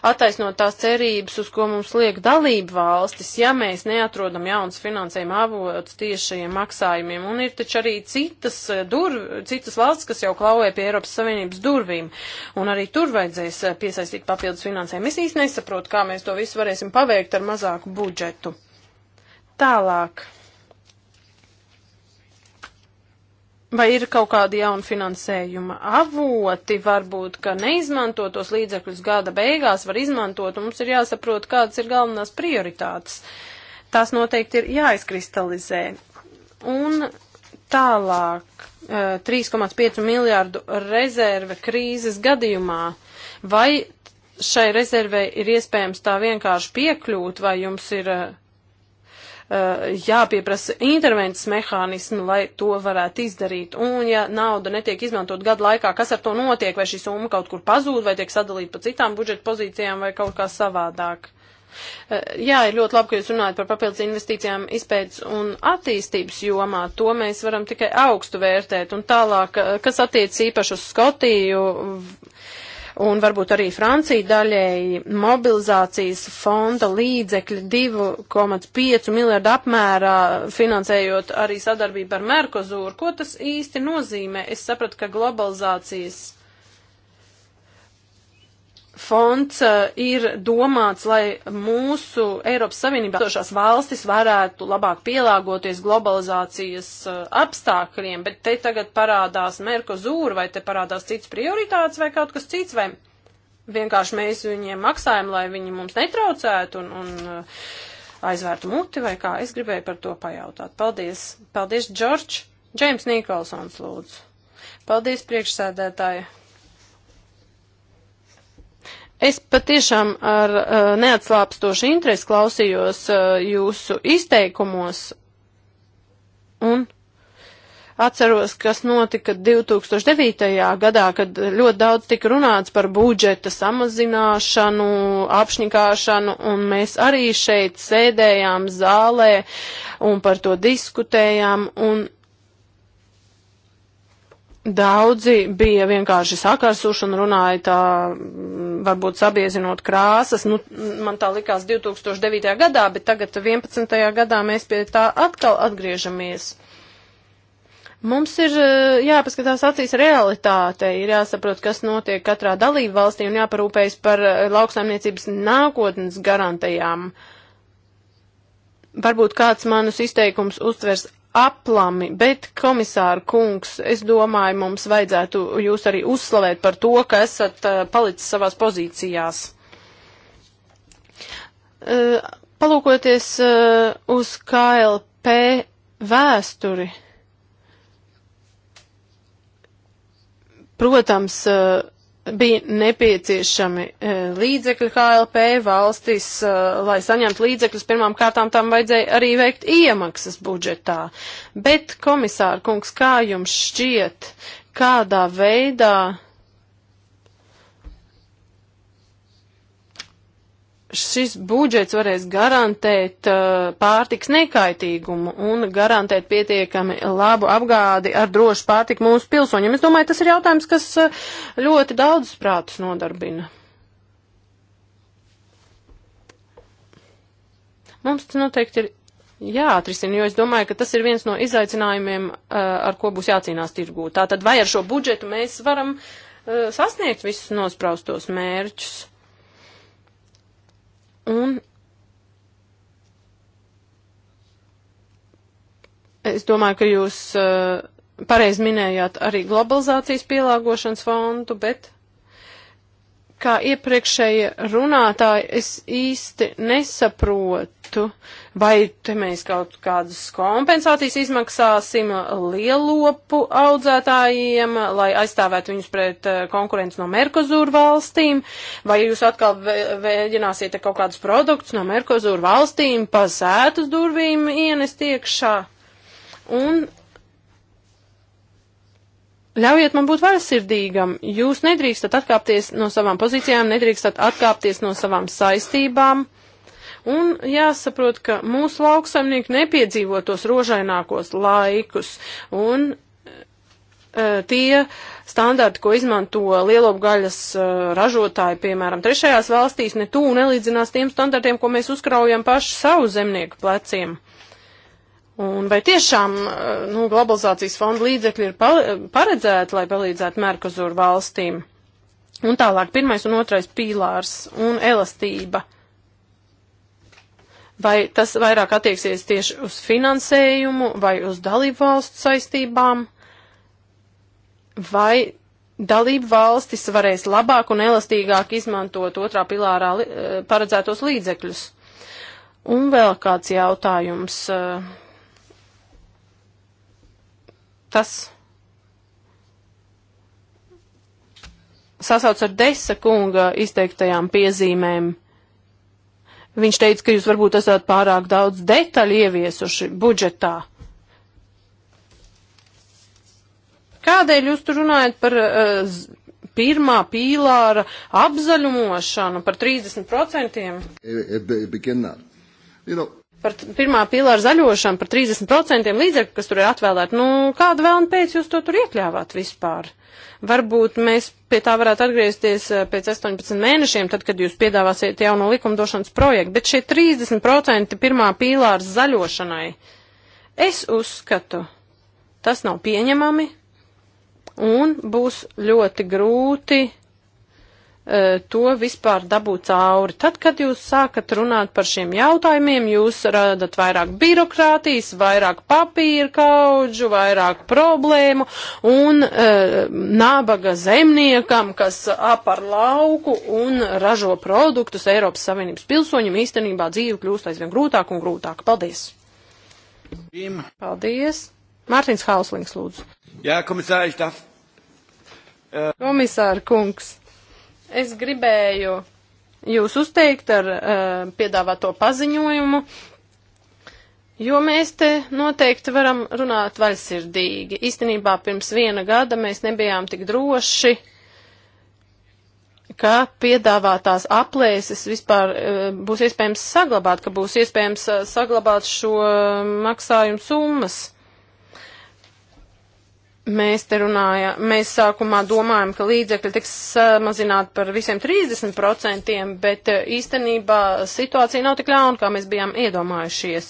attaisnot tās cerības, uz ko mums liek dalību valstis, ja mēs neatrodam jaunas finansējuma avots tiešajiem maksājumiem. Un ir taču arī citas, eh, durv, citas valsts, kas jau klauvē pie Eiropas Savienības durvīm, un arī tur vajadzēs eh, piesaistīt papildus finansējumu. Es īsti nesaprotu, kā mēs to visu varēsim paveikt ar mazāku budžetu. Tālāk. Vai ir kaut kādi jauni finansējuma avoti, varbūt, ka neizmantotos līdzekļus gada beigās var izmantot, un mums ir jāsaprot, kādas ir galvenās prioritātes. Tās noteikti ir jāizkristalizē. Un tālāk 3,5 eh, miljārdu rezerve krīzes gadījumā. Vai šai rezervei ir iespējams tā vienkārši piekļūt, vai jums ir eh, Eh, jāpieprasa intervences mehānismi, lai to varētu izdarīt. Un ja nauda netiek izmantot gadu laikā, kas ar to notiek, vai šī summa kaut kur pazūd, vai tiek sadalīta pa citām budžeta pozīcijām, vai kaut kā savādāk. Eh, jā, ir ļoti labi, ka jūs runājat par papildus investīcijām izpētes un attīstības jomā. To mēs varam tikai augstu vērtēt. Un tālāk, eh, kas attiec īpaši uz Skotiju, un varbūt arī Francija daļēji mobilizācijas fonda līdzekļi 2,5 miljardu apmērā finansējot arī sadarbību ar Merkozūru. Ko tas īsti nozīmē? Es sapratu, ka globalizācijas fonds eh, ir domāts, lai mūsu Eiropas Savienībā tošās valstis varētu labāk pielāgoties globalizācijas eh, apstākļiem, bet te tagad parādās Merkozūra vai te parādās cits prioritātes vai kaut kas cits, vai vienkārši mēs viņiem maksājam, lai viņi mums netraucētu un, un eh, aizvērtu muti vai kā. Es gribēju par to pajautāt. Paldies. Paldies, Džordž. Džeims Nikolsons, lūdzu. Paldies, priekšsēdētāji. Es patiešām ar uh, neatslāpstošu interesi klausījos uh, jūsu izteikumos un atceros, kas notika 2009. gadā, kad ļoti daudz tika runāts par budžeta samazināšanu, apšņikāšanu, un mēs arī šeit sēdējām zālē un par to diskutējām, un Daudzi bija vienkārši sakarsuši un runāja tā, varbūt sabiezinot krāsas. Nu, man tā likās 2009. gadā, bet tagad 11. gadā mēs pie tā atkal atgriežamies. Mums ir eh, jāpaskatās acīs realitāte, ir jāsaprot, kas notiek katrā dalību valstī un jāparūpējas par eh, lauksaimniecības nākotnes garantijām. Varbūt kāds manus izteikums uztvers aplami, bet komisāra kungs, es domāju, mums vajadzētu jūs arī uzslavēt par to, ka esat uh, palicis savās pozīcijās. Uh, eh, palūkoties uh, eh, uz KLP vēsturi, protams, uh, bija nepieciešami e, līdzekļi KLP valstis, e, lai saņemtu līdzekļus, pirmām kārtām tam vajadzēja arī veikt iemaksas budžetā. Bet, komisāra kungs, kā jums šķiet, kādā veidā uh, šis budžets varēs garantēt uh, pārtiks nekaitīgumu un garantēt pietiekami labu apgādi ar drošu pārtiku mūsu pilsoņiem. Es domāju, tas ir jautājums, kas uh, ļoti daudz prātus nodarbina. Mums tas noteikti ir jāatrisina, jo es domāju, ka tas ir viens no izaicinājumiem, uh, ar ko būs jācīnās tirgū. Tātad vai ar šo budžetu mēs varam uh, sasniegt visus nospraustos mērķus? Un es domāju, ka jūs eh, pareizi minējāt arī globalizācijas pielāgošanas fondu, bet kā iepriekšēji runātāji, es īsti nesaprotu, vai te mēs kaut kādas kompensācijas izmaksāsim lielopu audzētājiem, lai aizstāvētu viņus pret eh, konkurents no Merkozūra valstīm, vai jūs atkal vēģināsiet kaut kādus produktus no Merkozūra valstīm pa sētas durvīm ienest iekšā. Un Ļaujiet man būt vairsirdīgam. Jūs nedrīkstat atkāpties no savām pozīcijām, nedrīkstat atkāpties no savām saistībām. Un jāsaprot, ka mūsu lauksaimnieki nepiedzīvo tos rožainākos laikus. Un eh, tie standarti, ko izmanto lielopgaļas eh, ražotāji, piemēram, trešajās valstīs, ne tū nelīdzinās tiem standartiem, ko mēs uzkraujam paši savu zemnieku pleciem. Un vai tiešām eh, nu, globalizācijas fonda līdzekļi ir paredzēti, lai palīdzētu Merkuzuru valstīm? Un tālāk, pirmais un otrais pīlārs un elastība. Vai tas vairāk attieksies tieši uz finansējumu vai uz dalību valstu saistībām? Vai dalību valstis varēs labāk un elastīgāk izmantot otrā pilārā eh, paredzētos līdzekļus? Un vēl kāds jautājums. Uh, Tas sasauc ar Desa kunga izteiktajām piezīmēm. Viņš teica, ka jūs varbūt esat pārāk daudz detaļu ieviesuši budžetā. Kādēļ jūs tur runājat par uh, pirmā pīlāra apzaļumošanu par 30%? It, it, it par pirmā pilāra zaļošanu, par 30% līdzekļu, kas tur ir atvēlēti. Nu, kādu vēlnu pēc jūs to tur iekļāvāt vispār? Varbūt mēs pie tā varētu atgriezties eh, pēc 18 mēnešiem, tad, kad jūs piedāvāsiet jauno likumdošanas projektu, bet šie 30% pirmā pīlāra zaļošanai, es uzskatu, tas nav pieņemami un būs ļoti grūti E, to vispār dabūt cauri. Tad, kad jūs sākat runāt par šiem jautājumiem, jūs radat vairāk birokrātijas, vairāk papīra kaudžu, vairāk problēmu un e, nabaga zemniekam, kas apar lauku un ražo produktus Eiropas Savienības pilsoņiem, īstenībā dzīve kļūst aizvien grūtāk un grūtāk. Paldies! Paldies! Mārtiņš Hauslings, lūdzu. Jā, komisār, es darf. Uh... Komisāra kungs. Es gribēju jūs uzteikt ar uh, piedāvāto paziņojumu, Jo mēs te noteikti varam runāt vaļsirdīgi. Īstenībā pirms viena gada mēs nebijām tik droši, ka piedāvātās aplēses vispār eh, būs iespējams saglabāt, ka būs iespējams eh, saglabāt šo maksājumu summas. Mēs te runājam, mēs sākumā domājam, ka līdzekļi tiks samazināti par visiem 30%, bet eh, īstenībā situācija nav tik ļauna, kā mēs bijām iedomājušies.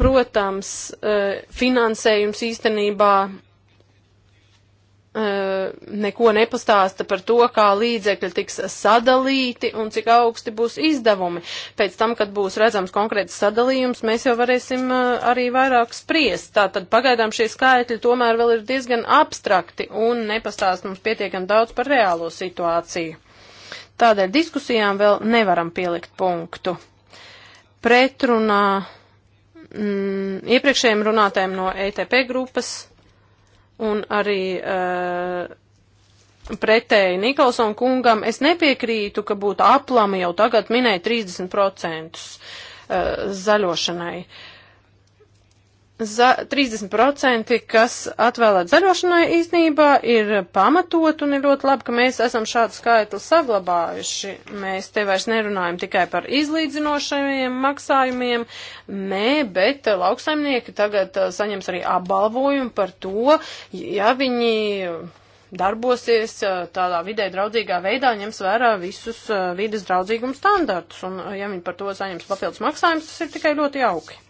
Protams, eh, finansējums īstenībā E, neko nepastāsta par to, kā līdzekļi tiks sadalīti un cik augsti būs izdevumi. Pēc tam, kad būs redzams konkrēts sadalījums, mēs jau varēsim e, arī vairāk spriest. Tātad pagaidām šie skaitļi tomēr vēl ir diezgan abstrakti un nepastāst mums pietiekam daudz par reālo situāciju. Tādēļ diskusijām vēl nevaram pielikt punktu. Pretrunā mm, iepriekšējiem runātājiem no ETP grupas un arī uh, pretēji Nikolson kungam, es nepiekrītu, ka būtu aplami jau tagad minēt 30% eh, zaļošanai. Uh, za 30%, kas atvēlēt zaļošanai īstenībā ir pamatot un ir ļoti labi, ka mēs esam šādu skaitu saglabājuši. Mēs te vairs nerunājam tikai par izlīdzinošajiem maksājumiem, nē, bet lauksaimnieki tagad uh, saņems arī apbalvojumu par to, ja viņi darbosies uh, tādā vidē draudzīgā veidā, ņems vērā visus uh, vides draudzīgumu standartus, un ja viņi par to saņems papildus maksājumus, tas ir tikai ļoti jauki.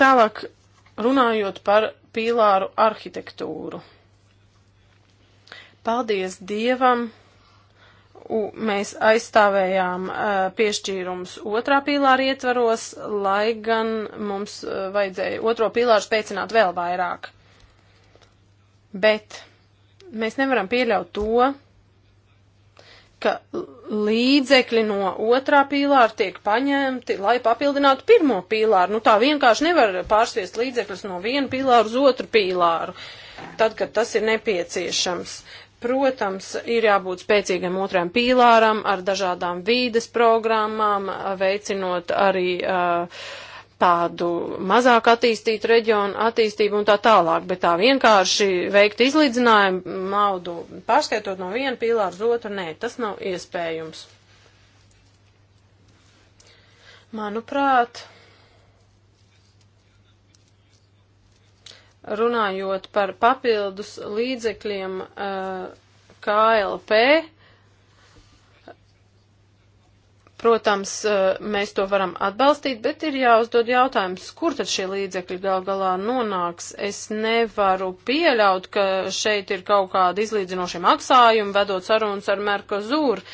Tālāk runājot par pīlāru arhitektūru. Paldies Dievam! mēs aizstāvējām piešķīrums otrā pīlāra ietvaros, lai gan mums vajadzēja otro pīlāru spēcināt vēl vairāk. Bet mēs nevaram pieļaut to, ka līdzekļi no otrā pīlāra tiek paņemti, lai papildinātu pirmo pīlāru. Nu, tā vienkārši nevar pārsviest līdzekļus no viena pīlāra uz otru pīlāru, tad, kad tas ir nepieciešams. Protams, ir jābūt spēcīgam otrajam pīlāram ar dažādām vīdes programmām, veicinot arī uh, tādu mazāk attīstītu reģionu attīstību un tā tālāk, bet tā vienkārši veikt izlīdzinājumu naudu, pārskaitot no viena pīlāra uz otru, nē, tas nav iespējams. Manuprāt, runājot par papildus līdzekļiem eh, KLP, Protams, eh, mēs to varam atbalstīt, bet ir jāuzdod jautājums, kur tad šie līdzekļi gal galā nonāks. Es nevaru pieļaut, ka šeit ir kaut kādi izlīdzinoši maksājumi, vedot sarunas ar Merkozūru.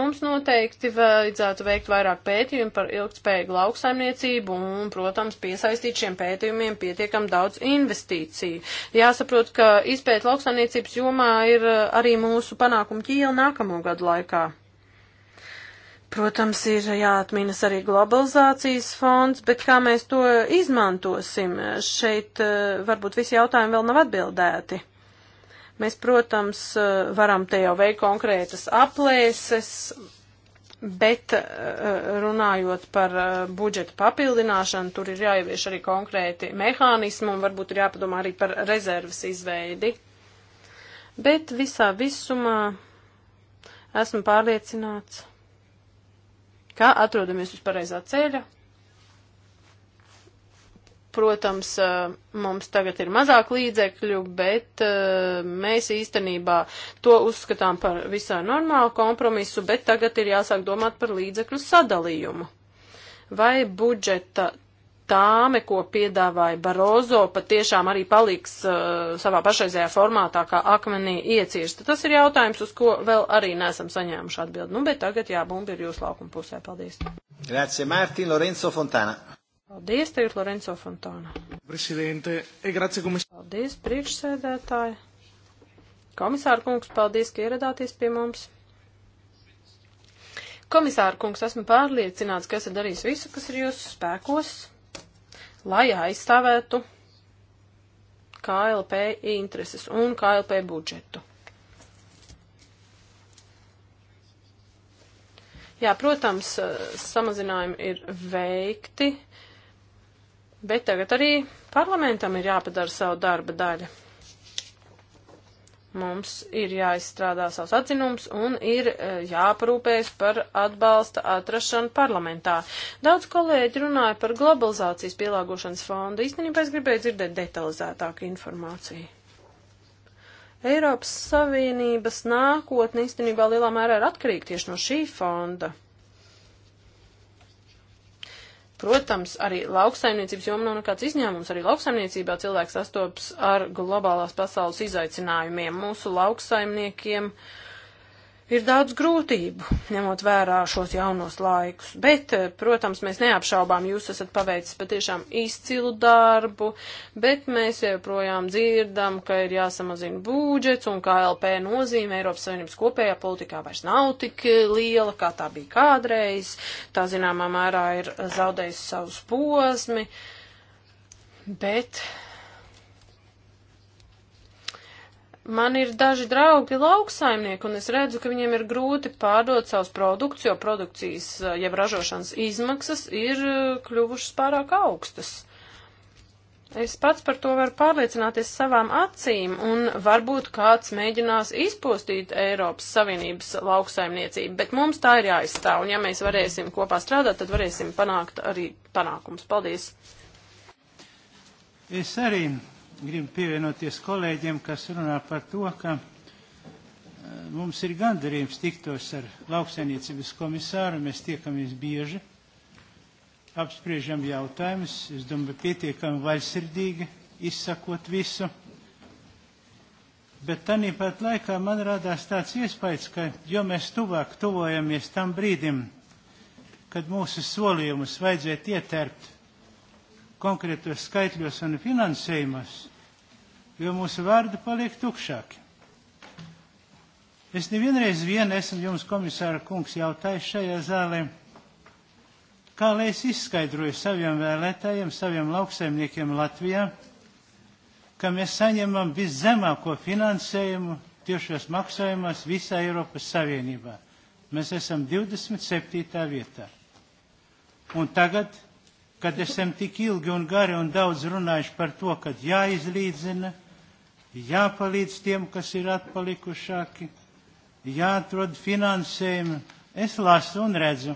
Mums noteikti vajadzētu veikt vairāk pētījumu par ilgspējīgu lauksaimniecību un, protams, piesaistīt šiem pētījumiem pietiekam daudz investīciju. Jāsaprot, ka izpēt lauksaimniecības jomā ir eh, arī mūsu panākumu ķīla nākamo gadu laikā. Protams, ir jāatminas arī globalizācijas fonds, bet kā mēs to izmantosim, šeit eh, varbūt visi jautājumi vēl nav atbildēti. Mēs, protams, eh, varam te jau veikt konkrētas aplēses, bet eh, runājot par budžeta papildināšanu, tur ir jāievieš arī konkrēti mehānismi un varbūt ir jāpadomā arī par rezerves izveidi. Bet visā visumā esmu pārliecināts ka atrodamies uz pareizā ceļa. Protams, mums tagad ir mazāk līdzekļu, bet mēs īstenībā to uzskatām par visai normālu kompromisu, bet tagad ir jāsāk domāt par līdzekļu sadalījumu. Vai budžeta tāme, ko piedāvāja Barozo, patiešām arī paliks uh, savā pašreizējā formātā kā akmenī iecirsta. Tas ir jautājums, uz ko vēl arī nesam saņēmuši atbildi. Nu, bet tagad, jā, bumba ir jūsu laukuma pusē. Paldies. Grazie, Mārtiņ, Lorenzo Fontāna. Paldies, tev ir Lorenzo Fontāna. Presidente, e grazie, komisār. Paldies, priekšsēdētāji. Komisāra kungs, paldies, ka ieradāties pie mums. Komisāra kungs, esmu pārliecināts, ka esat darījis visu, kas ir jūsu spēkos lai aizstāvētu KLP intereses un KLP budžetu. Jā, protams, samazinājumi ir veikti, bet tagad arī parlamentam ir jāpadara savu darba daļu. Mums ir jāizstrādā savs atzinums un ir e, jāparūpējas par atbalsta atrašanu parlamentā. Daudz kolēģi runāja par globalizācijas pielāgošanas fondu. Īstenībā es gribēju dzirdēt detalizētāku informāciju. Eiropas Savienības nākotne īstenībā lielā mērā ir atkarīga tieši no šī fonda. Protams, arī lauksaimniecības joma nav nekāds izņēmums. Arī lauksaimniecībā cilvēks sastopas ar globālās pasaules izaicinājumiem. Mūsu lauksaimniekiem uh, ir daudz grūtību, ņemot vērā šos jaunos laikus. Bet, eh, protams, mēs neapšaubām, jūs esat paveicis patiešām izcilu darbu, bet mēs joprojām dzirdam, ka ir jāsamazina būdžets un KLP nozīme Eiropas Savienības kopējā politikā vairs nav tik eh, liela, kā tā bija kādreiz. Tā zināmā mērā ir zaudējusi savus posmi. Bet Man ir daži draugi lauksaimnieki, un es redzu, ka viņiem ir grūti pārdot savus produktus, jo produkcijas, eh, jeb ražošanas izmaksas ir eh, kļuvušas pārāk augstas. Es pats par to varu pārliecināties savām acīm, un varbūt kāds mēģinās izpostīt Eiropas Savienības lauksaimniecību, bet mums tā ir jāizstāv, un ja mēs varēsim kopā strādāt, tad varēsim panākt arī panākums. Paldies! Es arī gribu pievienoties kolēģiem, kas runā par to, ka e, mums ir gandarījums tiktos ar lauksainiecības komisāru, mēs tiekamies bieži, apspriežam jautājumus, es domāju, pietiekami vaļsirdīgi izsakot visu. Bet tanī pat laikā man rādās tāds iespējas, ka jo mēs tuvāk tuvojamies tam brīdim, kad mūsu solījumus vajadzētu ietērpt konkrētos skaitļos un finansējumos, jo mūsu vārdi paliek tukšāki. Es nevienreiz vien esmu jums, komisāra kungs, jautājis šajā zālē, kā lai es izskaidroju saviem vēlētājiem, saviem lauksaimniekiem Latvijā, ka mēs saņemam viszemāko finansējumu tiešos maksājumos visā Eiropas Savienībā. Mēs esam 27. vietā. Un tagad kad esam tik ilgi un gari un daudz runājuši par to, ka jāizlīdzina, jāpalīdz tiem, kas ir atpalikušāki, jāatrod finansējumu. Es lasu un redzu,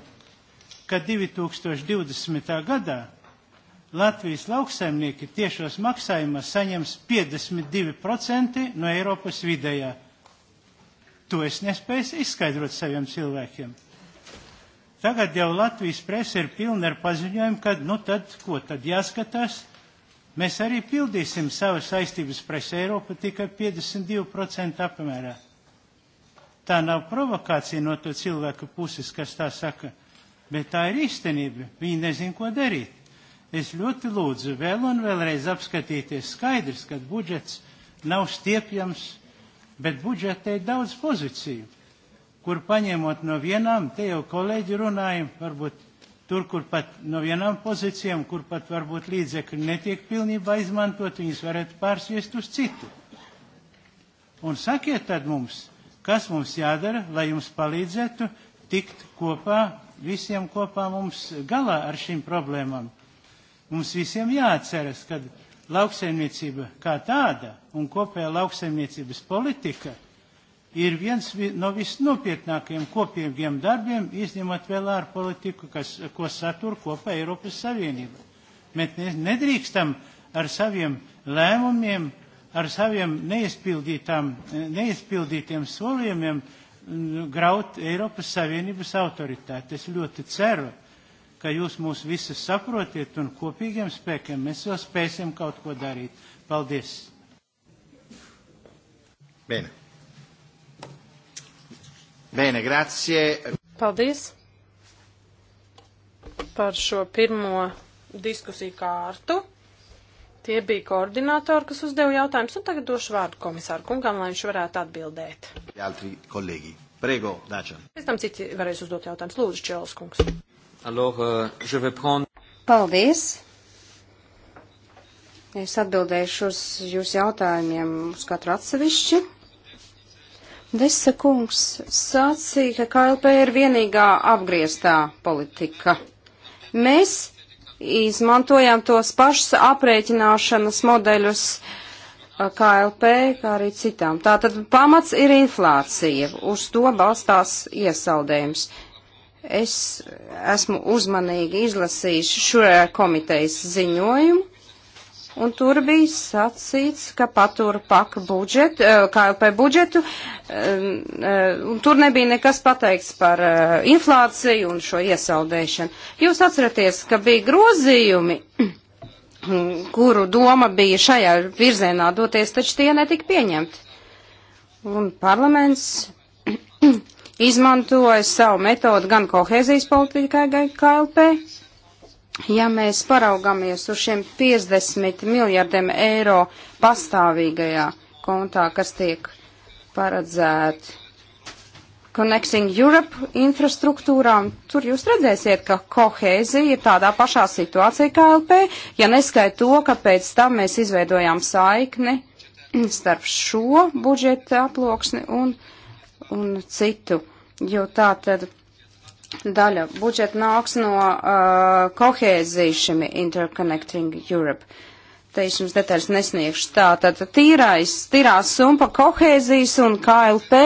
ka 2020. gadā Latvijas lauksaimnieki tiešos maksājumos saņems 52% no Eiropas vidējā. To es nespēju izskaidrot saviem cilvēkiem. Tagad jau Latvijas presa ir pilna ar paziņojumu, ka, nu tad, ko tad jāskatās, mēs arī pildīsim savas saistības pret Eiropu tikai 52% apmērā. Tā nav provokācija no to cilvēku puses, kas tā saka, bet tā ir īstenība. Viņi nezin, ko darīt. Es ļoti lūdzu vēl un vēlreiz apskatīties skaidrs, ka budžets nav stiepjams, bet budžetē ir daudz pozīciju kur paņemot no vienām, te jau kolēģi runājam, varbūt tur, kur pat no vienām pozīcijām, kur pat varbūt līdzekļi netiek pilnībā izmantot, viņas varētu pārsviest uz citu. Un sakiet tad mums, kas mums jādara, lai jums palīdzētu tikt kopā, visiem kopā mums galā ar šīm problēmām. Mums visiem jāatceras, ka lauksaimniecība kā tāda un kopējā lauksaimniecības politika – ir viens no visnopietnākajiem kopīgiem darbiem, izņemot vēl ārpolitiku, kas, ko satur kopā Eiropas Savienība. Mēs nedrīkstam ar saviem lēmumiem, ar saviem neizpildītiem solījumiem mm, graut Eiropas Savienības autoritāti. Es ļoti ceru, ka jūs mūs visus saprotiet un kopīgiem spēkiem mēs vēl spēsim kaut ko darīt. Paldies! Bene. Bene, grazie. Paldies par šo pirmo diskusiju kārtu. Tie bija koordinātori, kas uzdeva jautājumus, un tagad došu vārdu komisāru kungam, lai viņš varētu atbildēt. Altri kolēģi. Prego, Dačan. Pēc tam citi varēs uzdot jautājumus. Lūdzu, Čēlis kungs. Alors, uh, prendre... Paldies. Es atbildēšu uz jūsu jautājumiem uz katru atsevišķi. Desa kungs sacīja, ka KLP ir vienīgā apgrieztā politika. Mēs izmantojām tos pašus aprēķināšanas modeļus eh, KLP, kā arī citām. Tātad pamats ir inflācija, uz to balstās iesaldējums. Es esmu uzmanīgi izlasījis šo komitejas ziņojumu Un tur bija sacīts, ka paturpak eh, budžetu, KLP eh, budžetu, eh, un tur nebija nekas pateikts par inflāciju un šo iesaldēšanu. Jūs atceraties, ka bija grozījumi, kuru doma bija šajā virzienā doties, taču tie netika pieņemti. Un parlaments izmantoja savu metodu gan kohēzijas politikai, gan KLP Ja mēs paraugamies uz šiem 50 miljardiem eiro pastāvīgajā kontā, kas tiek paredzēti Connecting Europe infrastruktūrām, tur jūs redzēsiet, ka kohēzija ir tādā pašā situācijā kā LP, ja neskait to, ka pēc tam mēs izveidojām saikni starp šo budžeta aploksni un, un citu, jo tā tad daļa budžeta nāks no uh, kohēzijas šim Interconnecting Europe. Te es jums detaļas nesniegšu. Tā tad tīrais, tīrā summa kohēzijas un KLP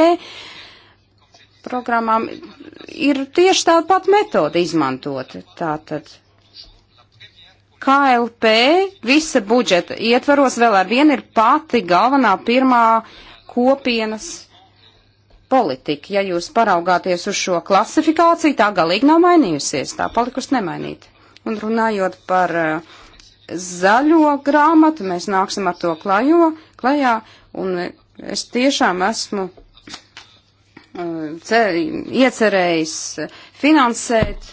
programmām ir tieši tāda pat metode izmantota. Tātad KLP visa budžeta ietvaros vēl ar vienu ir pati galvenā pirmā kopienas politika. Ja jūs paraugāties uz šo klasifikāciju, tā galīgi nav mainījusies, tā palikusi nemainīta. Un runājot par uh, zaļo grāmatu, mēs nāksim ar to klajo, klajā, un es tiešām esmu eh, cer, iecerējis finansēt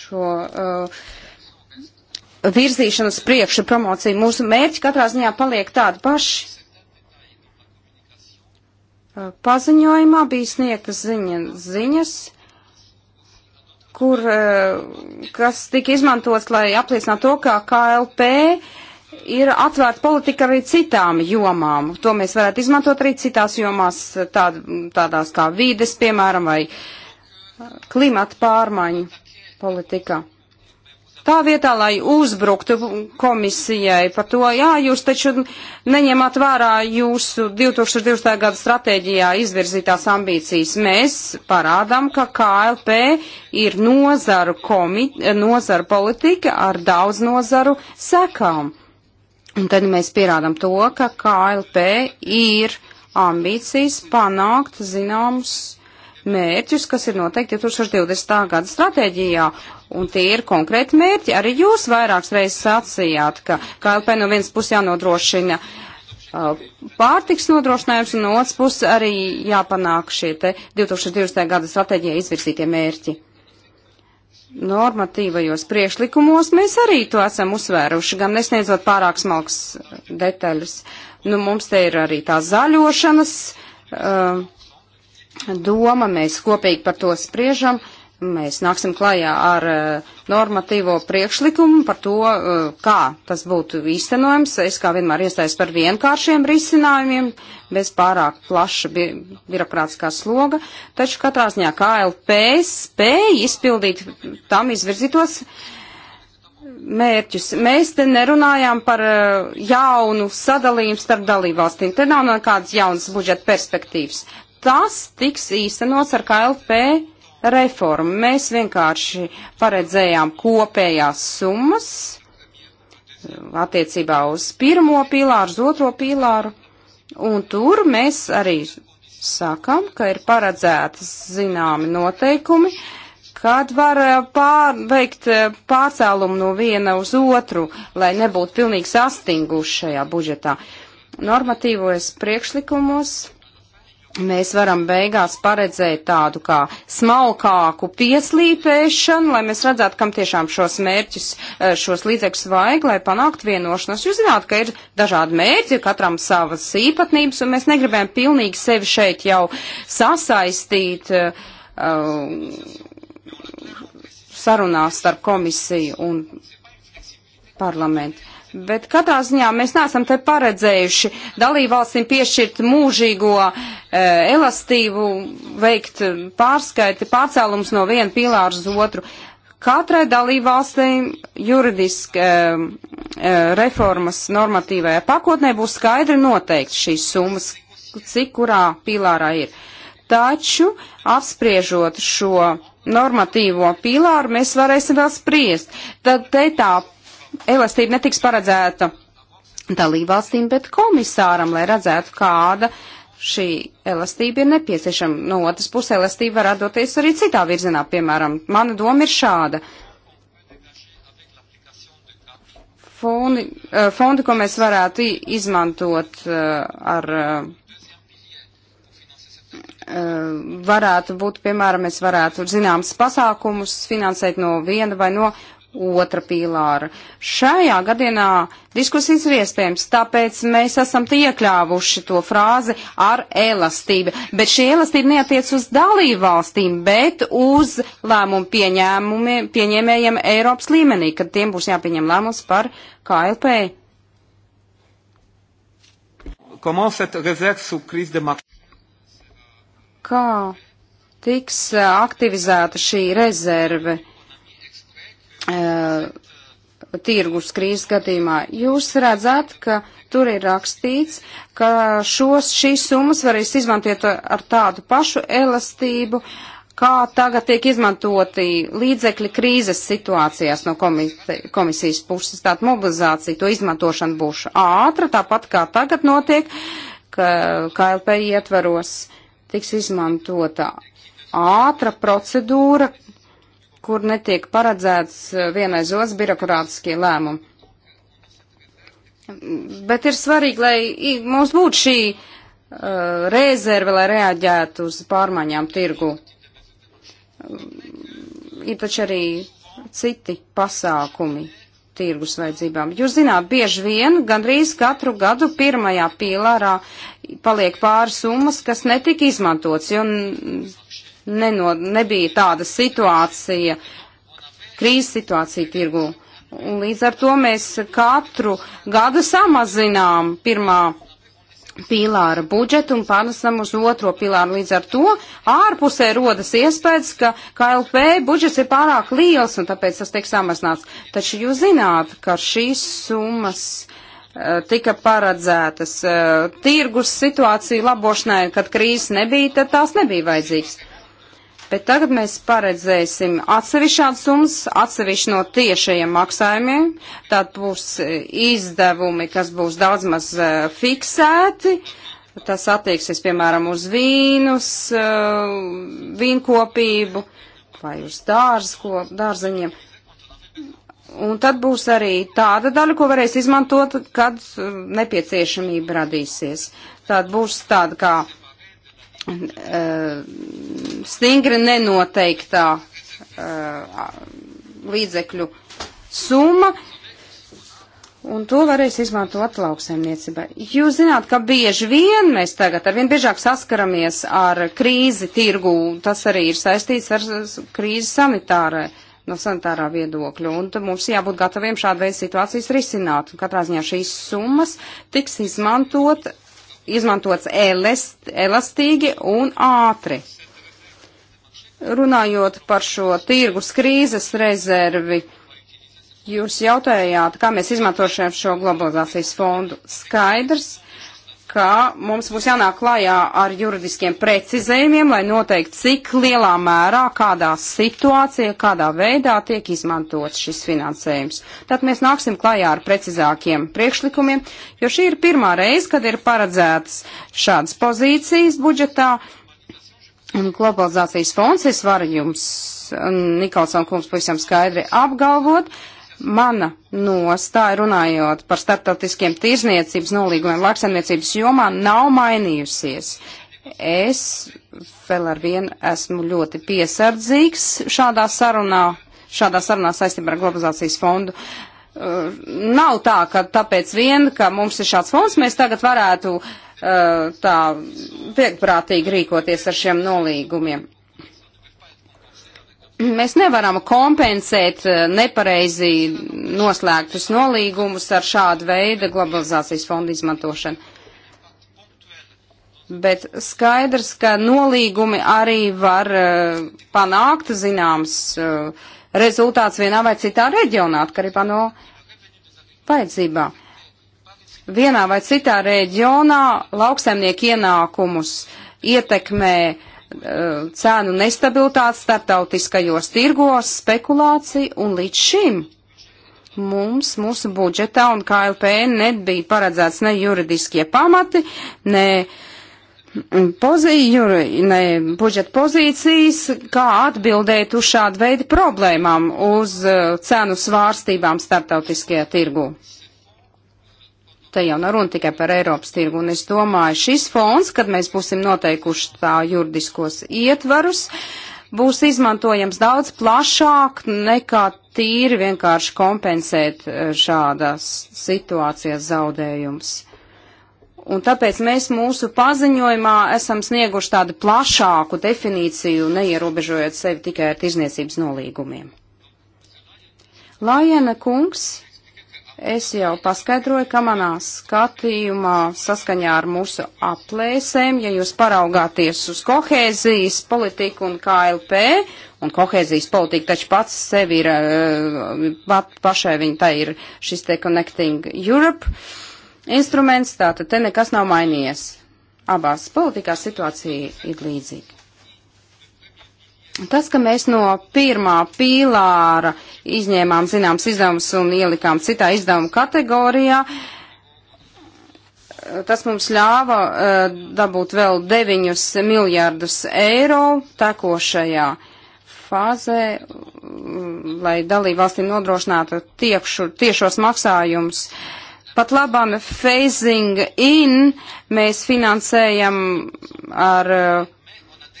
šo uh, virzīšanas priekšu promociju. Mūsu mērķi katrā ziņā paliek tādi paši paziņojumā bija sniegtas ziņa, ziņas, kur, eh, kas tika izmantots, lai apliecinātu to, ka KLP ir atvērta politika arī citām jomām. To mēs varētu izmantot arī citās jomās, tād, tādās kā vīdes, piemēram, vai klimata pārmaiņu politikā. Tā vietā, lai uzbruktu komisijai par to, jā, jūs taču neņemat vērā jūsu 2020. gada stratēģijā izvirzītās ambīcijas. Mēs parādām, ka KLP ir nozaru, komi, nozaru politika ar daudz nozaru sekām. Un tad mēs pierādām to, ka KLP ir ambīcijas panākt zināmus mērķus, kas ir noteikti 2020. gada stratēģijā, un tie ir konkrēti mērķi. Arī jūs vairākas reizes sacījāt, ka KLP no vienas puses jānodrošina uh, pārtiks nodrošinājums, un no otras puses arī jāpanāk šie te 2020. gada stratēģijā izvirzītie mērķi. Normatīvajos priekšlikumos mēs arī to esam uzsvēruši, gan nesniedzot pārāk smalks uh, detaļas. Nu, mums te ir arī tā zaļošanas. Uh, doma, mēs kopīgi par to spriežam. Mēs nāksim klajā ar eh, normatīvo priekšlikumu par to, eh, kā tas būtu īstenojams. Es kā vienmēr iestājos par vienkāršiem risinājumiem, bez pārāk plaša bi birokrātiskā sloga, taču katrā ziņā KLP spēja izpildīt tam izvirzītos mērķus. Mēs te nerunājām par eh, jaunu sadalījumu starp dalībvalstīm. Te nav nekādas jaunas budžeta perspektīvas tas tiks īstenots ar KLP reformu. Mēs vienkārši paredzējām kopējās summas eh, attiecībā uz pirmo pīlāru, uz otro pīlāru, un tur mēs arī sakam, ka ir paredzētas zināmi noteikumi, kad var eh, pār, veikt eh, pārcēlumu no viena uz otru, lai nebūtu pilnīgi sastinguši šajā budžetā. Normatīvojas priekšlikumos mēs varam beigās paredzēt tādu kā smalkāku pieslīpēšanu, lai mēs redzētu, kam tiešām šos mērķus, e, šos līdzekļus vajag, lai panāktu vienošanos. Jūs zināt, ka ir dažādi mērķi, katram savas īpatnības, un mēs negribējam pilnīgi sevi šeit jau sasaistīt uh, sarunās starp komisiju un parlamentu. Bet katrā ziņā mēs neesam te paredzējuši dalībvalstīm piešķirt mūžīgo e, elastību, veikt pārskaiti, pārcēlums no viena pīlāra uz otru. Katrai dalībvalstī juridiski e, e, reformas normatīvajā pakotnē būs skaidri noteikti šīs summas, cik kurā pīlārā ir. Taču apspriežot šo normatīvo pīlāru, mēs varēsim vēl spriest. Tad te tā elastība netiks paredzēta dalībvalstīm, bet komisāram, lai redzētu, kāda šī elastība ir nepieciešama. No otras puses, elastība var doties arī citā virzienā, piemēram, mana doma ir šāda. Fondi, eh, fondi, ko mēs varētu izmantot eh, ar, eh, varētu būt, piemēram, mēs varētu zināmas pasākumus finansēt no viena vai no otra pīlāra. Šajā gadienā diskusijas ir iespējams, tāpēc mēs esam iekļāvuši to frāzi ar elastību. Bet šī elastība neatiec uz dalību valstīm, bet uz lēmumu pieņēmējiem Eiropas līmenī, kad tiem būs jāpieņem lēmums par KLP. Kā tiks eh, aktivizēta šī rezerve? Uh, tirgus krīzes gadījumā. Jūs redzat, ka tur ir rakstīts, ka šos, šīs summas varēs izmantot ar tādu pašu elastību, kā tagad tiek izmantoti līdzekļi krīzes situācijās no komite, komisijas puses. Tāda mobilizācija, to izmantošana būs ātra, tāpat kā tagad notiek, ka KLP ietveros tiks izmantota ātra procedūra, kur netiek paredzēts eh, vienais otrs birokrātiskie lēmumi. Bet ir svarīgi, lai mums būtu šī uh, rezerve, lai reaģētu uz pārmaiņām tirgu. Ir taču arī citi pasākumi tirgus vajadzībām. Jūs zināt, bieži vien gandrīz katru gadu pirmajā pīlārā paliek pāris summas, kas netika izmantots, jo neno, nebija tāda situācija, krīzes situācija tirgu. Un līdz ar to mēs katru gadu samazinām pirmā pīlāra budžetu un pārnesam uz otro pīlāru. Līdz ar to ārpusē rodas iespējas, ka KLP budžets ir pārāk liels un tāpēc tas tiek samazināts. Taču jūs zināt, ka šīs summas uh, tika paredzētas uh, tirgus situāciju labošanai, kad krīzes nebija, tad tās nebija vajadzīgas. Bet tagad mēs paredzēsim atsevišķādas summas, atsevišķi no tiešajiem maksājumiem. Tad būs eh, izdevumi, kas būs daudz maz uh, fiksēti. Tas attieksies, piemēram, uz vīnus, uh, vīnkopību vai uz dārzko, dārzeņiem. Un tad būs arī tāda daļa, ko varēs izmantot, kad nepieciešamība radīsies. Tad būs tāda kā E, stingri nenoteiktā e, līdzekļu summa, un to varēs izmantot lauksaimniecībai. Jūs zināt, ka bieži vien mēs tagad arvien biežāk saskaramies ar krīzi tirgu, tas arī ir saistīts ar krīzi sanitārai, no sanitārā viedokļa, un mums jābūt gataviem šādu veidu situācijas risināt, un katrā ziņā šīs summas tiks izmantot izmantots elest, elastīgi un ātri. Runājot par šo tirgus krīzes rezervi, jūs jautājāt, kā mēs izmantošām šo globalizācijas fondu. Skaidrs, ka mums būs jānāk klājā ar juridiskiem precizējumiem, lai noteikti, cik lielā mērā, kādā situācijā, kādā veidā tiek izmantots šis finansējums. Tad mēs nāksim klājā ar precizākiem priekšlikumiem, jo šī ir pirmā reize, kad ir paredzētas šādas pozīcijas budžetā. Un globalizācijas fonds, es varu jums, Nikolson kungs, pavisam skaidri apgalvot, uh, Mana nostāja runājot par starptautiskiem tirzniecības nolīgumiem lauksaimniecības jomā nav mainījusies. Es vēl ar vienu esmu ļoti piesardzīgs šādā sarunā, šādā sarunā saistībā ar globalizācijas fondu. Uh, nav tā, ka tāpēc vien, ka mums ir šāds fonds, mēs tagad varētu uh, tā viegprātīgi rīkoties ar šiem nolīgumiem. Mēs nevaram kompensēt eh, nepareizi noslēgtus nolīgumus ar šādu veidu globalizācijas fondu izmantošanu. Bet skaidrs, ka nolīgumi arī var eh, panākt zināms eh, rezultāts vienā vai citā reģionā, atkarībā no vajadzībā. Vienā vai citā reģionā lauksaimnieku ienākumus ietekmē uh, cēnu nestabilitāti starptautiskajos tirgos, spekulāciju, un līdz šim mums, mūsu budžetā un KLP nebija paredzēts ne juridiskie pamati, ne pozīju, ne budžeta pozīcijas, kā atbildēt uz šādu veidu problēmām, uz uh, cenu svārstībām starptautiskajā tirgū. Te jau nav runa tikai par Eiropas tirgu, un es domāju, šis fonds, kad mēs būsim noteikuši tā juridiskos ietvarus, būs izmantojams daudz plašāk nekā tīri vienkārši kompensēt eh, šādas situācijas zaudējumus. Un tāpēc mēs mūsu paziņojumā esam snieguši tādu plašāku definīciju, neierobežojot sevi tikai ar tirzniecības nolīgumiem. Lajana kungs Es jau paskaidroju, ka manā skatījumā saskaņā ar mūsu aplēsēm, ja jūs paraugāties uz kohēzijas politiku un KLP, un kohēzijas politika taču pats sevi ir, eh, pa, pašai viņa tai ir šis te Connecting Europe instruments, tātad te nekas nav mainījies. Abās politikās situācija ir līdzīga. Tas, ka mēs no pirmā pīlāra izņēmām zināms izdevums un ielikām citā izdevuma kategorijā, tas mums ļāva uh, dabūt vēl 9 miljārdus eiro tekošajā fāzē, mm, lai dalībvalstīm nodrošinātu tiekšu, tiešos maksājumus. Pat labam phasing in mēs finansējam ar uh,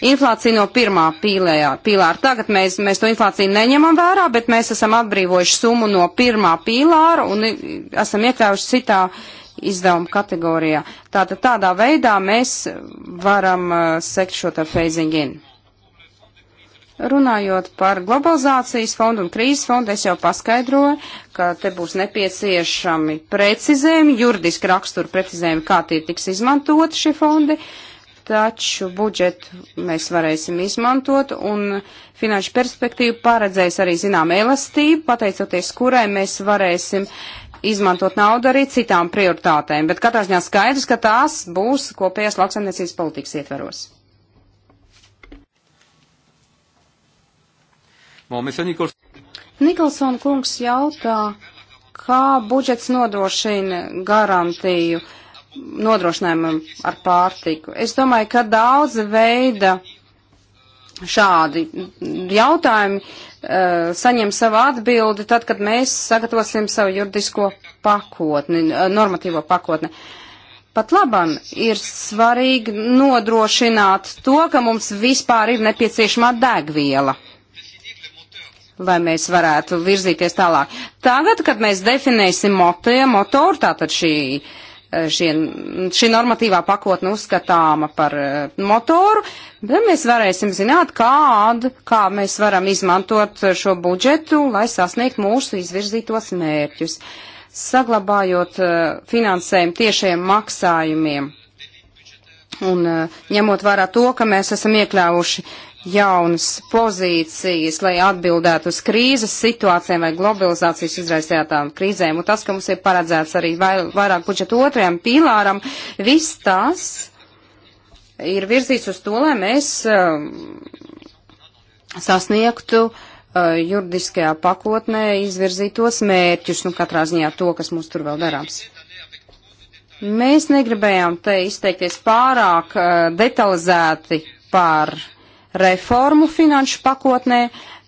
Inflācija no pirmā pīlējā, pīlāra. Tagad mēs, mēs to inflāciju neņemam vērā, bet mēs esam atbrīvojuši summu no pirmā pīlāra un esam iekļaujuši citā izdevuma kategorijā. Tātad tādā veidā mēs varam uh, sekt šo te phasing in. Runājot par globalizācijas fondu un krīzes fondu, es jau paskaidroju, ka te būs nepieciešami precizējumi, juridiski raksturi precizējumi, kā tie tiks izmantoti šie fondi. Uh, taču budžetu mēs varēsim izmantot, un finanšu perspektīva paredzēs arī zinām elastību, pateicoties kurai mēs varēsim izmantot naudu arī citām prioritātēm, bet katrā ziņā skaidrs, ka tās būs kopējās lauksaimniecības politikas ietveros. Nikolson kungs jautā, kā budžets nodrošina garantiju uh, nodrošinājumam ar pārtiku. Es domāju, ka daudzi veida šādi jautājumi uh, saņem savu atbildi tad, kad mēs sagatavosim savu juridisko pakotni, eh, normatīvo pakotni. Pat labam ir svarīgi nodrošināt to, ka mums vispār ir nepieciešamā degviela lai mēs varētu virzīties tālāk. Tagad, kad mēs definēsim motoru, motoru tātad šī uh, Eh, šie, šī normatīvā pakotne uzskatāma par eh, motoru, bet mēs varēsim zināt, kādu, kā mēs varam izmantot šo budžetu, lai sasniegt mūsu izvirzītos mērķus, saglabājot eh, finansējumu tiešiem maksājumiem. Un ņemot vērā to, ka mēs esam iekļāvuši uh, jaunas pozīcijas, lai atbildētu uz krīzes situācijām vai globalizācijas izraisītām krīzēm. Un tas, ka mums ir paredzēts arī vairāk budžeta otrajam pīlāram, viss tas ir virzīts uz to, lai mēs uh, sasniegtu uh, juridiskajā pakotnē izvirzītos mērķus, nu katrā ziņā to, kas mums tur vēl darāms. Mēs negribējām te izteikties pārāk uh, detalizēti par uh, reformu finanšu pakotnē,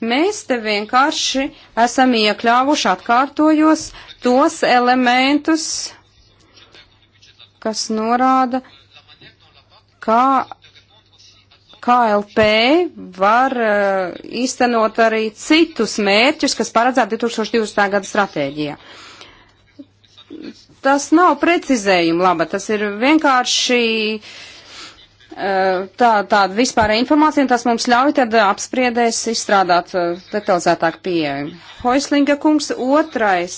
mēs te vienkārši esam iekļāvuši atkārtojos tos elementus, kas norāda, kā KLP var uh, īstenot arī citus mērķus, kas paredzēti 2020. gada stratēģijā. Tas nav precizējuma laba, tas ir vienkārši uh, Eh, tā, tāda vispārēja informācija, un tas mums ļauj tad apspriedēs izstrādāt eh, detalizētāk pieejami. Hoislinga kungs, otrais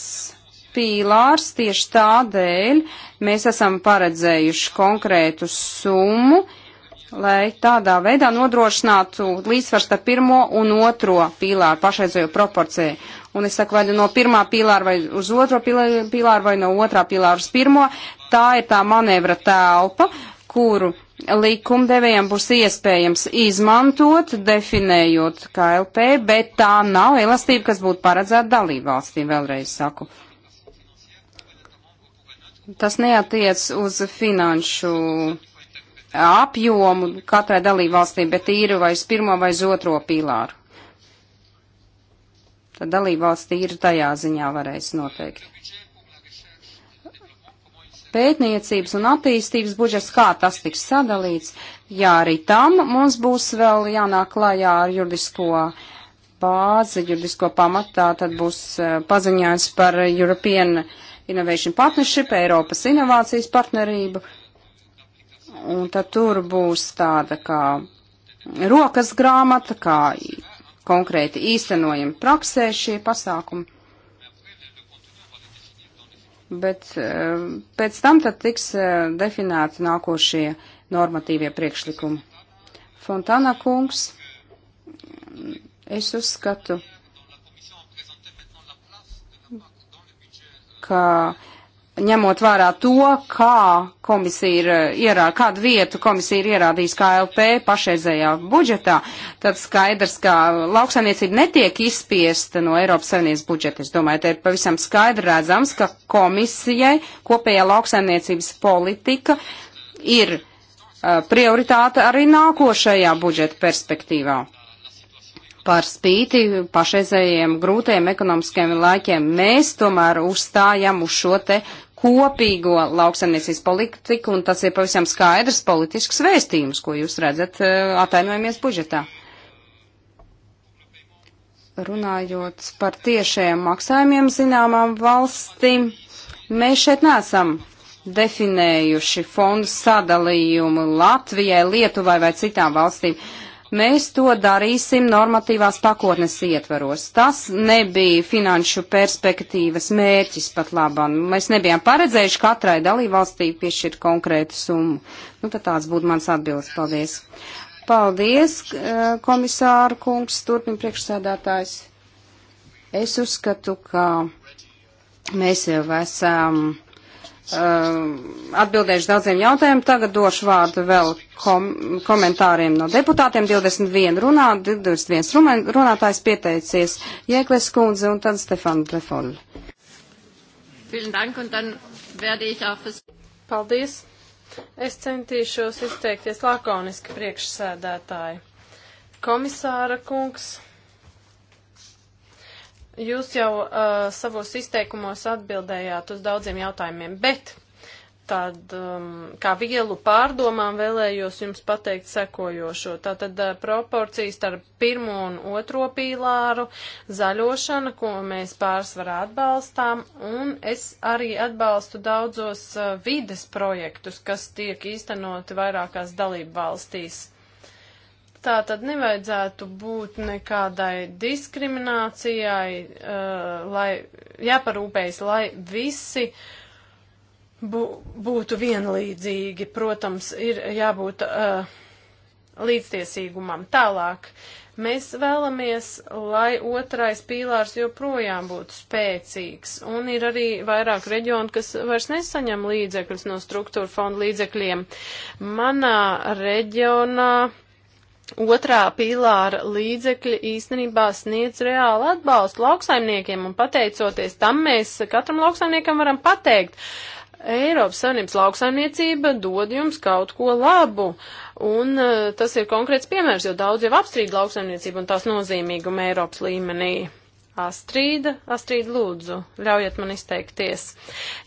pīlārs tieši tādēļ mēs esam paredzējuši konkrētu summu, lai tādā veidā nodrošinātu līdzsvars ar pirmo un otro pīlāru pašreizējo proporciju. Un es saku, vai nu no pirmā pīlāra vai uz otro pīlāru vai no otrā pīlāra uz pirmo, tā ir tā manevra telpa, kuru likumdevējiem būs iespējams izmantot, definējot KLP, bet tā nav elastība, kas būtu paredzēta dalībvalstīm, vēlreiz saku. Tas neatiec uz finanšu apjomu katrai dalībvalstī, bet īri vai uz pirmo vai uz otro pīlāru. Tad dalībvalstī ir tajā ziņā varēs noteikt pētniecības un attīstības budžets, kā tas tiks sadalīts. Jā, arī tam mums būs vēl jānāk klajā ar juridisko bāzi, juridisko pamatā, tad būs eh, paziņājums par European Innovation Partnership, Eiropas inovācijas partnerību. Un tad tur būs tāda kā rokas grāmata, kā konkrēti īstenojami praksē šie pasākumi bet eh, pēc tam tad tiks eh, definēti nākošie normatīvie priekšlikumi. Fontāna kungs, es uzskatu, ka uh, ņemot vērā to, kā komisija ir eh, ierā, kādu vietu komisija ir ierādījusi KLP pašreizējā budžetā, tad skaidrs, ka lauksaimniecība netiek izspiesta no Eiropas Savienības budžeta. Es domāju, te ir pavisam skaidri redzams, ka komisijai kopējā lauksaimniecības politika ir uh, prioritāte arī nākošajā budžeta perspektīvā. Par spīti pašreizējiem grūtajiem ekonomiskajiem laikiem mēs tomēr uzstājam uz šo te kopīgo lauksaimniecības politiku, un tas ir pavisam skaidrs politisks vēstījums, ko jūs redzat eh, atainojamies budžetā. Runājot par tiešajiem maksājumiem zināmām valstīm, mēs šeit nesam definējuši fondu sadalījumu Latvijai, Lietuvai vai citām valstīm. Uh, Mēs to darīsim normatīvās pakotnes ietvaros. Tas nebija finanšu perspektīvas mērķis pat labam. Mēs nebijām paredzējuši katrai dalībvalstī piešķirt konkrētu summu. Nu, tad tāds būtu mans atbildes. Paldies. Paldies, eh, komisāra kungs, turpin priekšsēdētājs. Es uzskatu, ka mēs jau esam Um, atbildējuši daudziem jautājumiem. Tagad došu vārdu vēl kom komentāriem no deputātiem. 21 runā, 21 runātājs pieteicies Jēkles kundze un tad Stefana Trefoļa. Paldies! Es centīšos izteikties lakoniski priekšsēdētāji. Komisāra kungs, Jūs jau uh, savos izteikumos atbildējāt uz daudziem jautājumiem, bet tad, um, kā vielu pārdomām vēlējos jums pateikt sekojošo. Tātad uh, proporcijas starp pirmo un otro pīlāru, zaļošana, ko mēs pārsvarā atbalstām, un es arī atbalstu daudzos uh, vides projektus, kas tiek īstenoti vairākās dalību valstīs. Tā tad nevajadzētu būt nekādai diskriminācijai, uh, lai jāparūpējas, lai visi bū, būtu vienlīdzīgi. Protams, ir jābūt uh, līdztiesīgumam tālāk. Mēs vēlamies, lai otrais pīlārs joprojām būtu spēcīgs, un ir arī vairāk reģionu, kas vairs nesaņem līdzekļus no struktūra fonda līdzekļiem. Manā reģionā otrā pīlāra līdzekļi īstenībā sniedz reāli atbalstu lauksaimniekiem, un pateicoties tam mēs katram lauksaimniekam varam pateikt, Eiropas Savienības lauksaimniecība dod jums kaut ko labu, un eh, tas ir konkrēts piemērs, jo daudz jau apstrīd lauksaimniecību un tās nozīmīgumu Eiropas līmenī. Astrīda, Astrīda lūdzu, ļaujiet man izteikties.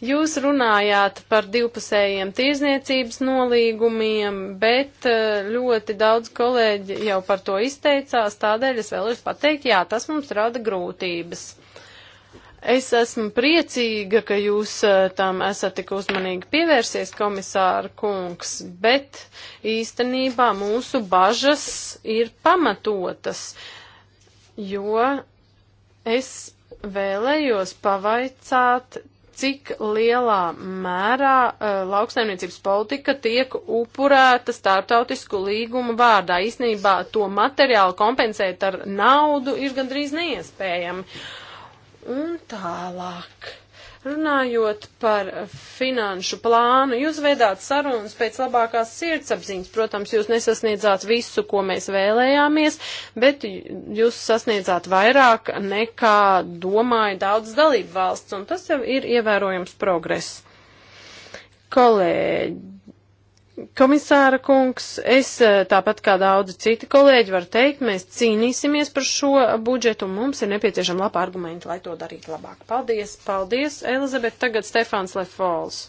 Jūs runājāt par divpusējiem tirzniecības nolīgumiem, bet eh, ļoti daudz kolēģi jau par to izteicās, tādēļ es vēlos pateikt, jā, tas mums rada grūtības. Es esmu priecīga, ka jūs eh, tam esat tik uzmanīgi pievērsies, komisāra kungs, bet īstenībā mūsu bažas ir pamatotas, jo Es vēlējos pavaicāt, cik lielā mērā uh, lauksaimniecības politika tiek upurēta starptautisku līgumu vārdā. Īsnībā to materiālu kompensēt ar naudu ir gandrīz neiespējami. Un tālāk. Runājot par finanšu plānu, jūs veidāt sarunas pēc labākās sirdsapziņas. Protams, jūs nesasniedzāt visu, ko mēs vēlējāmies, bet jūs sasniedzāt vairāk nekā domāja daudz dalību valsts, un tas jau ir ievērojams progress. Kolēģi Komisāra kungs, es eh, tāpat kā daudzi citi kolēģi varu teikt, mēs cīnīsimies par šo budžetu un mums ir nepieciešama laba argumenta, lai to darītu labāk. Paldies, paldies, Elizabet, tagad Stefāns Lefols.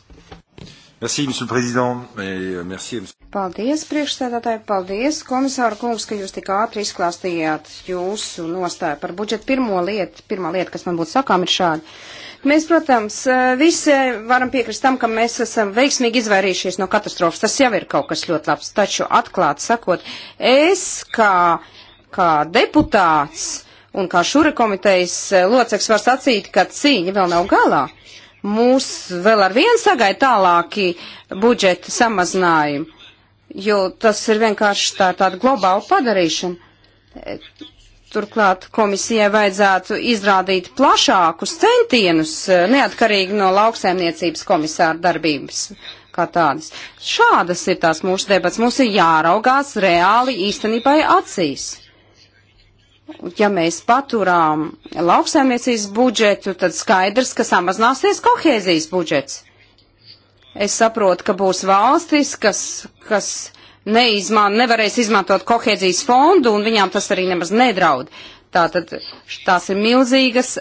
Merci, monsieur le président, et euh, merci. Paldies, priekšstādātāji, paldies, komisāra kungs, ka jūs tik ātri izklāstījāt jūsu nostāju par budžetu. Pirmo lietu, pirmā lieta, kas man būtu sakām, ir šāda Mēs, protams, eh, visi varam piekrist tam, ka mēs esam veiksmīgi izvairījušies no katastrofas. Tas jau ir kaut kas ļoti labs. Taču, atklāti sakot, es kā, kā deputāts un kā šura komitejas eh, loceks var sacīt, ka cīņa vēl nav galā. Mūs vēl ar vienu sagaid tālāki budžeta samazinājumi, jo tas ir vienkārši tā, tāda globāla padarīšana Turklāt komisijai vajadzētu izrādīt plašākus centienus, e, neatkarīgi no lauksaimniecības komisāra darbības kā tādas. Šādas ir tās mūsu debats. Mums ir jāraugās reāli īstenībai acīs. Ja mēs paturām lauksaimniecības budžetu, tad skaidrs, ka samazināsies kohēzijas budžets. Es saprotu, ka būs valstis, kas, kas neizmā, nevarēs izmantot kohēzijas fondu, un viņām tas arī nemaz nedraud. Tātad tās ir milzīgas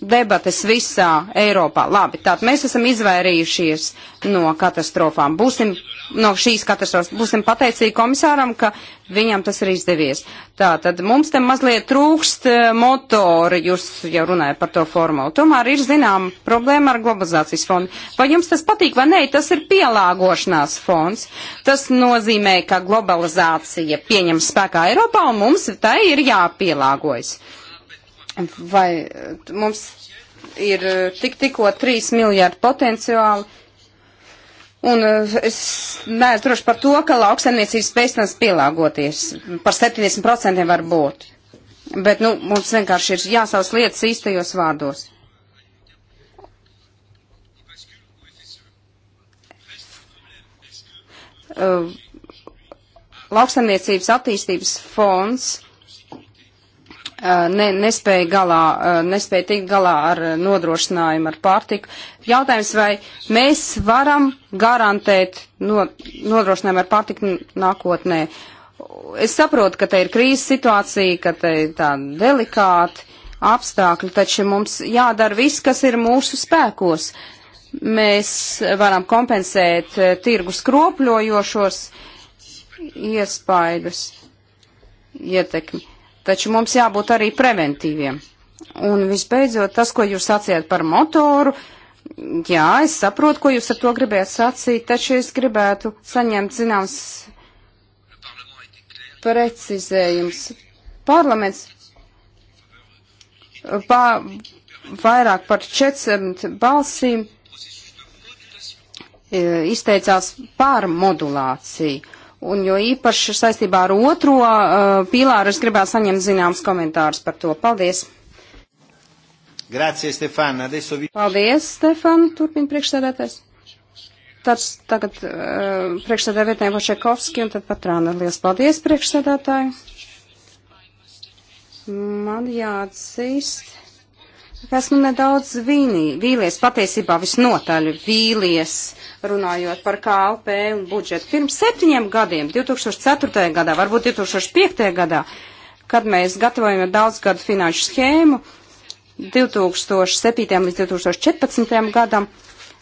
debates visā Eiropā. Labi, tātad mēs esam izvairījušies no katastrofām. Būsim no šīs katastrofas, būsim pateicīgi komisāram, ka viņam tas ir izdevies. Tātad mums te mazliet trūkst eh, motori, jūs jau runājat par to formulu. Tomēr ir zinām problēma ar globalizācijas fondu. Vai jums tas patīk vai nē, tas ir pielāgošanās fonds. Tas nozīmē, ka globalizācija pieņem spēkā Eiropā un mums tai ir jāpielāgojas. Vai eh, mums ir eh, tik tikko 3 miljārdi potenciāli? Un eh, es neesmu droši par to, ka lauksaimniecības spējas tam pielāgoties. Par 70% var būt. Bet, nu, mums vienkārši ir jāsauc lietas īstajos vārdos. Uh, lauksaimniecības attīstības fonds ne, nespēja, galā, nespēja tikt galā ar nodrošinājumu ar pārtiku. Jautājums, vai mēs varam garantēt no, nodrošinājumu ar pārtiku nākotnē? Es saprotu, ka te ir krīzes situācija, ka te ir tā delikāti apstākļi, taču mums jādara viss, kas ir mūsu spēkos. Mēs varam kompensēt tirgus kropļojošos iespaidus ietekmi Taču mums jābūt arī preventīviem. Un visbeidzot, tas, ko jūs sacījāt par motoru, jā, es saprotu, ko jūs ar to gribējāt sacīt, taču es gribētu saņemt zināms precizējums. Parlaments uh, pa, vairāk par 400 balsīm uh, izteicās pār modulāciju. Un jo īpaši saistībā ar otro uh, pīlāru es gribētu saņemt zināms komentārus par to. Paldies! Grazie, Stefan. Adesso vi... Paldies, Stefan, turpina priekšsēdētājs. Tāds tagad uh, priekšsēdētāja vietnē Vošekovski un tad Patrāna. Lielas paldies, priekšsēdētāji. Man jāatzīst Esmu nedaudz vīnī, vīlies, patiesībā visnotaļ vīlies, runājot par KLP un budžetu. Pirms septiņiem gadiem, 2004. gadā, varbūt 2005. gadā, kad mēs gatavojam daudzgadu finanšu schēmu, 2007. līdz 2014. gadam,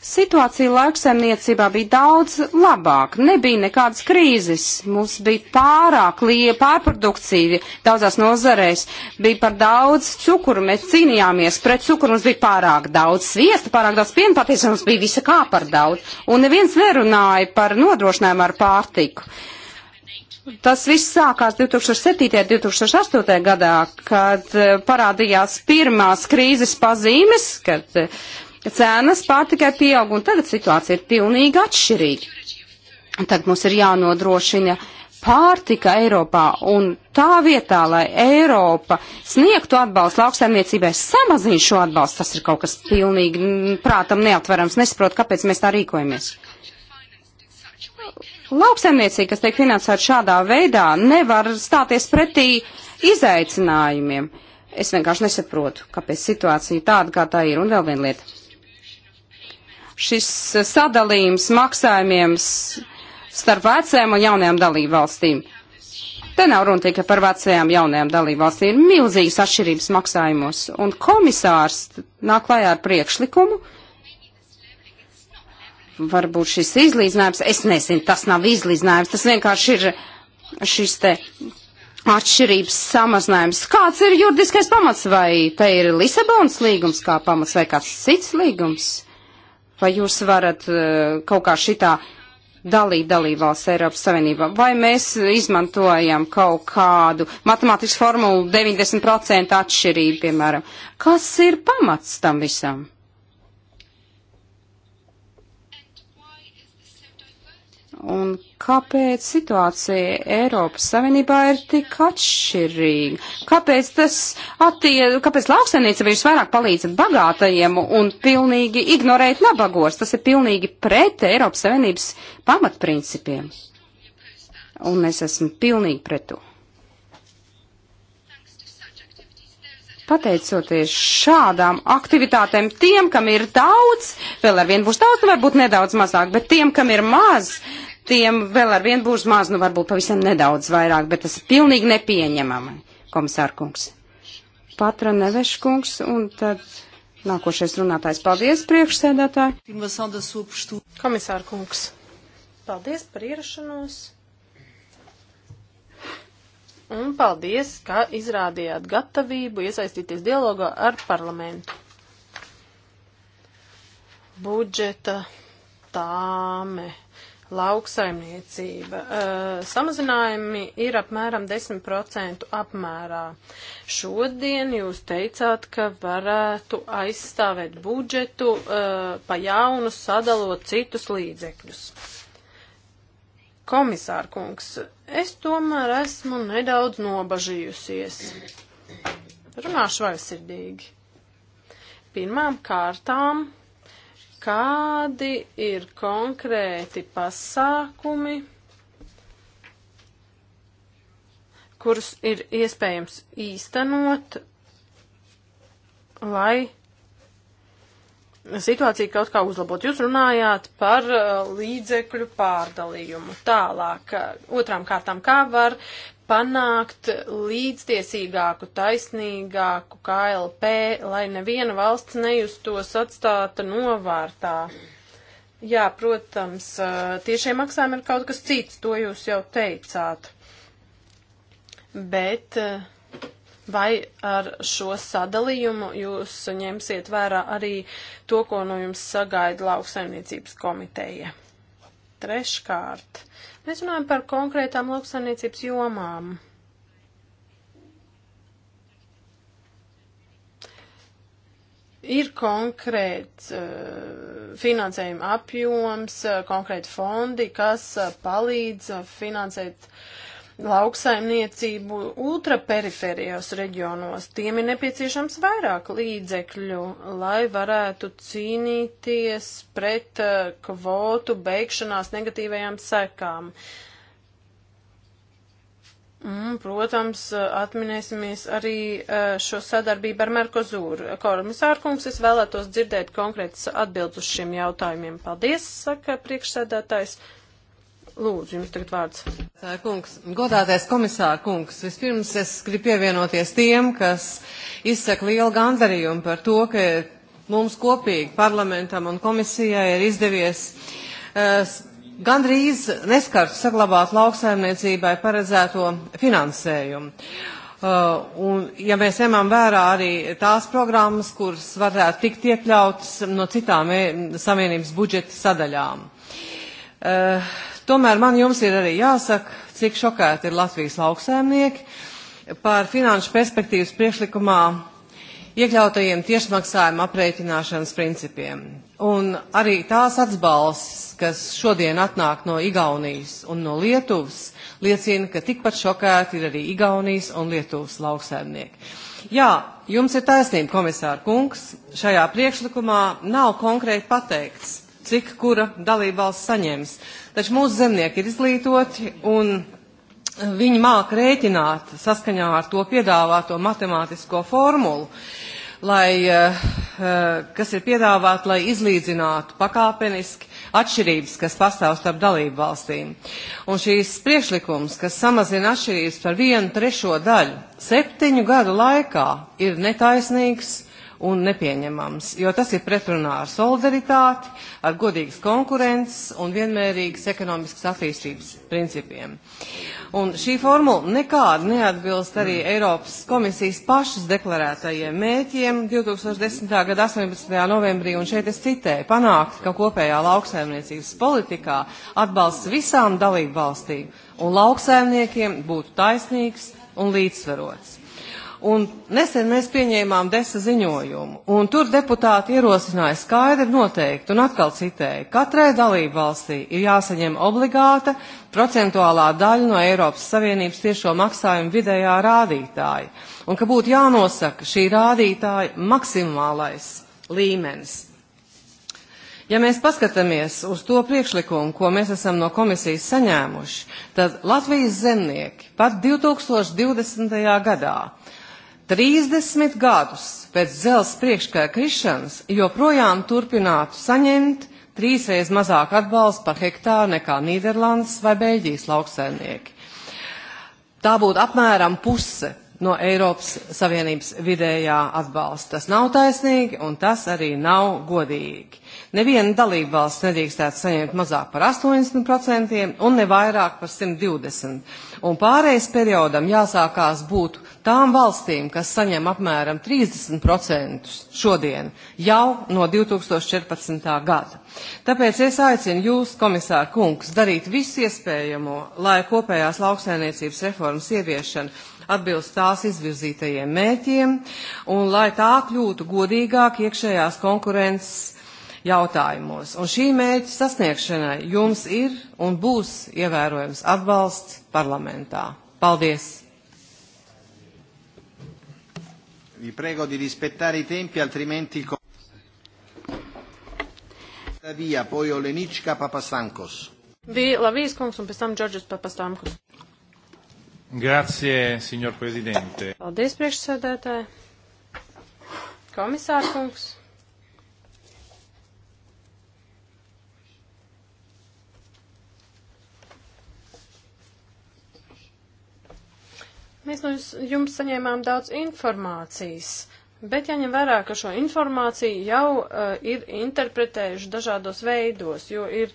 Situācija lauksaimniecībā bija daudz labāka, nebija nekādas krīzes, mums bija pārāk liela pārprodukcija daudzās nozarēs, bija par daudz cukuru, mēs cīnījāmies pret cukuru, mums bija pārāk daudz sviesta, pārāk daudz piena, patiesībā mums bija visa kā par daudz, un neviens nerunāja par nodrošinājumu ar pārtiku. Tas viss sākās 2007. un 2008. gadā, kad eh, parādījās pirmās krīzes pazīmes, kad eh, cenas pārtikai pieaug, un tagad situācija ir pilnīgi atšķirīga. Tad mums ir jānodrošina pārtika Eiropā, un tā vietā, lai Eiropa sniegtu atbalstu lauksaimniecībai, samazina šo atbalstu. Tas ir kaut kas pilnīgi mm, prātam neatverams. Nesaprotu, kāpēc mēs tā rīkojamies. Lauksaimniecība, kas tiek finansēta šādā veidā, nevar stāties pretī izaicinājumiem. Es vienkārši nesaprotu, kāpēc situācija tāda, kā tā ir. Un vēl viena lieta šis eh, sadalījums maksājumiem starp vecajām un jaunajām dalībvalstīm. Te nav runa tikai par vecajām jaunajām dalībvalstīm, ir milzīgas atšķirības maksājumos, un komisārs nāk klajā ar priekšlikumu. Varbūt šis izlīdzinājums, es nezinu, tas nav izlīdzinājums, tas vienkārši ir šis te atšķirības samazinājums. Kāds ir juridiskais pamats, vai te ir Lisabonas līgums kā pamats, vai kāds cits līgums? Vai jūs varat eh, kaut kā šitā dalīt dalībvalsts Eiropas Savienībā? Vai mēs izmantojam kaut kādu matemātikas formulu 90% atšķirību, piemēram? Kas ir pamats tam visam? un kāpēc situācija Eiropas Savienībā ir tik atšķirīga? Kāpēc tas attie, kāpēc lauksainīca viņš vairāk palīdz bagātajiem un pilnīgi ignorēt nabagos? Tas ir pilnīgi pret Eiropas Savienības pamatprincipiem. Un es esmu pilnīgi pret to. pateicoties šādām aktivitātēm, tiem, kam ir daudz, vēl arvien būs daudz, varbūt nedaudz mazāk, bet tiem, kam ir maz, tiem vēl ar vienu būs maz, nu varbūt pavisam nedaudz vairāk, bet tas ir pilnīgi nepieņemami, komisārkungs. Patra neveškungs un tad nākošais runātājs. Paldies, priekšsēdētāji. Komisārkungs, paldies par ierašanos. Un paldies, ka izrādījāt gatavību iesaistīties dialogā ar parlamentu. Budžeta tāme lauksaimniecība. Eh, samazinājumi ir apmēram 10% apmērā. Šodien jūs teicāt, ka varētu aizstāvēt budžetu eh, pa jaunu sadalot citus līdzekļus. Komisārkungs, es tomēr esmu nedaudz nobažījusies. Runāšu vairsirdīgi. Pirmām kārtām kādi ir konkrēti pasākumi, kurus ir iespējams īstenot, lai situācija kaut kā uzlabot. Jūs runājāt par uh, līdzekļu pārdalījumu. Tālāk, uh, otrām kārtām, kā var panākt līdztiesīgāku, taisnīgāku KLP, lai neviena valsts nejustos atstāta novārtā. Jā, protams, tiešie maksājumi ir kaut kas cits, to jūs jau teicāt. Bet vai ar šo sadalījumu jūs ņemsiet vērā arī to, ko no jums sagaida lauksaimniecības komiteja? Treškārt, Mēs runājam par konkrētām lauksaimniecības jomām. ir konkrēts uh, finansējuma apjoms, uh, konkrēti fondi, kas uh, palīdz finansēt lauksaimniecību ultraperiferijos reģionos. Tiem ir nepieciešams vairāk līdzekļu, lai varētu cīnīties pret eh, kvotu beigšanās negatīvajām sekām. Mm, protams, atminēsimies arī eh, šo sadarbību ar Merkozūru. Komisārkungs, es vēlētos dzirdēt konkrētas atbildes uz šiem jautājumiem. Paldies, saka priekšsēdētājs. Lūdzu, jums tagad vārds. Kungs, godātais komisāra kungs, vispirms es gribu pievienoties tiem, kas izsaka lielu gandarījumu par to, ka mums kopīgi parlamentam un komisijai ir izdevies uh, gandrīz neskart saglabāt lauksaimniecībai paredzēto finansējumu. Uh, un, ja mēs ņemam vērā arī tās programmas, kuras varētu tikt iekļautas no citām e savienības budžeta sadaļām. Uh, Tomēr man jums ir arī jāsaka, cik šokēti ir Latvijas lauksēmnieki par finanšu perspektīvas priekšlikumā iekļautajiem tiešmaksājuma aprēķināšanas principiem. Un arī tās atbalsts, kas šodien atnāk no Igaunijas un no Lietuvas, liecina, ka tikpat šokēti ir arī Igaunijas un Lietuvas lauksēmnieki. Jā, jums ir taisnība, komisāra kungs, šajā priekšlikumā nav konkrēti pateikts, cik kura dalībvalsts saņems. Taču mūsu zemnieki ir izglītoti un viņi māk rēķināt saskaņā ar to piedāvāto matemātisko formulu, lai, eh, eh, kas ir piedāvāta, lai izlīdzinātu pakāpeniski atšķirības, kas pastāv starp dalību valstīm. Un šīs priekšlikums, kas samazina atšķirības par vienu trešo daļu, septiņu gadu laikā ir netaisnīgs un nepieņemams, jo tas ir pretrunā ar solidaritāti, ar godīgas konkurences un vienmērīgas ekonomiskas attīstības principiem. Un šī formula nekādi neatbilst arī mm. Eiropas komisijas pašas deklarētajiem mēķiem 2010. gada 18. novembrī, un šeit es citēju, panākt, ka kopējā lauksaimniecības politikā atbalsts visām dalību valstīm un lauksaimniekiem būtu taisnīgs un līdzsvarots. Un nesen mēs pieņēmām desa ziņojumu, un tur deputāti ierosināja skaidri noteikti, un atkal citēju, katrai dalību valstī ir jāsaņem obligāta procentuālā daļa no Eiropas Savienības tiešo maksājumu vidējā rādītāja, un ka būtu jānosaka šī rādītāja maksimālais līmenis. Ja mēs paskatāmies uz to priekšlikumu, ko mēs esam no komisijas saņēmuši, tad Latvijas zemnieki pat 2020. gadā 30 gadus pēc dzelzs priekškāja krišanas joprojām turpinātu saņemt trīsreiz mazāk atbalstu par hektāru nekā Nīderlandes vai Beļģijas lauksaimnieki. Tā būtu apmēram puse no Eiropas Savienības vidējā atbalsta. Tas nav taisnīgi un tas arī nav godīgi. Neviena dalība valsts nedrīkstētu saņemt mazāk par 80% un ne vairāk par 120% un pārējais periodam jāsākās būtu tām valstīm, kas saņem apmēram 30% šodien jau no 2014. gada. Tāpēc es aicinu jūs, komisāra kungs, darīt visu iespējamo, lai kopējās lauksainiecības reformas ieviešana atbilst tās izvirzītajiem mērķiem un lai tā kļūtu godīgāk iekšējās konkurences jautājumos. Un šī mērķa sasniegšanai jums ir un būs ievērojams atbalsts parlamentā. Paldies! Vi prego di rispettare i tempi, altrimenti il Via, poi Olenička Papastankos. Bija Lavijas kungs un pēc tam Džordžus Papastankos. Grazie, signor Presidente. Paldies, priekšsēdētāji. Komisārs kungs. Mēs no jums, jums saņēmām daudz informācijas, bet jāņem vērā, ka šo informāciju jau uh, ir interpretējuši dažādos veidos, jo ir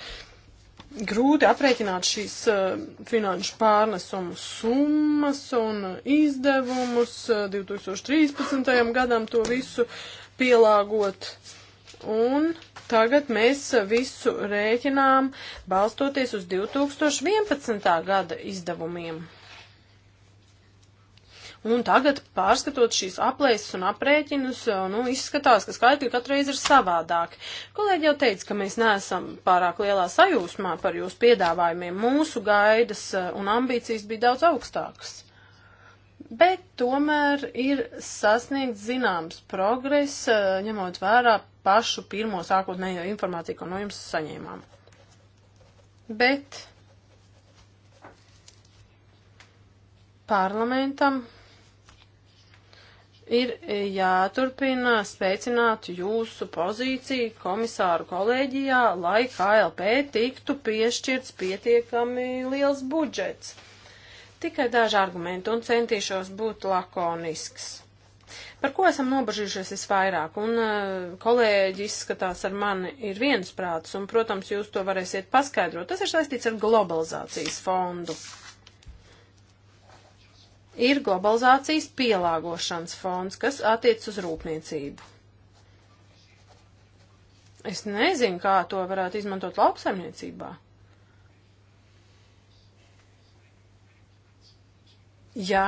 grūti aprēķināt šīs uh, finanšu pārnesumu summas un izdevumus uh, eh, 2013. gadam to visu pielāgot. Un tagad mēs visu rēķinām balstoties uz 2011. gada izdevumiem. Un tagad, pārskatot šīs aplēses un aprēķinus, eh, nu, izskatās, ka skaitļi katreiz ir savādāki. Kolēģi jau teica, ka mēs neesam pārāk lielā sajūsmā par jūsu piedāvājumiem. Mūsu gaidas eh, un ambīcijas bija daudz augstākas. Bet tomēr ir sasniegts zināms progress, eh, ņemot vērā pašu pirmo sākotnējo informāciju, ko no jums saņēmām. Bet parlamentam ir jāturpina spēcināt jūsu pozīciju komisāru kolēģijā, lai KLP tiktu piešķirts pietiekami liels budžets. Tikai daži argumenti un centīšos būt lakonisks. Par ko esam nobažījušies visvairāk, un eh, kolēģi izskatās ar mani ir viensprāts, un, protams, jūs to varēsiet paskaidrot. Tas ir saistīts ar globalizācijas fondu. Uh, ir globalizācijas pielāgošanas fonds, kas attiec uz rūpniecību. Es nezinu, kā to varētu izmantot lauksaimniecībā. Ja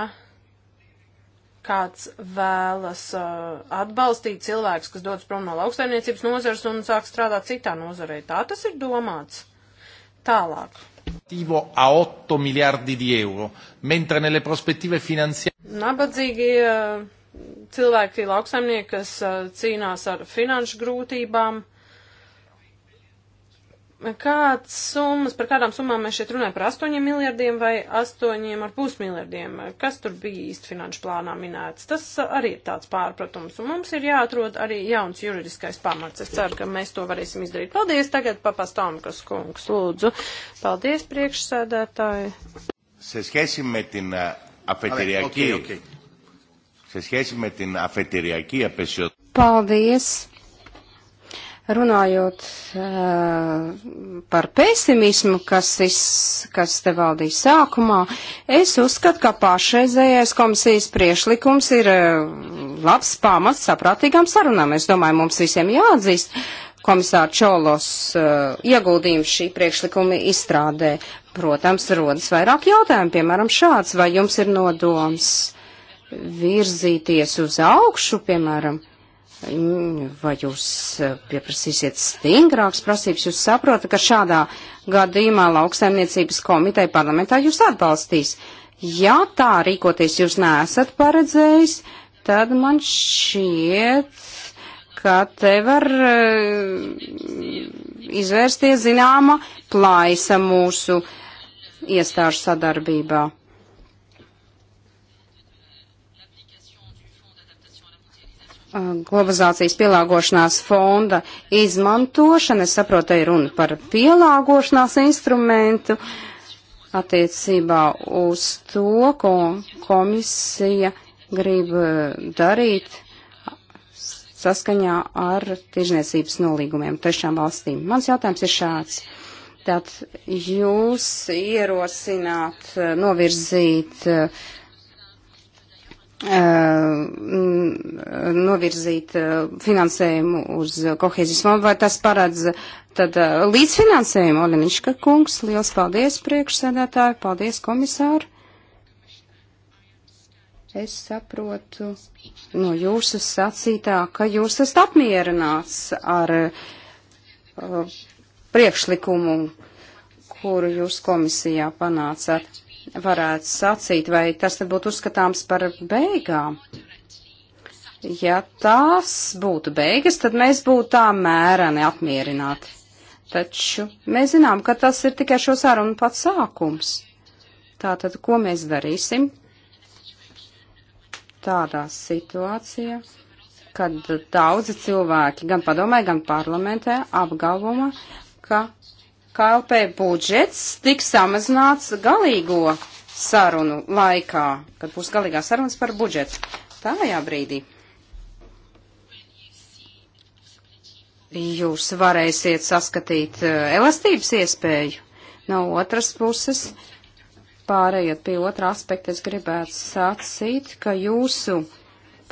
kāds vēlas uh, atbalstīt cilvēkus, kas dodas prom no lauksaimniecības nozares un sāk strādāt citā nozarē, tā tas ir domāts. Tālāk a 8 miliardi di eiro, mentre nelle prospettive finanziarie. Nabadzīgie eh, cilvēki, lauksaimnieki, kas eh, cīnās ar finanšu grūtībām, kāds summas, par kādām summām mēs šeit runājam, par 8 miljardiem vai 8,5 miljardiem, kas tur bija īsti finanšu plānā minēts. Tas arī ir tāds pārpratums, un mums ir jāatrod arī jauns juridiskais pamats. Es ceru, ka mēs to varēsim izdarīt. Paldies tagad, papastāmkas kungs, lūdzu. Paldies, priekšsēdētāji. Σε σχέση με την αφετηριακή, okay, okay. σε σχέση με την αφετηριακή απεσιότητα. Paldies! Runājot eh, par pesimismu, kas, is, kas te valdīja sākumā, es uzskatu, ka pašreizējais komisijas priešlikums ir eh, labs pamats saprātīgām sarunām. Es domāju, mums visiem jāatzīst komisāra Čolos eh, ieguldījums šī priekšlikuma izstrādē. Protams, rodas vairāk jautājumu, piemēram, šāds, vai jums ir nodoms virzīties uz augšu, piemēram, vai jūs eh, pieprasīsiet stingrāks prasības, jūs saprotat, ka šādā gadījumā lauksaimniecības komiteja parlamentā jūs atbalstīs. Ja tā rīkoties jūs neesat paredzējis, tad man šķiet, ka te var eh, izvērsties zināma plaisa mūsu iestāžu sadarbībā. globalizācijas pielāgošanās fonda izmantošana. Es saprotu, te ir runa par pielāgošanās instrumentu attiecībā uz to, ko komisija grib e, darīt saskaņā ar tirzniecības nolīgumiem trešām valstīm. Mans jautājums ir šāds. Tātad jūs ierosināt e, novirzīt uh, Mm, novirzīt finansējumu uz kohēzijas fondu, vai tas paredz tad līdzfinansējumu, Oleniška kungs, liels paldies priekšsēdētāju, paldies komisāru. Es saprotu no jūsu sacītā, ka jūs esat apmierināts ar uh, priekšlikumu, kuru jūs komisijā panācat varētu sacīt, vai tas tad būtu uzskatāms par beigām? Ja tās būtu beigas, tad mēs būtu tā mērani apmierināti. Taču mēs zinām, ka tas ir tikai šo sarunu pats sākums. Tātad, ko mēs darīsim tādā situācijā, kad daudzi cilvēki gan padomē, gan parlamentē apgalvoma, ka KLP budžets tiks samazināts galīgo sarunu laikā, kad būs galīgā sarunas par budžetu. Tajā brīdī jūs varēsiet saskatīt eh, elastības iespēju. No otras puses, pārējot pie otra aspekta, es gribētu sacīt, ka jūsu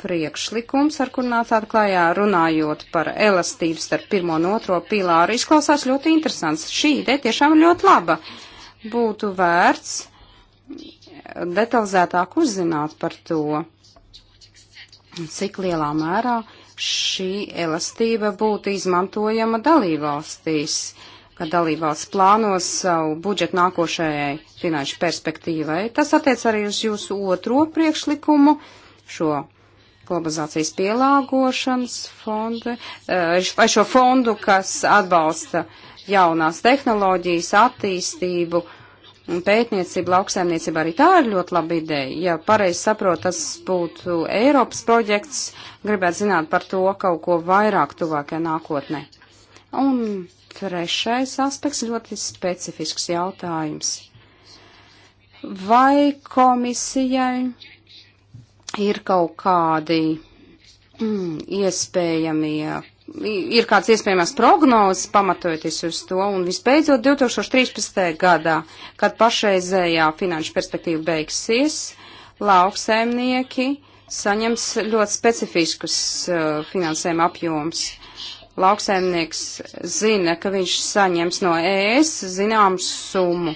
priekšlikums, ar kur nācāt klājā runājot par elastību starp pirmo un otro pīlāru, izklausās ļoti interesants. Šī ideja tiešām ir ļoti laba. Būtu vērts detalizētāk uzzināt par to, cik lielā mērā šī elastība būtu izmantojama dalībvalstīs, kad dalībvalsts plānos savu budžetu nākošajai finanšu perspektīvai. Tas attiec arī uz jūsu otro priekšlikumu, šo globalizācijas pielāgošanas fondu, eh, vai šo fondu, kas atbalsta jaunās tehnoloģijas attīstību un pētniecību lauksaimniecību. Arī tā ir ļoti laba ideja. Ja pareizi saprot, tas būtu Eiropas projekts, gribētu zināt par to kaut ko vairāk tuvākajā nākotnē. Un trešais aspekts ļoti specifisks jautājums. Vai komisijai ir kaut kādi mm, iespējamie. Ir kāds iespējamās prognozes, pamatojoties uz to, un visbeidzot 2013. gadā, kad pašreizējā finanšu perspektīva beigsies, lauksaimnieki saņems ļoti specifiskus uh, finansējuma apjoms. Lauksaimnieks zina, ka viņš saņems no ES zināmu summu,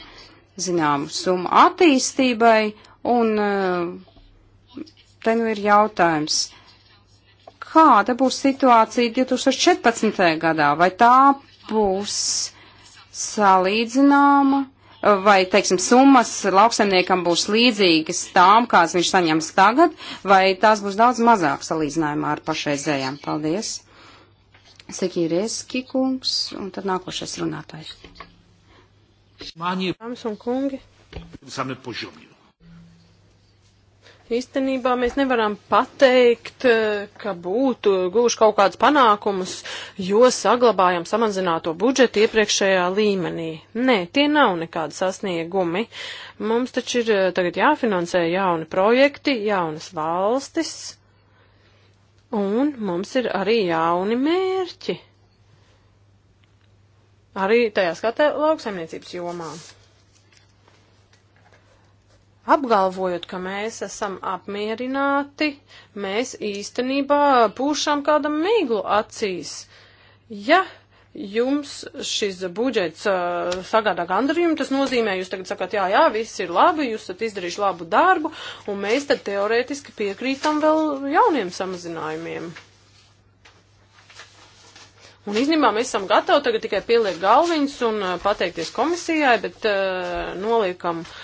zināmu summu attīstībai un uh, te nu ir jautājums. Kāda būs situācija 2014. gadā? Vai tā būs salīdzināma? Vai, teiksim, summas lauksaimniekam būs līdzīgas tām, kādas viņš saņems tagad, vai tās būs daudz mazāk salīdzinājumā ar pašreizējām? Paldies! Sekīries Kikungs un tad nākošais runātājs. Mani... Dāmas un kungi! Same poziomie. Īstenībā mēs nevaram pateikt, eh, ka būtu guvuši kaut kādus panākumus, jo saglabājam samazināto budžetu iepriekšējā līmenī. Nē, tie nav nekādi sasniegumi. Mums taču ir eh, tagad jāfinansē jauni projekti, jaunas valstis, un mums ir arī jauni mērķi. Arī tajā skatē lauksaimniecības jomām apgalvojot, ka mēs esam apmierināti, mēs īstenībā pūšām kādam mīglu acīs. Ja jums šis budžets uh, sagādā gandarījumu, tas nozīmē, jūs tagad sakat, jā, jā, viss ir labi, jūs esat izdarījuši labu darbu, un mēs tad teorētiski piekrītam vēl jauniem samazinājumiem. Un īstenībā mēs esam gatavi tagad tikai pielikt galviņus un uh, pateikties komisijai, bet uh, noliekam uh,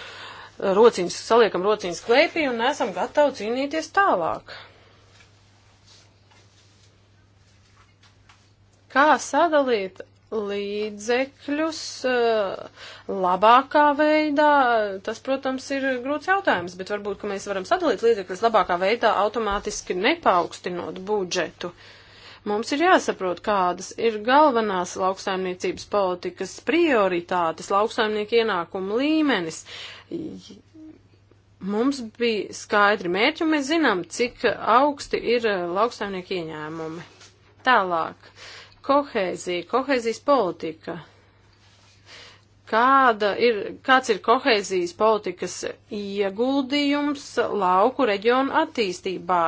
rociņas, saliekam rociņas klēpī un esam gatavi cīnīties tālāk. Kā sadalīt līdzekļus eh, labākā veidā, tas, protams, ir grūts jautājums, bet varbūt, ka mēs varam sadalīt līdzekļus labākā veidā, automātiski nepaukstinot budžetu. Mums ir jāsaprot, kādas ir galvenās lauksaimniecības politikas prioritātes, lauksaimnieku ienākumu līmenis. Uh, Mums bija skaidri mērķi, un mēs zinām, cik augsti ir eh, lauksaimnieku ieņēmumi. Tālāk, kohēzija, kohēzijas politika. Kāda ir, kāds ir kohēzijas politikas ieguldījums lauku reģionu attīstībā?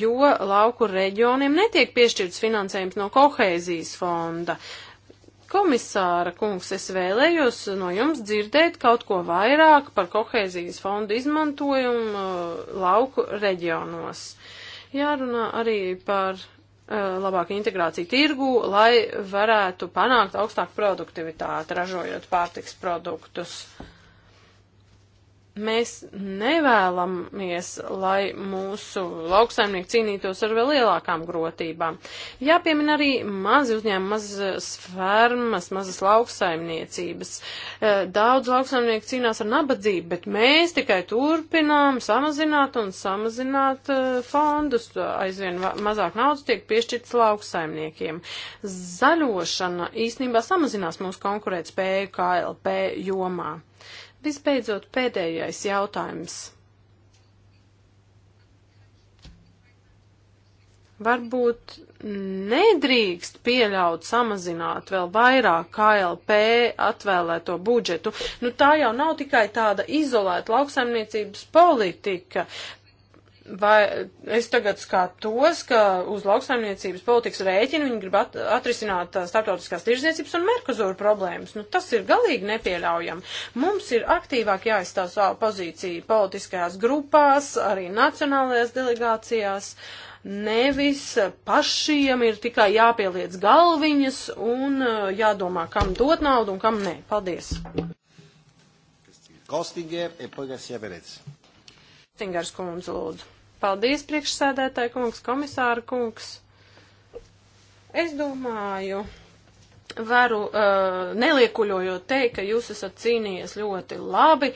jo lauku reģioniem netiek piešķirts finansējums no kohēzijas fonda. Uh, Komisāra kungs, es vēlējos no jums dzirdēt kaut ko vairāk par kohēzijas fondu izmantojumu uh, lauku reģionos. Jārunā arī par uh, labāku integrāciju tirgu, lai varētu panākt augstāku produktivitāti, ražojot pārtiks produktus. Uh, mēs nevēlamies, lai mūsu lauksaimnieki cīnītos ar vēl lielākām grotībām. Jāpiemin arī mazi uzņēmumi, mazas fermas, mazas lauksaimniecības. Eh, daudz lauksaimnieku cīnās ar nabadzību, bet mēs tikai turpinām samazināt un samazināt eh, fondus. Aizvien mazāk naudas tiek piešķirts lauksaimniekiem. Zaļošana īstenībā samazinās mūsu konkurētspēju KLP jomā. Uh, Visbeidzot, pēdējais jautājums. varbūt nedrīkst pieļaut samazināt vēl vairāk KLP atvēlēto budžetu. Nu, tā jau nav tikai tāda izolēta lauksaimniecības politika. Vai es tagad skatos, ka uz lauksaimniecības politikas rēķina viņi grib at atrisināt uh, starptautiskās tirzniecības un merkazūru problēmas? Nu, tas ir galīgi nepieļaujami. Mums ir aktīvāk jāizstāv savu pozīciju politiskajās grupās, arī nacionālajās delegācijās. Nevis pašiem ir tikai jāpieliec galviņas un uh, jādomā, kam dot naudu un kam nē. Paldies. Kostinger, e poi Garcia Perez. Stingers kundze lūdzu. Paldies, priekšsēdētāji kungs, komisāra kungs. Es domāju, varu uh, neliekuļojot teikt, ka jūs esat cīnījies ļoti labi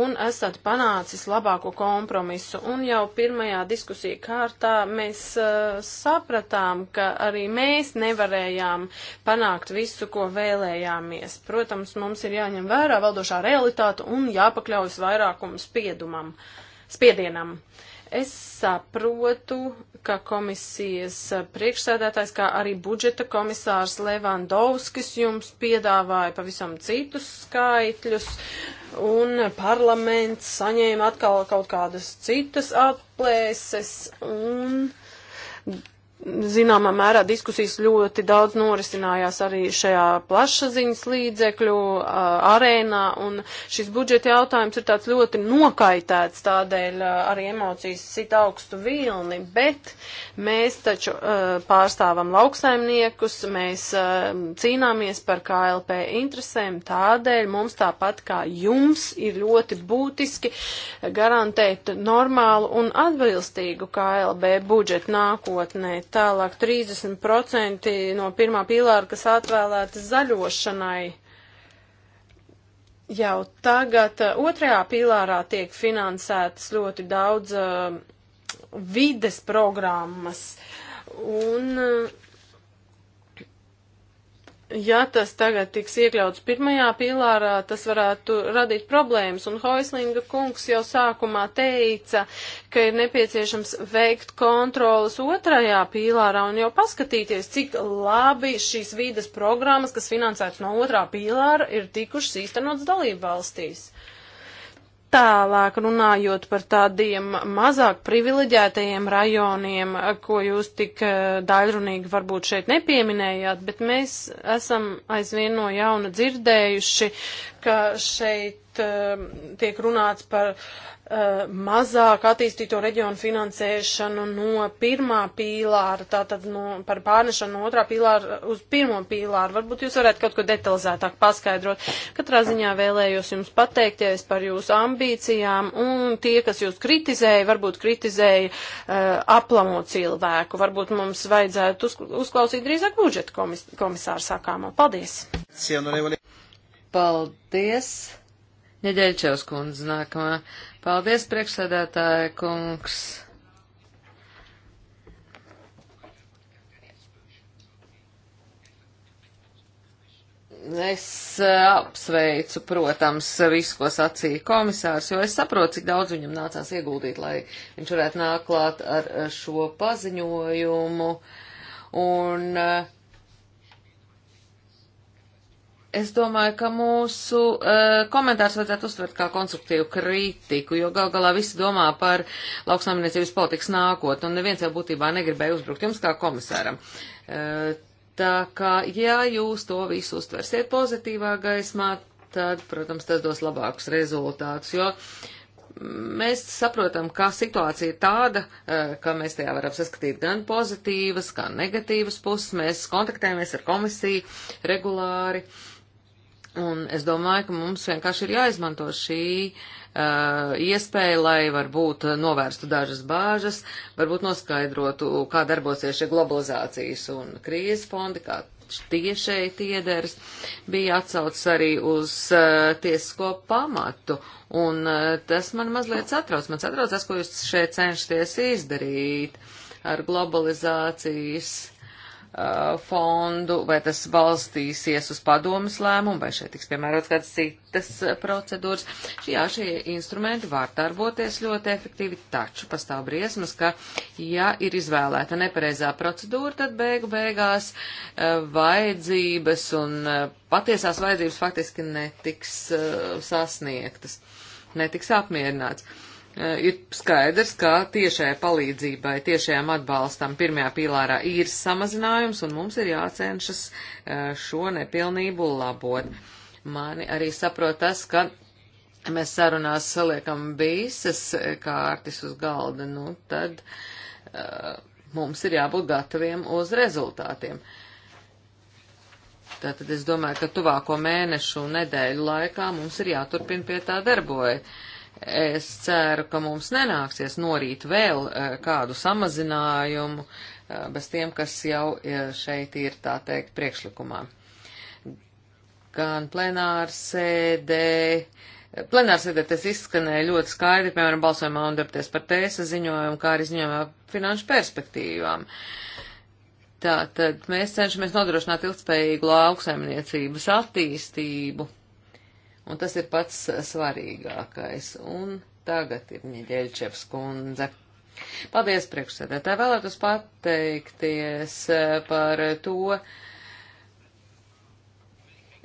un esat panācis labāko kompromisu. Un jau pirmajā diskusija kārtā mēs uh, sapratām, ka arī mēs nevarējām panākt visu, ko vēlējāmies. Protams, mums ir jāņem vērā valdošā realitāte un jāpakļaujas vairākumu spiedumam, spiedienam. Uh, Es saprotu, ka komisijas priekšsēdētājs, kā arī budžeta komisārs Levandovskis jums piedāvāja pavisam citus skaitļus, un parlaments saņēma atkal kaut kādas citas atplēses, un zināmā mērā diskusijas ļoti daudz norisinājās arī šajā plašsaziņas līdzekļu arēnā, un šis budžeta jautājums ir tāds ļoti nokaitēts, tādēļ arī emocijas sit augstu vilni, bet mēs taču pārstāvam lauksaimniekus, mēs cīnāmies par KLP interesēm, tādēļ mums tāpat kā jums ir ļoti būtiski garantēt normālu un atbilstīgu KLB budžetu nākotnē tālāk 30% no pirmā pīlāra, kas atvēlēta zaļošanai. Jau tagad uh, otrajā pīlārā tiek finansētas ļoti daudz uh, vides programmas. Un uh, ja tas tagad tiks iekļauts pirmajā pīlārā, tas varētu radīt problēmas. Un Hoislinga kungs jau sākumā teica, ka ir nepieciešams veikt kontrolas otrajā pīlārā un jau paskatīties, cik labi šīs vīdes programmas, kas finansētas no otrā pīlāra, ir tikušas īstenotas dalību valstīs. Tālāk runājot par tādiem mazāk privileģētajiem rajoniem, ko jūs tik eh, daļrunīgi varbūt šeit nepieminējāt, bet mēs esam aizvien no jauna dzirdējuši, ka šeit šeit uh, tiek runāts par uh, mazāk attīstīto reģionu finansēšanu no pirmā pīlāra, tātad no, par pārnešanu no otrā pīlāra uz pirmo pīlāru. Varbūt jūs varētu kaut ko detalizētāk paskaidrot. Katrā ziņā vēlējos jums pateikties par jūsu ambīcijām un tie, kas jūs kritizēja, varbūt kritizēja uh, aplamo cilvēku. Varbūt mums vajadzētu uz, uzklausīt drīzāk budžeta komis, komisāru sākāmo. Paldies! Paldies! Nedeļčevs kundze nākamā. Paldies, priekšsēdētāja kungs. Es eh, apsveicu, protams, visu, ko sacīja komisārs, jo es saprotu, cik daudz viņam nācās ieguldīt, lai viņš varētu nākt klāt ar eh, šo paziņojumu. Un uh, Es domāju, ka mūsu uh, komentārs vajadzētu uztvert kā konstruktīvu kritiku, jo gal galā visi domā par lauksaimniecības politikas nākotni, un neviens jau būtībā negribēja uzbrukt jums kā komisāram. Uh, tā kā, ja jūs to visu uztversiet pozitīvā gaismā, tad, protams, tas dos labākus rezultātus, jo mm, mēs saprotam, ka situācija ir tāda, eh, ka mēs tajā varam saskatīt gan pozitīvas, gan negatīvas puses. Mēs kontaktējamies ar komisiju regulāri. Uh, Un es domāju, ka mums vienkārši ir jāizmanto šī uh, iespēja, lai varbūt novērstu dažas bāžas, varbūt noskaidrotu, kā darbosies šie globalizācijas un krīzes fondi, kā tie šeit iederas. Bija atsaucis arī uz uh, tiesisko pamatu, un uh, tas man mazliet satrauc. Man satrauc tas, ko jūs šeit cenšaties izdarīt ar globalizācijas Uh, fondu, vai tas balstīsies uz padomas lēmumu, vai šeit tiks piemērots kādas citas uh, procedūras. Jā, šie instrumenti var darboties ļoti efektīvi, taču pastāv briesmas, ka, ja ir izvēlēta nepareizā procedūra, tad beigu beigās uh, vajadzības un patiesās vajadzības faktiski netiks sasniegtas, netiks apmierināts. Eh, ir skaidrs, ka tiešai palīdzībai, tiešajām atbalstam pirmajā pīlārā ir samazinājums, un mums ir jācenšas eh, šo nepilnību labot. Mani arī saprot tas, ka mēs sarunās saliekam visas eh, kārtis uz galda, nu tad uh, mums ir jābūt gataviem uz rezultātiem. Tātad es domāju, ka tuvāko mēnešu un nedēļu laikā mums ir jāturpina pie tā darbojas Es ceru, ka mums nenāksies norīt vēl e, kādu samazinājumu e, bez tiem, kas jau e, šeit ir, tā teikt, priekšlikumā. Gan plenārsēdē, plenārsēdē tas izskanēja ļoti skaidri, piemēram, balsojumā un darbties par tēsa ziņojumu, kā arī ziņojumā finanšu perspektīvām. Tātad mēs cenšamies nodrošināt ilgspējīgu lauksaimniecības attīstību un tas ir pats svarīgākais. Un tagad ir Ņeģeļčevs kundze. Paldies, priekšsēdētāji, vēlētos pateikties eh, par to,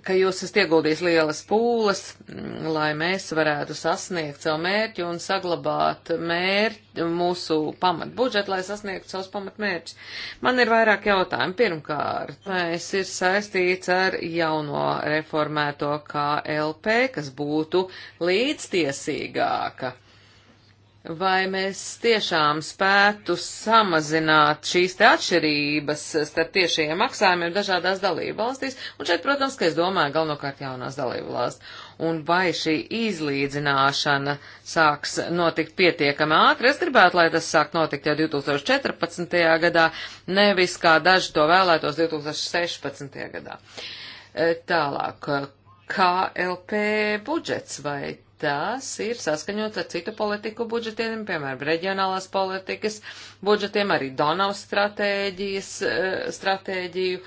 ka jūs esat ieguldījis lielas pūles, mm, lai mēs varētu sasniegt savu mērķi un saglabāt mērķi, mūsu pamatbudžetu, lai sasniegtu savus pamatmērķus. Man ir vairāk jautājumu. Pirmkārt, mēs ir saistīts ar jauno reformēto KLP, kas būtu līdztiesīgāka vai mēs tiešām spētu samazināt šīs te atšķirības starp tiešajiem maksājumiem dažādās dalību valstīs, un šeit, protams, ka es domāju galvenokārt jaunās dalību valsts, un vai šī izlīdzināšana sāks notikt pietiekami ātri. Es gribētu, lai tas sāk notikt jau 2014. gadā, nevis kā daži to vēlētos 2016. gadā. E, tālāk, KLP budžets vai tas ir saskaņots ar citu politiku budžetiem, piemēram, reģionālās politikas budžetiem, arī Donavas stratēģijas, eh, stratēģiju,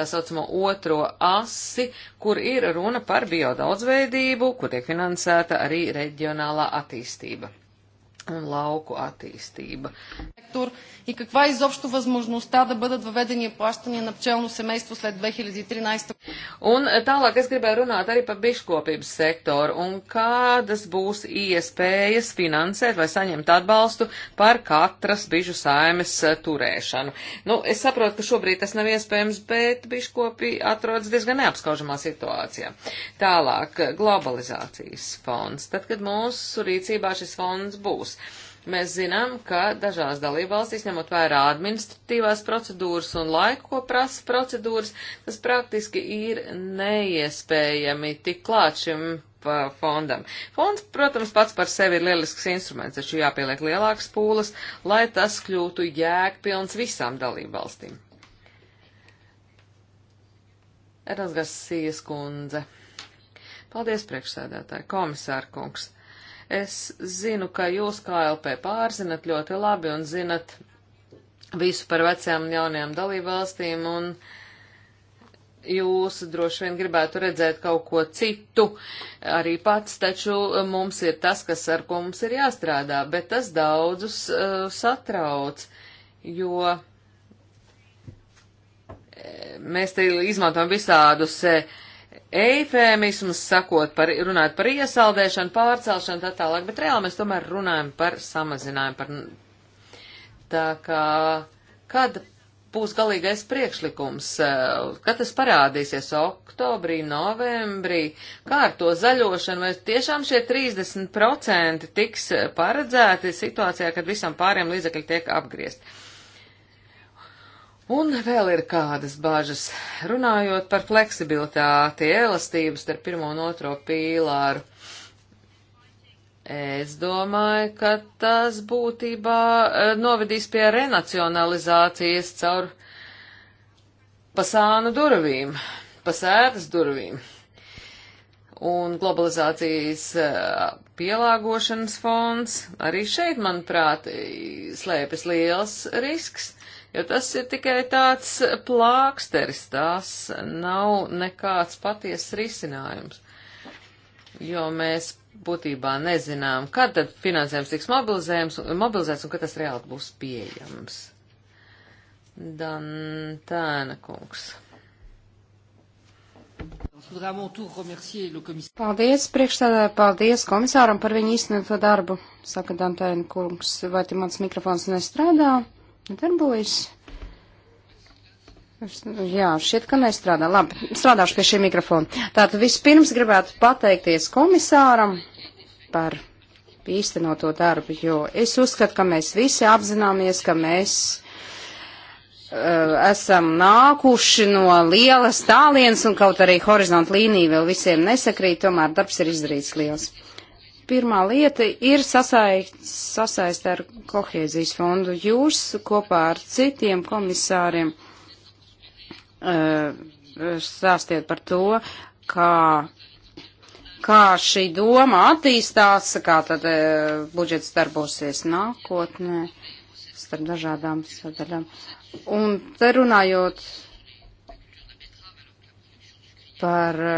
tā saucamo otro asi, kur ir runa par biodaudzveidību, kur tiek finansēta arī reģionālā attīstība un lauku attīstība. Каква изобщо възможността да бъдат въведени плащания на пчелно семейство след 2013? Un tālāk es gribēju runāt arī par biškopības sektoru un kādas būs iespējas finansēt vai saņemt atbalstu par katras bižu saimes eh, turēšanu. Nu, es saprotu, ka šobrīd tas nav iespējams, bet biškopi atrodas diezgan neapskaužamā situācijā. Tālāk, globalizācijas fonds. Tad, kad mūsu rīcībā šis fonds būs, procedūras. Mēs zinām, ka dažās dalībvalstīs, ņemot vērā administratīvās procedūras un laiku, ko prasa procedūras, tas praktiski ir neiespējami tik klāt šim fondam. Fonds, protams, pats par sevi ir lielisks instruments, taču jāpieliek lielākas pūles, lai tas kļūtu jēgpilns visām dalībvalstīm. Erasgasijas kundze. Paldies, priekšsēdētāji, komisāra kungs. Es zinu, ka jūs kā LP pārzinat ļoti labi un zinat visu par vecajām un jaunajām dalībvalstīm un jūs droši vien gribētu redzēt kaut ko citu arī pats, taču mums ir tas, kas ar ko mums ir jāstrādā, bet tas daudzus uh, satrauc, jo eh, mēs te izmantojam visādus uh, eifēmismus, sakot par, runāt par iesaldēšanu, pārcelšanu tā tālāk, bet reāli mēs tomēr runājam par samazinājumu, par tā kā, kad būs galīgais priekšlikums, eh, kad tas parādīsies oktobrī, novembrī, kā ar to zaļošanu, vai tiešām šie 30% tiks paredzēti situācijā, kad visam pāriem līdzekļi tiek apgriezt. Un vēl ir kādas bažas, runājot par fleksibilitāti, elastību starp pirmo un otro pīlāru. Es domāju, ka tas būtībā eh, novedīs pie renacionalizācijas caur pasānu durvīm, pasētas durvīm. Un globalizācijas eh, pielāgošanas fonds arī šeit, manuprāt, slēpjas liels risks jo tas ir tikai tāds plāksteris, tās nav nekāds patiesas risinājums, jo mēs būtībā nezinām, kad tad finansējums tiks mobilizēts un kad tas reāli būs pieejams. Dantēna kungs. Paldies priekšstādāju, paldies komisāram par viņu īstenoto darbu, saka Dantēna kungs. Vai te mans mikrofons nestrādā? darbojas. Jā, šķiet, ka nestrādā. Labi, strādāšu pie šī mikrofona. Tātad vispirms gribētu pateikties komisāram par īstenoto darbu, jo es uzskatu, ka mēs visi apzināmies, ka mēs uh, esam nākuši no lielas tālienes un kaut arī horizonta līnija vēl visiem nesakrīt, tomēr darbs ir izdarīts liels pirmā lieta ir sasaist ar kohēzijas fondu. Jūs kopā ar citiem komisāriem uh, stāstiet par to, kā, kā šī doma attīstās, kā tad uh, budžets darbosies nākotnē starp dažādām sadaļām. Un te runājot par. Uh,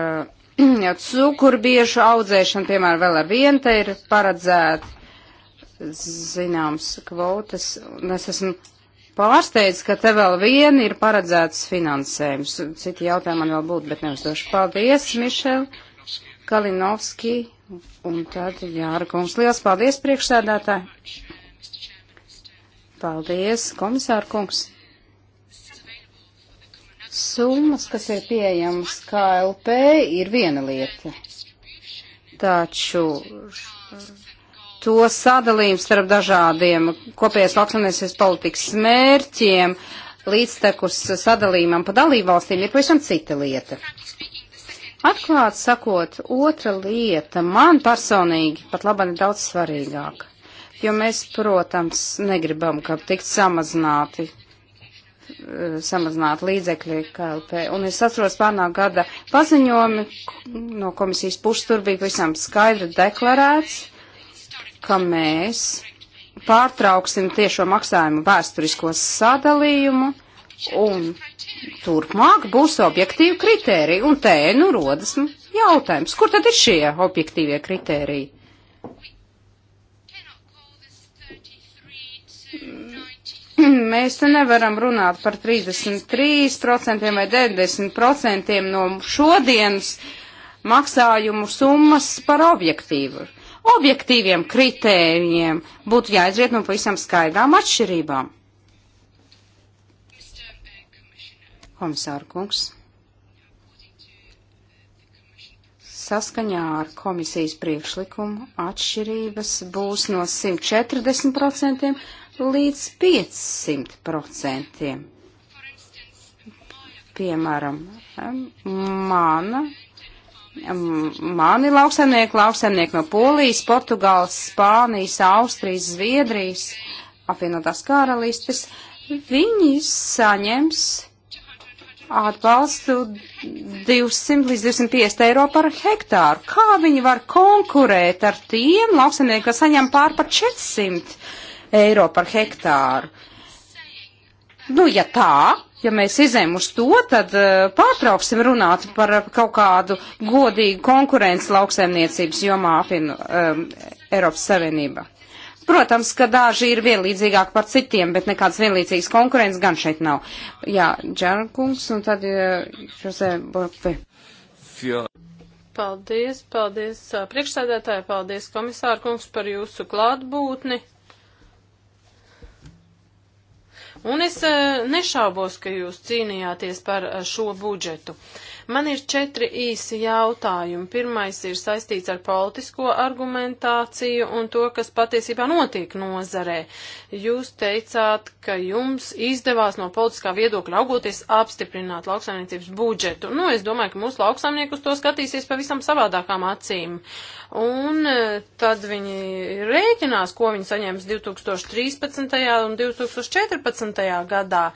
cukurbiešu audzēšana, piemēram, vēl ar vienu te ir paredzēta zināms kvotas, un es esmu pārsteidz, ka te vēl viena ir paredzētas finansējums. Citi jautājumi man vēl būtu, bet neuzdošu. Paldies, Mišel, Kalinovski, un tad Jāra kungs. Liels paldies, priekšsēdētāji! Paldies, komisāra kungs! Summas, kas ir pieejamas KLP, ir viena lieta. Taču to sadalījumu starp dažādiem kopējās lauksaimniecības politikas mērķiem līdztekus sadalījumam pa dalībvalstīm ir pavisam cita lieta. Atklāt sakot, otra lieta man personīgi pat labāk ir daudz svarīgāka, jo mēs, protams, negribam, ka tikt samazināti samazināt līdzekļi KLP. Un es atceros pārnā gada paziņojumi no komisijas puses, tur bija visam skaidri deklarēts, ka mēs pārtrauksim tiešo maksājumu vēsturisko sadalījumu un turpmāk būs objektīvi kritēriji. Un te nu rodas jautājums, kur tad ir šie objektīvie kritēriji? Mēs te nevaram runāt par 33% vai 90% no šodienas maksājumu summas par objektīvu. Objektīviem kritērijiem būtu jāizriet no pavisam skaidrām atšķirībām. Komisāra kungs. Saskaņā ar komisijas priekšlikumu atšķirības būs no 140% līdz 500 procentiem. Piemēram, mana mani lauksaimnieki, lauksaimnieki no Polijas, Portugāles, Spānijas, Austrijas, Zviedrijas, apvienotās karalistes, viņi saņems atbalstu 200 līdz 250 eiro par hektāru. Kā viņi var konkurēt ar tiem lauksaimniekiem, kas saņem pār par 400 eiro par hektāru. Nu, ja tā, ja mēs izējam uz to, tad uh, pārtrauksim runāt par kaut kādu godīgu konkurences lauksaimniecības jomā apvienu um, Eiropas Savienība. Protams, ka daži ir vienlīdzīgāki par citiem, bet nekāds vienlīdzīgs konkurence gan šeit nav. Jā, Džankungs un tad eh, Jose uh, Bope. Paldies, paldies priekšsēdētāji, paldies komisārkungs par jūsu klātbūtni. Un es eh, nešaubos, ka jūs cīnījāties par eh, šo budžetu. Uh, Man ir četri īsi jautājumi. Pirmais ir saistīts ar politisko argumentāciju un to, kas patiesībā notiek nozarē. Jūs teicāt, ka jums izdevās no politiskā viedokļa augoties apstiprināt lauksaimniecības budžetu. Nu, es domāju, ka mūsu lauksaimnieki uz to skatīsies pavisam savādākām acīm. Un e, tad viņi rēķinās, ko viņi saņems 2013. un 2014. gadā.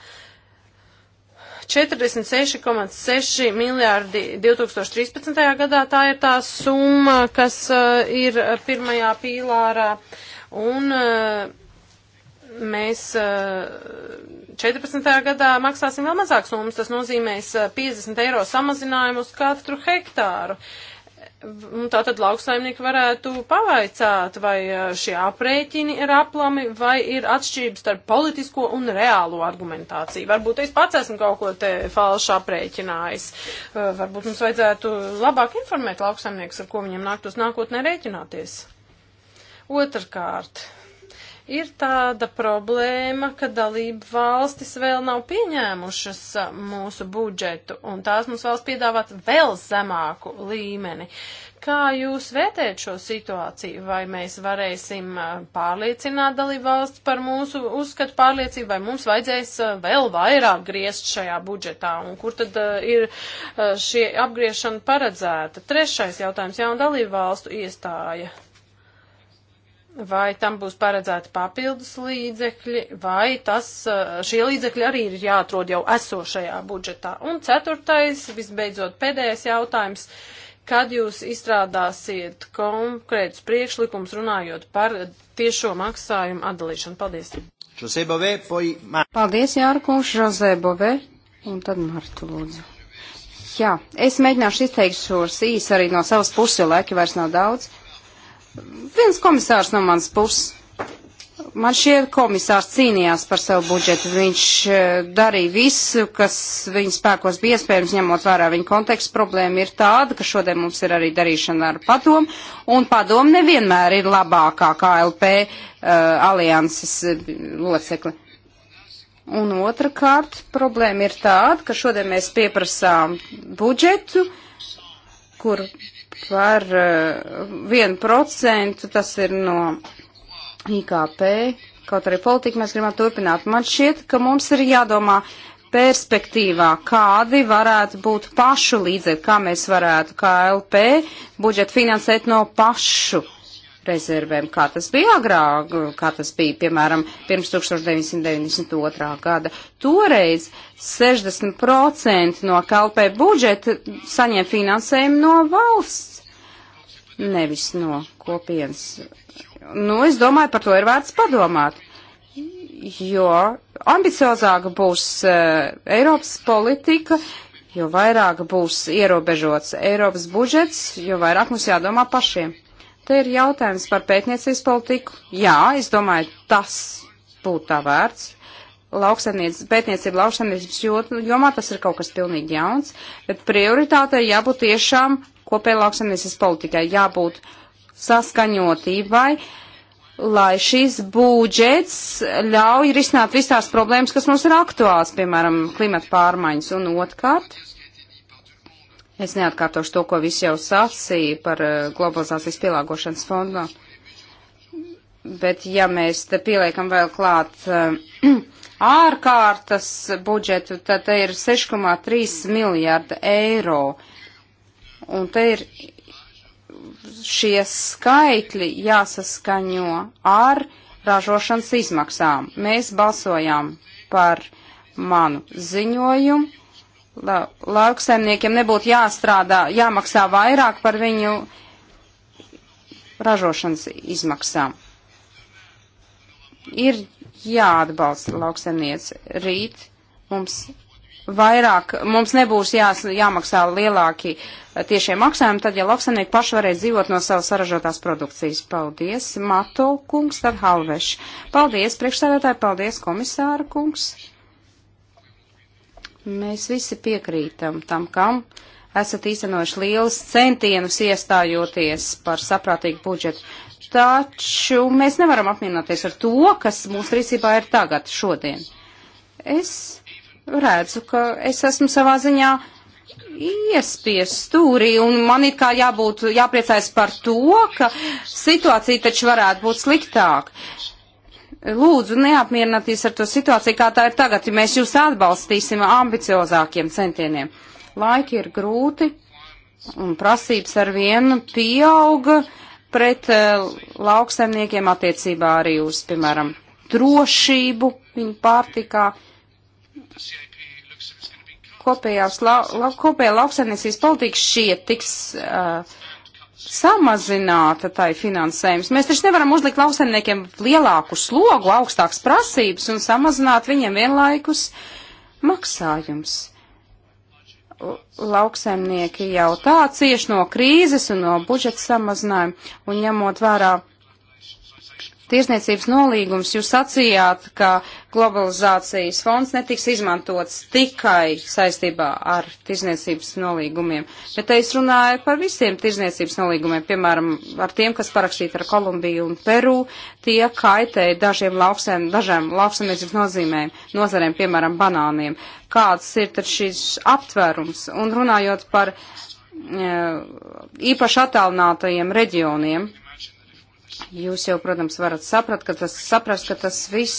46,6 miljārdi 2013. gadā tā ir tā summa, kas uh, ir pirmajā pīlārā. Un uh, mēs 14. Eh, gadā maksāsim vēl mazāk summas, tas nozīmēs 50 eiro samazinājumu uz katru hektāru. Nu, tā tad lauksaimnieki varētu pavaicāt, vai eh, šie aprēķini ir aplami, vai ir atšķirības starp politisko un reālo argumentāciju. Varbūt es pats esmu kaut ko te falšu aprēķinājis. Eh, varbūt mums vajadzētu labāk informēt lauksaimniekus, ar ko viņiem nāktos nākotnē rēķināties. Otrkārt, Ir tāda problēma, ka dalība valstis vēl nav pieņēmušas mūsu budžetu, un tās mums vēlas piedāvāt vēl zemāku līmeni. Kā jūs vērtējat šo situāciju? Vai mēs varēsim pārliecināt dalībvalsts par mūsu uzskatu pārliecību, vai mums vajadzēs vēl vairāk griezt šajā budžetā, un kur tad ir šie apgriešana paredzēta? Trešais jautājums - jauna dalībvalstu iestāja vai tam būs paredzēti papildus līdzekļi, vai tas, eh, šie līdzekļi arī ir jāatrod jau esošajā budžetā. Un ceturtais, visbeidzot, pēdējais jautājums. Kad jūs izstrādāsiet konkrētus priekšlikumus runājot par tiešo maksājumu atdalīšanu? Paldies! Bove, poi... Paldies, Jārkungs, Žozē Bove, un tad Martu lūdzu. Jā, es mēģināšu izteikt šos īs arī no savas puses, jo laika vairs nav daudz. Uh, Viens komisārs no manas puses. Man šie komisārs cīnījās par savu budžetu. Viņš eh, darīja visu, kas viņa spēkos bija iespējams, ņemot vērā viņa kontekstu. Problēma ir tāda, ka šodien mums ir arī darīšana ar padomu, un padomu nevienmēr ir labākā KLP uh, eh, alianses eh, locekli. Un otrkārt, problēma ir tāda, ka šodien mēs pieprasām budžetu, kur par eh, vienu procentu, tas ir no IKP, kaut arī politika mēs gribam turpināt. Man šķiet, ka mums ir jādomā perspektīvā, kādi varētu būt pašu līdzekļi, kā mēs varētu KLP budžetu finansēt no pašu rezervēm, kā tas bija agrāk, kā tas bija, piemēram, pirms 1992. gada. Toreiz 60% no kalpē budžeta saņem finansējumu no valsts, nevis no kopienas. Nu, es domāju, par to ir vērts padomāt, jo ambiciozāka būs uh, Eiropas politika, jo vairāk būs ierobežots Eiropas budžets, jo vairāk mums jādomā pašiem. Te ir jautājums par pētniecības politiku. Jā, es domāju, tas būtu tā vērts. Lauksaimniecības, pētniecība lauksaimniecības jomā tas ir kaut kas pilnīgi jauns, bet prioritātei jābūt tiešām kopēja lauksaimniecības politikai, jābūt saskaņotībai, lai šis būdžets ļauj risināt visās problēmas, kas mums ir aktuāls, piemēram, klimata pārmaiņas un otrkārt Es neatkārtošu to, ko visi jau sacīja par eh, globalizācijas pielāgošanas fondu, bet ja mēs te pieliekam vēl klāt eh, ārkārtas budžetu, tad te ir 6,3 miljārda eiro. Un te ir šie skaitļi jāsaskaņo ar ražošanas izmaksām. Mēs balsojām par manu ziņojumu la, lauksaimniekiem nebūtu jāstrādā, jāmaksā vairāk par viņu ražošanas izmaksām. Ir jāatbalsta lauksaimniec rīt. Mums vairāk, mums nebūs jās, jāmaksā lielāki eh, tiešie maksājumi, tad, ja lauksaimnieki paši varēs dzīvot no savas saražotās produkcijas. Paldies, Mato kungs, tad Halveš. Paldies, priekšstādātāji, paldies, komisāra kungs. Mēs visi piekrītam tam, kam esat īstenojuši liels centienus iestājoties par saprātīgu budžetu. Taču mēs nevaram apmienāties ar to, kas mūsu rīcībā ir tagad, šodien. Es redzu, ka es esmu savā ziņā iespies stūrī, un man ir kā jābūt, jāpriecājas par to, ka situācija taču varētu būt sliktāka. Lūdzu, neapmierināties ar to situāciju, kā tā ir tagad, ja mēs jūs atbalstīsim ambiciozākiem centieniem. Laiki ir grūti un prasības ar vienu pieauga pret uh, lauksaimniekiem attiecībā arī uz, piemēram, drošību viņu pārtikā. Kopējās la, la, kopējā lauksaimniecības politika šiet tiks uh, samazināta tai finansējums. Mēs taču nevaram uzlikt lauksaimniekiem lielāku slogu, augstākas prasības un samazināt viņiem vienlaikus maksājums. Lauksaimnieki jau tā cieši no krīzes un no budžeta samazinājuma un ņemot vērā tirsniecības nolīgums, jūs sacījāt, ka globalizācijas fonds netiks izmantots tikai saistībā ar tirsniecības nolīgumiem, bet te es runāju par visiem tirsniecības nolīgumiem, piemēram, ar tiem, kas parakstīti ar Kolumbiju un Peru, tie kaitēja dažiem lauksēm, dažiem lauksamniecības nozīmēm, nozarēm, piemēram, banāniem. Kāds ir tad šis aptvērums? Un runājot par e, īpaši attālinātajiem reģioniem, Jūs jau, protams, varat saprat, ka tas, saprast, ka tas viss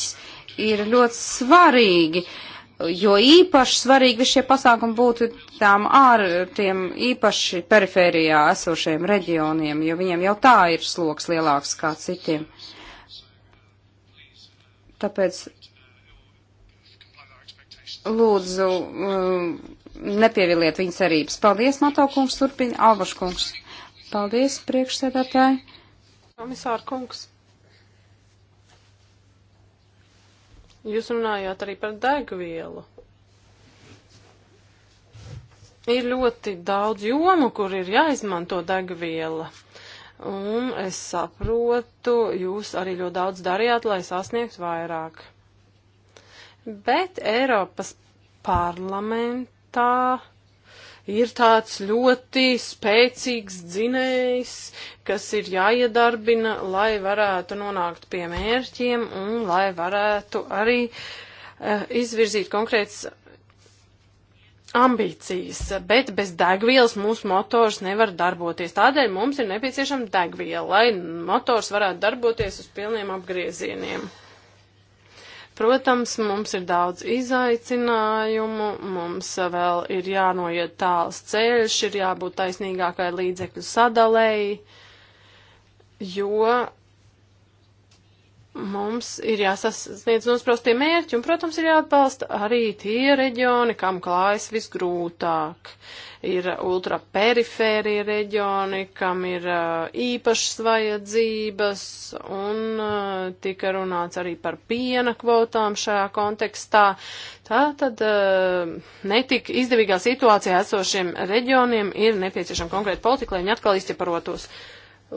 ir ļoti svarīgi, jo īpaši svarīgi visi šie pasākumi būtu tām ār, tiem īpaši perifērijā esošajiem reģioniem, jo viņiem jau tā ir sloks lielāks kā citiem. Tāpēc lūdzu um, nepieviliet viņas cerības. Paldies, Mato kungs, turpina Alvaš kungs. Paldies, priekšsēdētāji. Komisāra kungs. Jūs runājāt arī par degvielu. Ir ļoti daudz jomu, kur ir jāizmanto degviela. Un es saprotu, jūs arī ļoti daudz darījāt, lai sasniegtu vairāk. Bet Eiropas parlamentā ir tāds ļoti spēcīgs dzinējs, kas ir jāiedarbina, lai varētu nonākt pie mērķiem un lai varētu arī uh, izvirzīt konkrēts ambīcijas, bet bez degvielas mūsu motors nevar darboties. Tādēļ mums ir nepieciešama degviela, lai motors varētu darboties uz pilniem apgriezieniem. Protams, mums ir daudz izaicinājumu, mums vēl ir jānoiet tāls ceļš, ir jābūt taisnīgākai līdzekļu sadalēji, jo mums ir jāsasniedz nosprostie mērķi, un, protams, ir jāatbalsta arī tie reģioni, kam klājas visgrūtāk. Ir ultraperifērie reģioni, kam ir īpašas vajadzības, un tika runāts arī par piena kvotām šajā kontekstā. Tā tad netik izdevīgā situācijā esošiem reģioniem ir nepieciešama konkrēta politika, lai viņi atkal izķeparotos.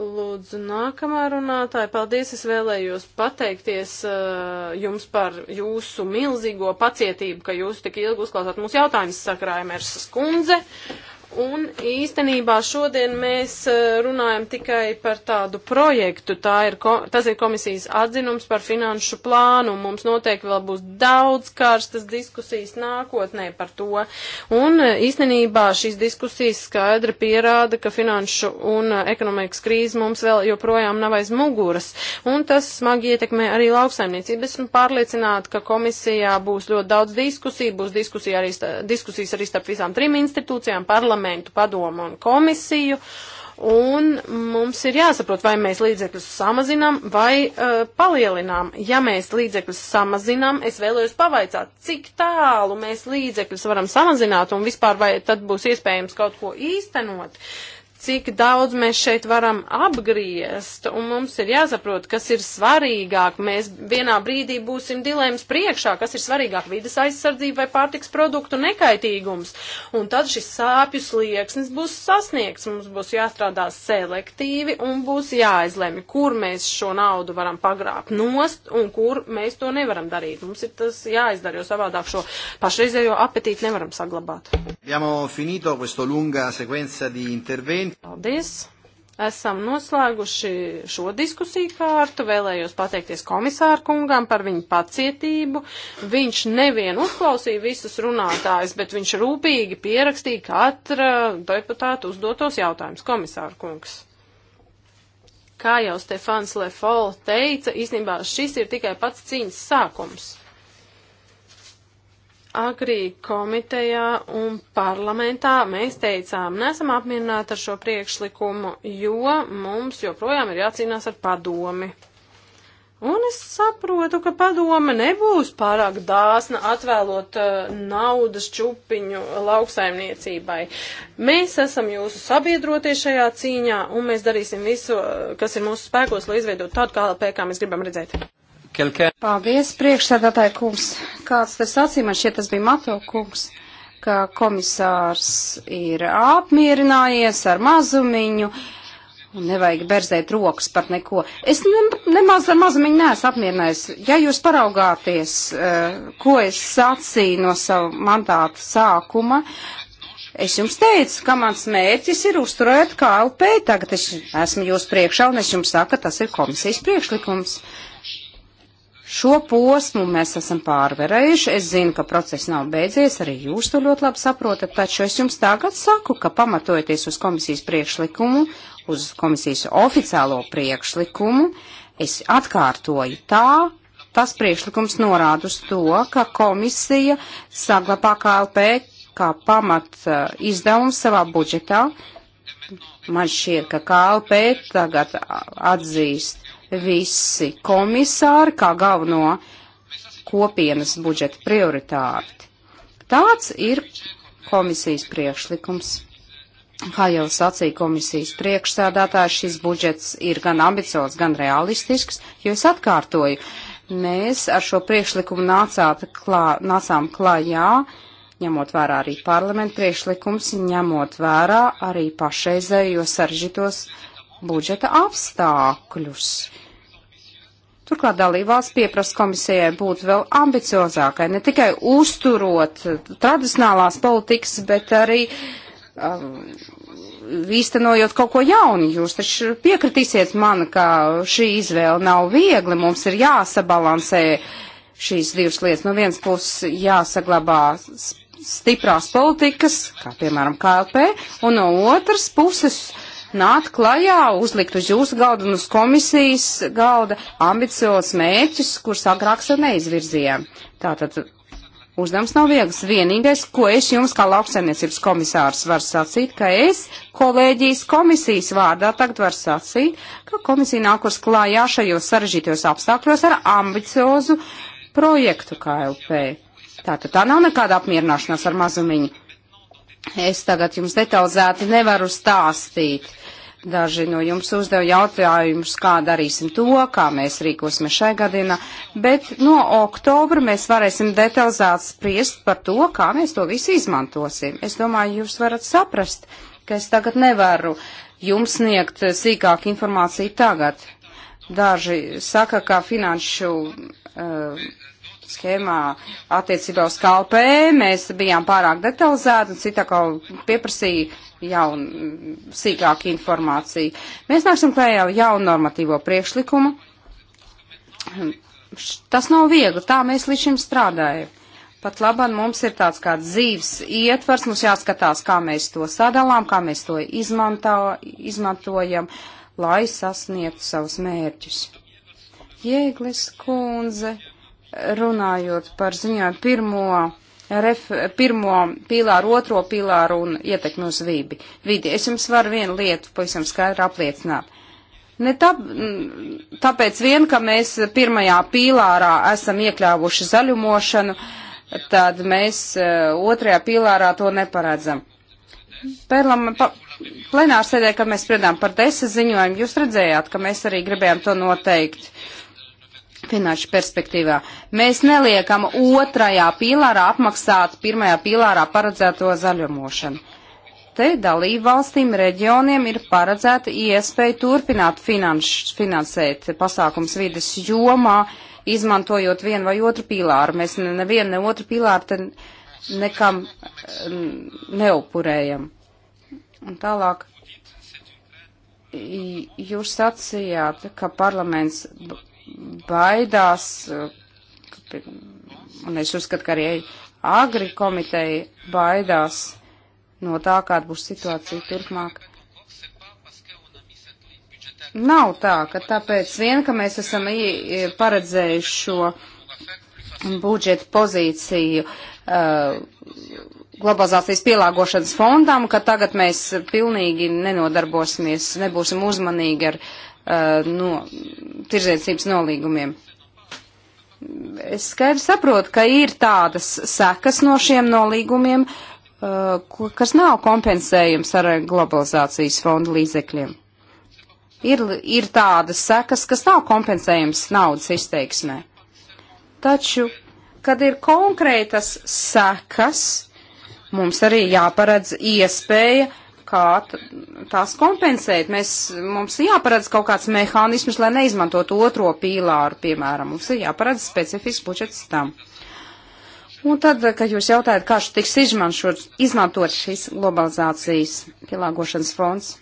Lūdzu, nākamā runātāja, paldies, es vēlējos pateikties uh, jums par jūsu milzīgo pacietību, ka jūs tik ilgi uzklausāt mūsu jautājumus, saka Raimers Skundze. Uh, Un īstenībā šodien mēs eh, runājam tikai par tādu projektu. Tā ir, tas ir komisijas atzinums par finanšu plānu. Mums noteikti vēl būs daudz karstas diskusijas nākotnē par to. Un eh, īstenībā šīs diskusijas skaidri pierāda, ka finanšu un eh, ekonomikas krīze mums vēl joprojām nav aiz muguras. Un tas smagi ietekmē arī lauksaimniecības. Esmu pārliecināta, ka komisijā būs ļoti daudz diskusiju. Būs diskusija arī, diskusijas arī starp visām trim institūcijām, parlamentu parlamentu, padomu un komisiju. Un mums ir jāsaprot, vai mēs līdzekļus samazinām vai uh, palielinām. Ja mēs līdzekļus samazinām, es vēlējos pavaicāt, cik tālu mēs līdzekļus varam samazināt un vispār vai tad būs iespējams kaut ko īstenot. Uh, cik daudz mēs šeit varam apgriezt, un mums ir jāsaprot, kas ir svarīgāk. Mēs vienā brīdī būsim dilēmas priekšā, kas ir svarīgāk - vidas aizsardzība vai pārtiks produktu nekaitīgums. Un tad šis sāpju slieksnis būs sasniegts, mums būs jāstrādā selektīvi un būs jāizlemj, kur mēs šo naudu varam pagrābt nost un kur mēs to nevaram darīt. Mums ir tas jāizdara, jo savādāk šo pašreizējo apetīti nevaram saglabāt. Abbiamo finito questo lunga sequenza di interventi. Paldies! Esam noslēguši šo diskusiju kārtu. Vēlējos pateikties komisāru kungam par viņu pacietību. Viņš nevien uzklausīja visus runātājus, bet viņš rūpīgi pierakstīja katra deputāta uzdotos jautājumus. Komisāru kungs. Kā jau Stefans Lefol teica, īstenībā šis ir tikai pats cīņas sākums agrī komitejā un parlamentā mēs teicām, nesam apmierināti ar šo priekšlikumu, jo mums joprojām ir jācīnās ar padomi. Un es saprotu, ka padome nebūs pārāk dāsna atvēlot uh, naudas čupiņu lauksaimniecībai. Mēs esam jūsu sabiedrotie šajā cīņā, un mēs darīsim visu, uh, kas ir mūsu spēkos, lai izveidot tādu KLP, kā mēs gribam redzēt. Paldies, priekšsēdētāji kungs. Kāds tas acīm man šķiet, tas bija Mato kungs, ka komisārs ir apmierinājies ar mazumiņu. Un nevajag berzēt rokas par neko. Es ne, nemaz ar mazumiņu neesmu apmierinājies. Ja jūs paraugāties, eh, ko es sacīju no savu mandātu sākuma, Es jums teicu, ka mans mērķis ir uzturēt KLP, tagad es esmu jūs priekšā un es jums saku, ka tas ir komisijas priekšlikums. Šo posmu mēs esam pārvarējuši. Es zinu, ka process nav beidzies, arī jūs to ļoti labi saprotat, taču es jums tagad saku, ka pamatojoties uz komisijas priekšlikumu, uz komisijas oficiālo priekšlikumu, es atkārtoju tā, tas priekšlikums norāda uz to, ka komisija saglabā KLP kā pamat uh, izdevumu savā budžetā. Man šķiet, ka KLP tagad atzīst visi komisāri kā galveno kopienas budžeta prioritāti. Tāds ir komisijas priekšlikums. Kā jau sacīja komisijas priekšsādātājs, šis budžets ir gan ambiciozs, gan realistisks, jo es atkārtoju, mēs ar šo priekšlikumu nācāt, klā, nācām klājā, ņemot vērā arī parlamentu priekšlikums, ņemot vērā arī pašreizējo saržģitos budžeta apstākļus. Uh, Turklāt dalībvalsts pieprasa komisijai būt vēl ambiciozākai, ne tikai uzturot tradicionālās politikas, bet arī um, īstenojot kaut ko jaunu. Jūs taču piekritīsiet man, ka šī izvēle nav viegli, mums ir jāsabalansē šīs divas lietas. No vienas puses jāsaglabā stiprās politikas, kā piemēram KLP, un no otras puses nākt klajā, uzlikt uz jūsu galda un uz komisijas galda ambiciozus mērķus, kurus agrāk sev neizvirzījām. Tātad uzdevums nav viegls. Vienīgais, ko es jums kā lauksaimniecības komisārs varu sacīt, ka es kolēģijas komisijas vārdā tagad varu sacīt, ka komisija nākos klājā šajos sarežģītajos apstākļos ar ambiciozu projektu KLP. Tātad tā nav nekāda apmierināšanās ar mazumiņu. Es tagad jums detalizēti nevaru stāstīt Daži no jums uzdeva jautājumus, kā darīsim to, kā mēs rīkosimies šai gadienā, bet no oktobra mēs varēsim detalizēt spriest par to, kā mēs to visu izmantosim. Es domāju, jūs varat saprast, ka es tagad nevaru jums sniegt sīkāku informāciju tagad. Daži saka, ka finanšu. Uh, schēmā attiecībā uz KLP mēs bijām pārāk detalizēti un citā kā pieprasīja jaun, sīkāka informācija. Mēs nāksim klējā jau jaunu normatīvo priekšlikumu. Tas nav viegli, tā mēs līdz šim strādājam. Pat labam mums ir tāds kā dzīves ietvers, mums jāskatās, kā mēs to sadalām, kā mēs to izmanto, izmantojam, lai sasniegtu savus mērķus. Jēglis kundze, runājot par ziņojumu pirmo ref, pirmo pīlāru, otro pīlāru un ietekmi uz vībi. vidi. Es jums varu vienu lietu pavisam skaidri apliecināt. Ne tā, mm, tāpēc vien, ka mēs pirmajā pīlārā esam iekļāvuši zaļumošanu, tad mēs eh, otrajā pīlārā to neparedzam. Pērlam, pa, plenārsēdē, kad mēs spriedām par desa ziņojumu, jūs redzējāt, ka mēs arī gribējām to noteikt. Uh, finanšu perspektīvā. Mēs neliekam otrajā pīlārā apmaksāt pirmajā pīlārā paredzēto zaļumošanu. Te dalību valstīm reģioniem ir paredzēta iespēja turpināt finanš, finansēt pasākums vides jomā, izmantojot vienu vai otru pīlāru. Mēs nevienu ne, ne otru pīlāru te nekam neupurējam. Un tālāk, jūs sacījāt, ka parlaments baidās, un es uzskatu, ka arī agri komiteja baidās no tā, kāda būs situācija turpmāk. Nav tā, ka tāpēc vien, ka mēs esam paredzējuši šo budžeta pozīciju uh, globalizācijas pielāgošanas fondam, ka tagad mēs pilnīgi nenodarbosimies, nebūsim uzmanīgi ar uh, Uh, no tirzniecības nolīgumiem. Es skaidri saprotu, ka ir tādas sekas no šiem nolīgumiem, uh, kas nav kompensējums ar globalizācijas fondu līdzekļiem. Ir, ir tādas sekas, kas nav kompensējums naudas izteiksmē. Taču, kad ir konkrētas sekas, mums arī jāparedz iespēja uh, kā tās kompensēt. Mēs, mums jāparedz kaut kāds mehānisms, lai neizmantot otro pīlāru, piemēram. Mums ir jāparedz specifisks budžets tam. Un tad, kad jūs jautājat, kā tiks izmanšot, izmantot šis globalizācijas pielāgošanas fonds,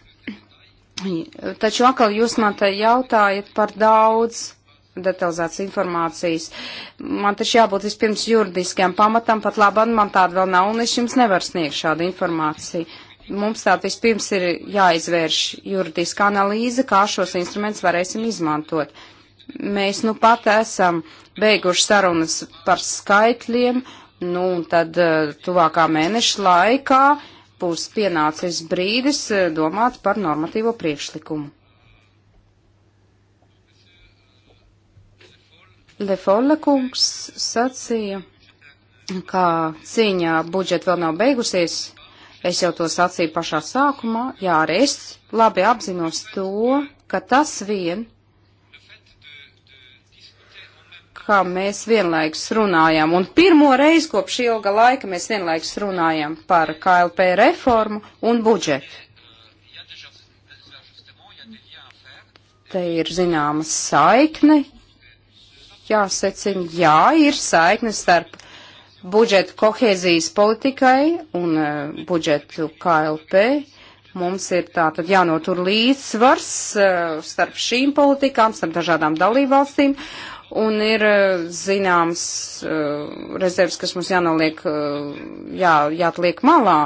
taču atkal jūs man te jautājat par daudz detalizētas informācijas. Man taču jābūt vispirms juridiskajam pamatam, pat labam man tāda vēl nav, un es jums nevaru sniegt šādu informāciju. Mums tā vispirms ir jāizvērš juridiska analīze, kā šos instrumentus varēsim izmantot. Mēs nu pat esam beiguši sarunas par skaitļiem, nu un tad eh, tuvākā mēneša laikā būs pienācis brīdis eh, domāt par normatīvo priekšlikumu. Lefolle kungs sacīja, ka cīņā budžeta vēl nav beigusies, Es jau to sacīju pašā sākumā, jā, arī es labi apzinos to, ka tas vien, kā mēs vienlaikus runājam, un pirmo reizi kopš ilga laika mēs vienlaikus runājam par KLP reformu un budžetu. Te ir zināma saikne, jāsecina, jā, ir saikne starp budžetu kohēzijas politikai un uh, budžetu KLP. Mums ir tātad jānotur līdzsvars uh, starp šīm politikām, starp dažādām dalībvalstīm, un ir uh, zināms uh, rezerves, kas mums jānoliek, uh, jā, jāatliek malā.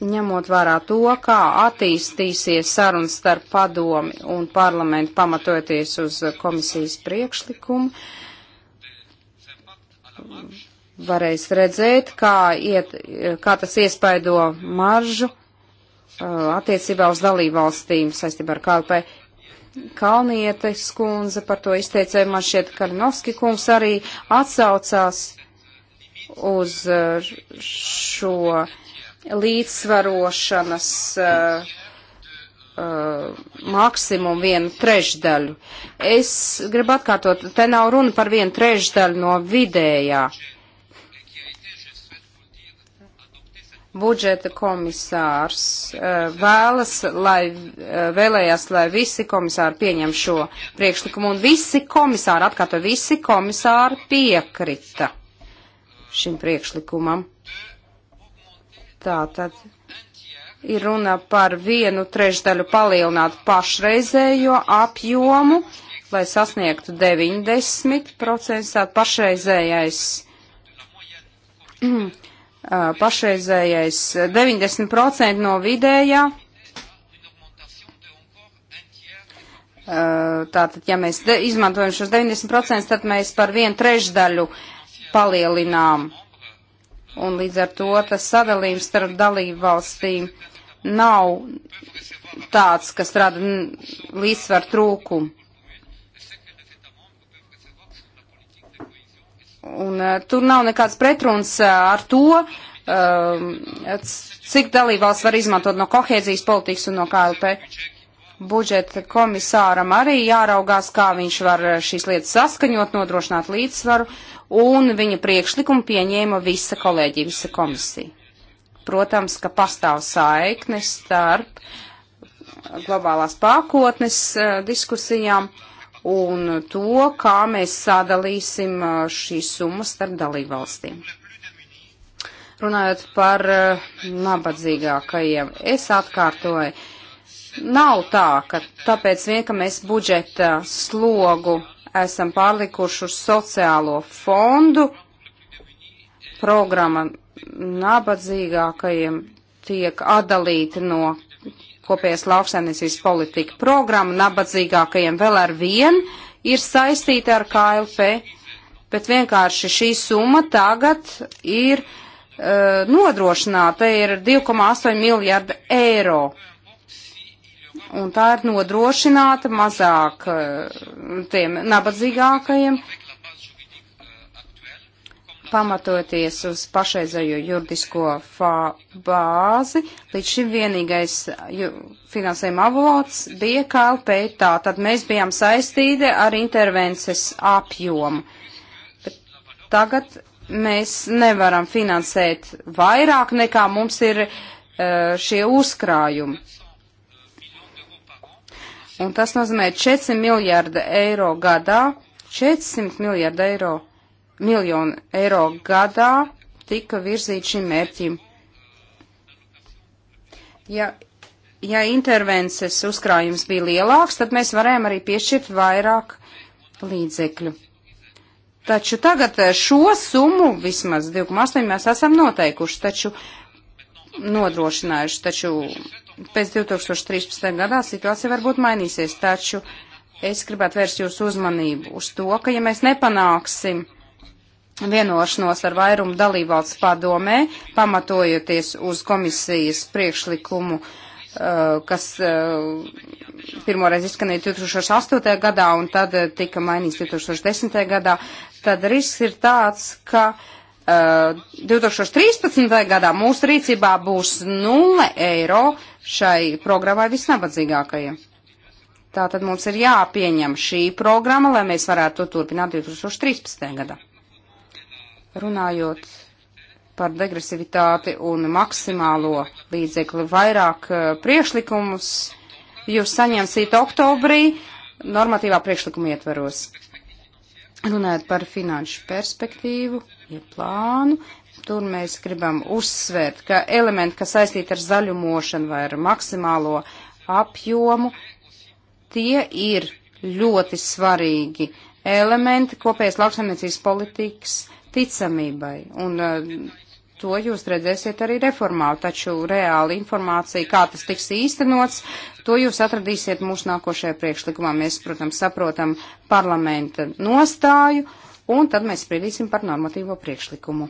Ņemot vērā to, kā attīstīsies sarunas starp padomi un parlamentu pamatojoties uz komisijas priekšlikumu, uh, varēs redzēt, kā, iet, kā tas iespaido maržu uh, attiecībā uz dalībvalstīm saistībā ar KLP. Kalniete skundze par to izteicēja, man šķiet, Karnovski kungs arī atsaucās uz uh, šo līdzsvarošanas uh, uh, maksimumu vienu trešdaļu. Es gribu atkārtot, te nav runa par vienu trešdaļu no vidējā uh, budžeta komisārs eh, vēlas, lai, eh, vēlējās, lai visi komisāri pieņem šo priekšlikumu, un visi komisāri, atkārto, visi komisāri piekrita šim priekšlikumam. Tātad ir runa par vienu trešdaļu palielināt pašreizējo apjomu, lai sasniegtu 90%, pašreizējais mm, pašreizējais 90% no vidējā. Tātad, ja mēs izmantojam šos 90%, tad mēs par vienu trešdaļu palielinām. Un līdz ar to tas sadalījums starp dalību valstīm nav tāds, kas rada līdzsvaru trūkumu. Un uh, tur nav nekāds pretruns uh, ar to, uh, cik dalībvalsts var izmantot no kohēzijas politikas un no KLP. Budžeta komisāram arī jāraugās, kā viņš var šīs lietas saskaņot, nodrošināt līdzsvaru, un viņa priekšlikumu pieņēma visa kolēģija, visa komisija. Protams, ka pastāv saiknes starp globālās pakotnes uh, diskusijām. Uh, un to, kā mēs sadalīsim uh, šīs summas starp dalībvalstīm. Runājot par uh, nabadzīgākajiem, es atkārtoju, nav tā, ka tāpēc vien, ka mēs budžeta slogu esam pārlikuši uz sociālo fondu, programma nabadzīgākajiem tiek atdalīta no kopējās lauksaimniecības politika programma nabadzīgākajiem vēl ar vienu ir saistīta ar KLP, bet vienkārši šī summa tagad ir uh, nodrošināta, ir 2,8 miljārda eiro. Un tā ir nodrošināta mazāk uh, tiem nabadzīgākajiem, pamatoties uz pašreizējo juridisko bāzi, līdz šim vienīgais finansējuma avots bija KLP, tā tad mēs bijām saistīti ar intervences apjomu. Bet tagad mēs nevaram finansēt vairāk nekā mums ir uh, šie uzkrājumi. Un tas nozīmē 400 miljārda eiro gadā, 400 miljārda eiro miljonu eiro gadā tika virzīt šim mērķim. Ja, ja intervences uzkrājums bija lielāks, tad mēs varējām arī piešķirt vairāk līdzekļu. Taču tagad eh, šo summu vismaz 2,8 mēs esam noteikuši, taču nodrošinājuši, taču pēc 2013. gadā situācija varbūt mainīsies, taču es gribētu vērst jūsu uzmanību uz to, ka ja mēs nepanāksim vienošanos ar vairumu dalībvalsts padomē, pamatojoties uz komisijas priekšlikumu, uh, kas uh, pirmoreiz izskanēja 2008. gadā un tad uh, tika mainīts 2010. gadā, tad risks ir tāds, ka 2013. gadā mūsu rīcībā būs 0 eiro šai programmai visnabadzīgākajiem. Tātad mums ir jāpieņem šī programma, lai mēs varētu to turpināt 2013. gadā runājot par degresivitāti un maksimālo līdzekli. Vairāk eh, priekšlikumus jūs saņemsiet oktobrī normatīvā priekšlikuma ietveros. Runājot par finanšu perspektīvu, ja plānu, tur mēs gribam uzsvērt, ka elementi, kas saistīti ar zaļumošanu vai ar maksimālo apjomu, tie ir ļoti svarīgi elementi kopējas lauksaimniecības politikas ticamībai. Un eh, to jūs redzēsiet arī reformā, taču reāla informācija, kā tas tiks īstenots, to jūs atradīsiet mūsu nākošajā priekšlikumā. Mēs, protams, saprotam parlamenta nostāju, un tad mēs spriedīsim par normatīvo priekšlikumu.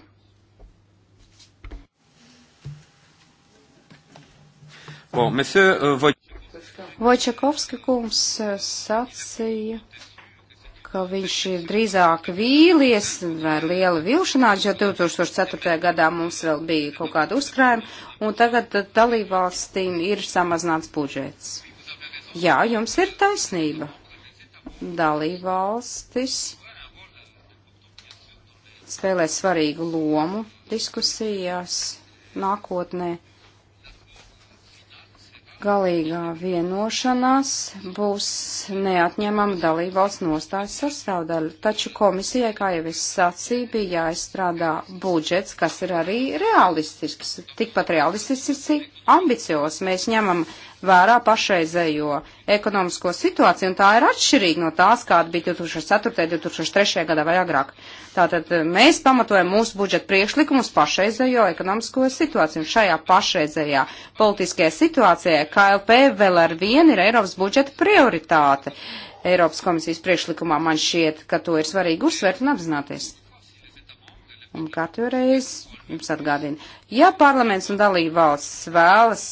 Bon, monsieur, uh, Voj... Vojčakovska kungs eh, sacīja. Uh, ka viņš ir drīzāk vīlies ar lielu vilšanās, jo 2004. gadā mums vēl bija kaut kāda uzkrājuma, un tagad dalībvalstīm ir samazināts budžets. Jā, jums ir taisnība. Dalībvalstis spēlē svarīgu lomu diskusijās nākotnē. Galīgā vienošanās būs neatņemama dalībvalsts nostājas sastāvdaļa, taču komisijai, kā jau es sacīju, bija jāizstrādā budžets, kas ir arī realistisks, tikpat realistisks, cik ambiciozs. Mēs ņemam vērā pašreizējo ekonomisko situāciju, un tā ir atšķirīga no tās, kāda bija 2004. un 2003. gadā vai agrāk. Tātad eh, mēs pamatojam mūsu budžeta priekšlikumus pašreizējo ekonomisko situāciju, un šajā pašreizējā politiskajā situācijā KLP vēl ar vienu ir Eiropas budžeta prioritāte. Eiropas komisijas priekšlikumā man šķiet, ka to ir svarīgi uzsvērt un apzināties. Un katru reizi jums atgādina, ja parlaments un dalība valsts vēlas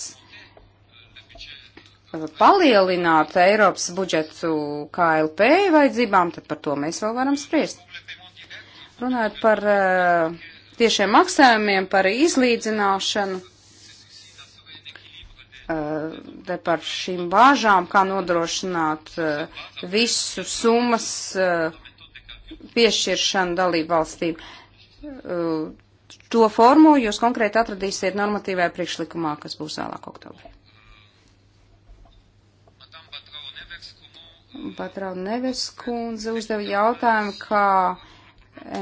palielināt Eiropas budžetu KLP vajadzībām, tad par to mēs vēl varam spriest. Runājot par uh, tiešiem maksājumiem, par izlīdzināšanu, uh, par šīm bāžām, kā nodrošināt uh, visu summas piešķiršanu dalību valstīm. To formu jūs konkrēti atradīsiet normatīvajā priekšlikumā, kas būs vēlāk oktobrī. Patrau Neves kundze uzdeva jautājumu, kā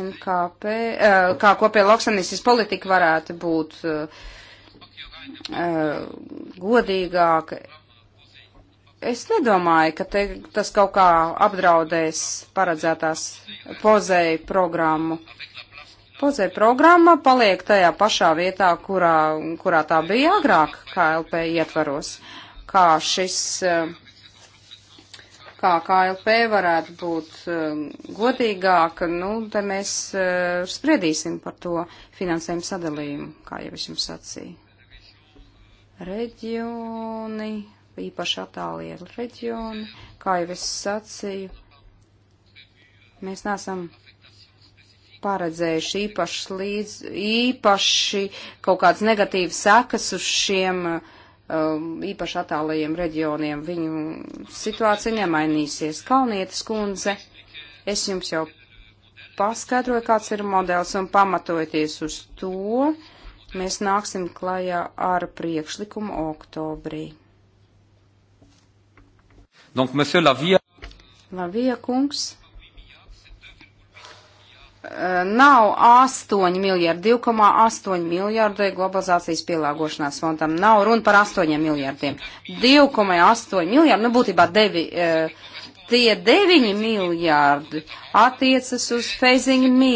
NKP, eh, kā kopēja lauksanīsīs politika varētu būt eh, godīgāka. Es nedomāju, ka te, tas kaut kā apdraudēs paredzētās pozēju programmu. Pozēja programma paliek tajā pašā vietā, kurā, kurā tā bija agrāk KLP ietvaros, kā šis uh, kā KLP varētu būt um, godīgāka, nu, te mēs uh, spriedīsim par to finansējumu sadalījumu, kā jau es jums sacīju. Reģioni, īpaši attālielu reģioni, kā jau es sacīju, mēs nesam paredzējuši īpaši, līdz, īpaši kaut kādas negatīvas sekas uz šiem uh, Um, īpaši attālajiem reģioniem, viņu situācija nemainīsies. Kalnietes kundze, es jums jau paskaidroju, kāds ir modelis un pamatojoties uz to, mēs nāksim klajā ar priekšlikumu oktobrī. Donc, monsieur Lavija. Lavija kungs, Eh, nav 8 miljardi, 2,8 miljardi globalizācijas pielāgošanās fondam. Nav runa par 8 miljardiem. 2,8 miljardi, nu būtībā 9. Eh, tie 9 miljardi attiecas uz phasing me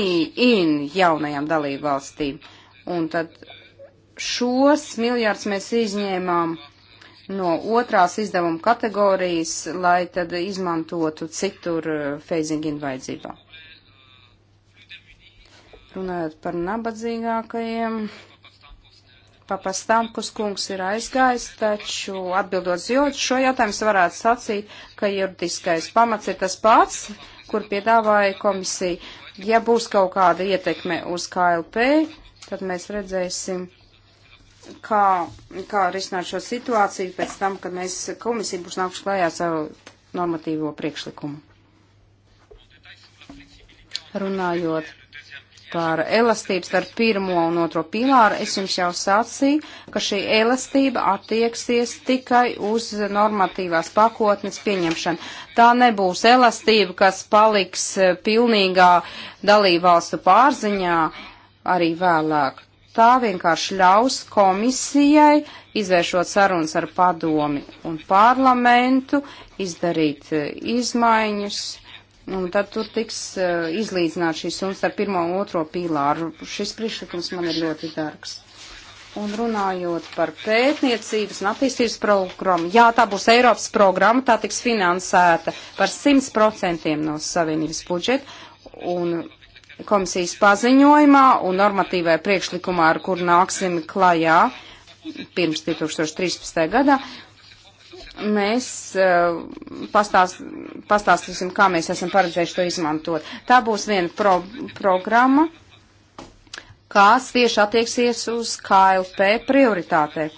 in jaunajām dalībvalstīm. Un tad šos miljardus mēs izņēmām no otrās izdevuma kategorijas, lai tad izmantotu citur phasing eh, in vajadzībām. Runājot par nabadzīgākajiem, papastāmkus kungs ir aizgājis, taču atbildot zīvot šo jautājumu, varētu sacīt, ka juridiskais pamats ir tas pats, kur piedāvāja komisija. Ja būs kaut kāda ietekme uz KLP, tad mēs redzēsim, kā, kā risināt šo situāciju pēc tam, kad mēs komisija būs nākuši klājā savu normatīvo priekšlikumu. Runājot par elastību starp pirmo un otro pīlāru, es jums jau sacīju, ka šī elastība attieksies tikai uz normatīvās pakotnes pieņemšanu. Tā nebūs elastība, kas paliks e, pilnīgā dalībvalstu pārziņā arī vēlāk. Tā vienkārši ļaus komisijai izvēršot sarunas ar padomi un parlamentu, izdarīt e, izmaiņas Un tad tur tiks uh, izlīdzināt šīs summas ar pirmo un otro pīlāru. Šis priekšlikums man ir ļoti dārgs. Un runājot par pētniecības un attīstības programmu, jā, tā būs Eiropas programma, tā tiks finansēta par 100% no Savienības budžeta. Un komisijas paziņojumā un normatīvajā priekšlikumā, ar kur nāksim klajā pirms 2013. gadā, mēs uh, pastāst, pastāstīsim, kā mēs esam paredzējuši to izmantot. Tā būs viena pro programma, kas tieši attieksies uz KLP prioritātei.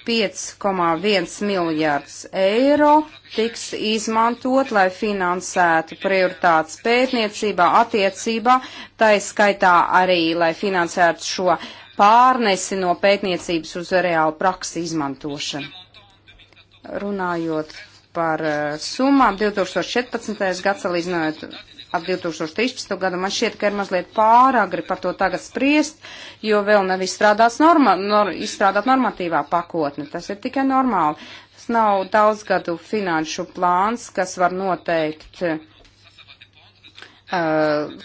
5,1 miljārds eiro tiks izmantot, lai finansētu prioritātes pētniecībā, attiecībā, tā skaitā arī, lai finansētu šo pārnesi no pētniecības uz reālu praksi izmantošanu. Runājot par eh, summām, 2014. gads salīdzinājot ap 2013. gadu, man šķiet, ka ir mazliet pāragri par to tagad spriest, jo vēl nav izstrādāts norma, nor, izstrādāt normatīvā pakotne. Tas ir tikai normāli. Tas nav daudzgadu finanšu plāns, kas var noteikt, uh,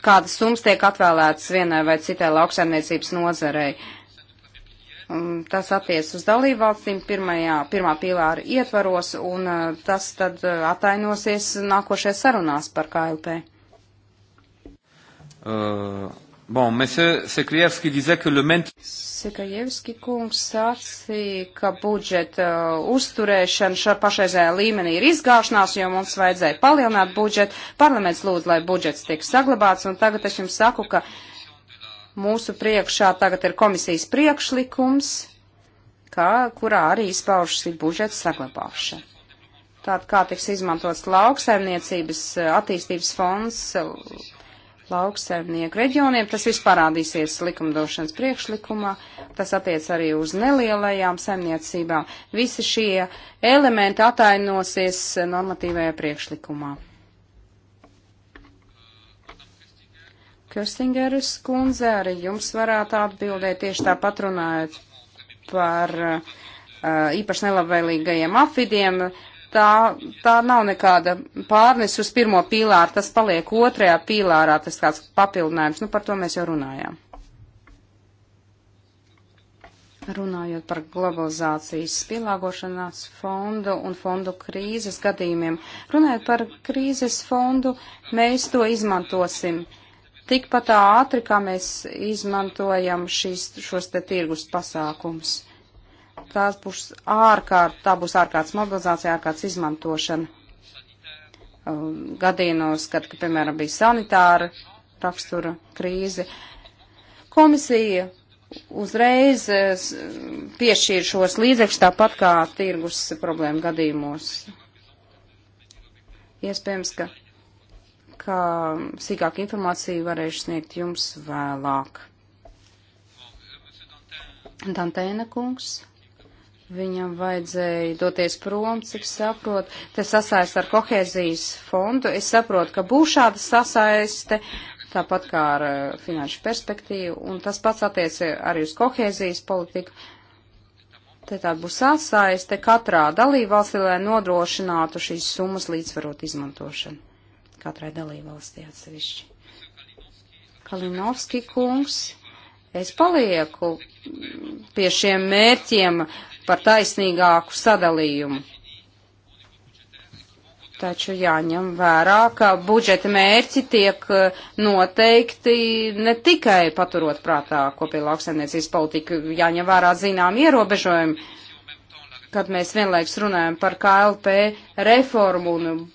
kādas summas tiek atvēlētas vienai vai citai lauksaimniecības nozarei. Uh, Mm, tas attiec uz dalībvalstīm pirmajā, pirmā pīlāra ietvaros, un uh, tas tad uh, atainosies nākošajā sarunās par KLP. Uh, bon, monsieur Sekrievski disait que le maint... Sekrievski kungs sacīja, ka budžeta uh, uzturēšana šā pašreizējā līmenī ir izgāšanās, jo mums vajadzēja palielināt budžetu. Parlaments lūdz, lai budžets tiek saglabāts, un tagad es jums saku, ka uh, Mūsu priekšā tagad ir komisijas priekšlikums, kā, kurā arī izpaužas ir budžeta saglabāšana. Tātad kā tiks izmantots lauksaimniecības eh, attīstības fonds eh, lauksaimnieku reģioniem, tas viss parādīsies likumdošanas priekšlikumā, tas attiec arī uz nelielajām saimniecībām. Visi šie elementi atainosies eh, normatīvajā priekšlikumā. Köstingeris kundze, arī jums varētu atbildēt tieši tāpat runājot par uh, īpaši nelabvēlīgajiem afidiem. Tā, tā nav nekāda pārnes uz pirmo pīlāru, tas paliek otrajā pīlārā, tas kāds papildinājums. Nu, par to mēs jau runājām. Runājot par globalizācijas pielāgošanās fondu un fondu krīzes gadījumiem. Runājot par krīzes fondu, mēs to izmantosim. Uh, tikpat ātri, kā mēs izmantojam šīs, šos te tirgus pasākums. Tās būs ārkārt, tā būs ārkārtas mobilizācija, ārkārtas izmantošana. Um, gadījumos, kad, piemēram, bija sanitāra rakstura krīze, komisija uzreiz eh, piešķīra šos līdzekļus tāpat kā tirgus problēmu gadījumos. Iespējams, ka ka sīkāk informāciju varēšu sniegt jums vēlāk. Dantēna kungs, viņam vajadzēja doties prom, cik saprot, te sasaist ar kohēzijas fondu. Es saprotu, ka būs šāda sasaiste, tāpat kā ar uh, finanšu perspektīvu, un tas pats attiec arī uz kohēzijas politiku. Te tā būs sasaiste katrā dalībvalstī, lai nodrošinātu šīs summas līdzvarot izmantošanu katrai dalībvalstī atsevišķi. Kalinovski kungs, es palieku pie šiem mērķiem par taisnīgāku sadalījumu. Taču jāņem vērā, ka budžeta mērķi tiek e, noteikti ne tikai paturot prātā kopēja lauksaimniecības politiku, jāņem vērā zinām ierobežojumi, kad mēs vienlaiks runājam par KLP reformu un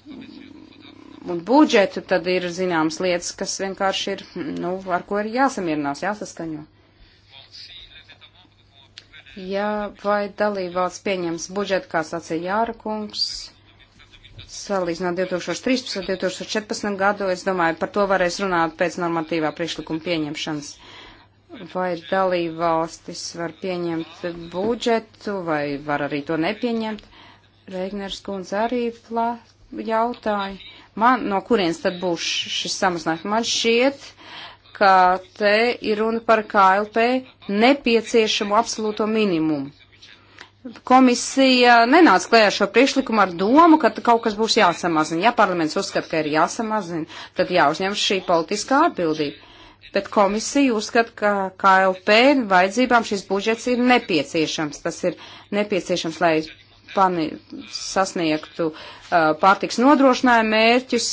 un budžetu, tad ir zināmas lietas, kas vienkārši ir, nu, ar ko ir jāsamierinās, jāsaskaņo. Ja vai dalībvalsts pieņems budžetu, kā sacīja Jāra kungs, salīdzinot 2013. un 2014. gadu, es domāju, par to varēs runāt pēc normatīvā priekšlikuma pieņemšanas. Vai dalībvalstis var pieņemt budžetu, vai var arī to nepieņemt? Reigners kundze arī plā jautāja. Man, no kurienes tad būs šis samazinājums? Man šķiet, ka te ir runa par KLP nepieciešamu absolūto minimumu. Komisija nenāca klējā šo priekšlikumu ar domu, ka kaut kas būs jāsamazina. Ja parlaments uzskata, ka ir jāsamazina, tad jāuzņem šī politiskā atbildība. Bet komisija uzskata, ka KLP vajadzībām šis budžets ir nepieciešams. Tas ir nepieciešams, lai pani sasniegtu Uh, pārtiks nodrošinājumu mērķus.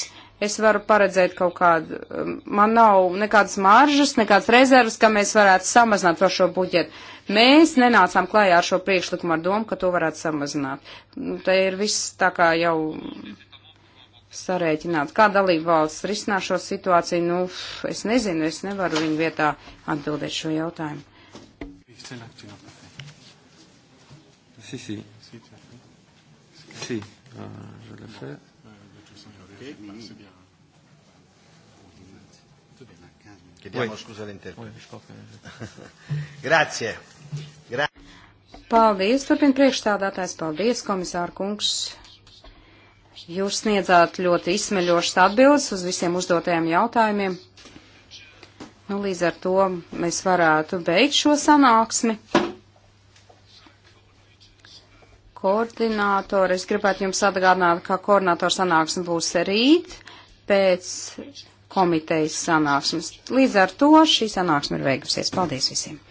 Es varu paredzēt kaut kādu, um, man nav nekādas maržas, nekādas rezervas, ka mēs varētu samazināt par šo budžetu. Mēs nenācām klājā ar šo priekšlikumu ar domu, ka to varētu samazināt. Nu, te ir viss tā kā jau sarēķināt. Kā dalība valsts risinā šo situāciju, nu, es nezinu, es nevaru viņu vietā atbildēt šo jautājumu. Sí, sí. Sí. Uh à fait. Che minuit. Chiediamo oui. scusa all'interprete. Oui, Grazie. Gra paldies, turpin priekšstādātājs, paldies, komisāra kungs. Jūs sniedzāt ļoti izsmeļošas atbildes uz visiem uzdotajiem jautājumiem. Nu, līdz ar to mēs varētu beigt šo sanāksmi koordinātori. Es gribētu jums atgādināt, ka koordinātori sanāksme būs rīt pēc komitejas sanāksmes. Līdz ar to šī sanāksme ir veikusies. Paldies visiem!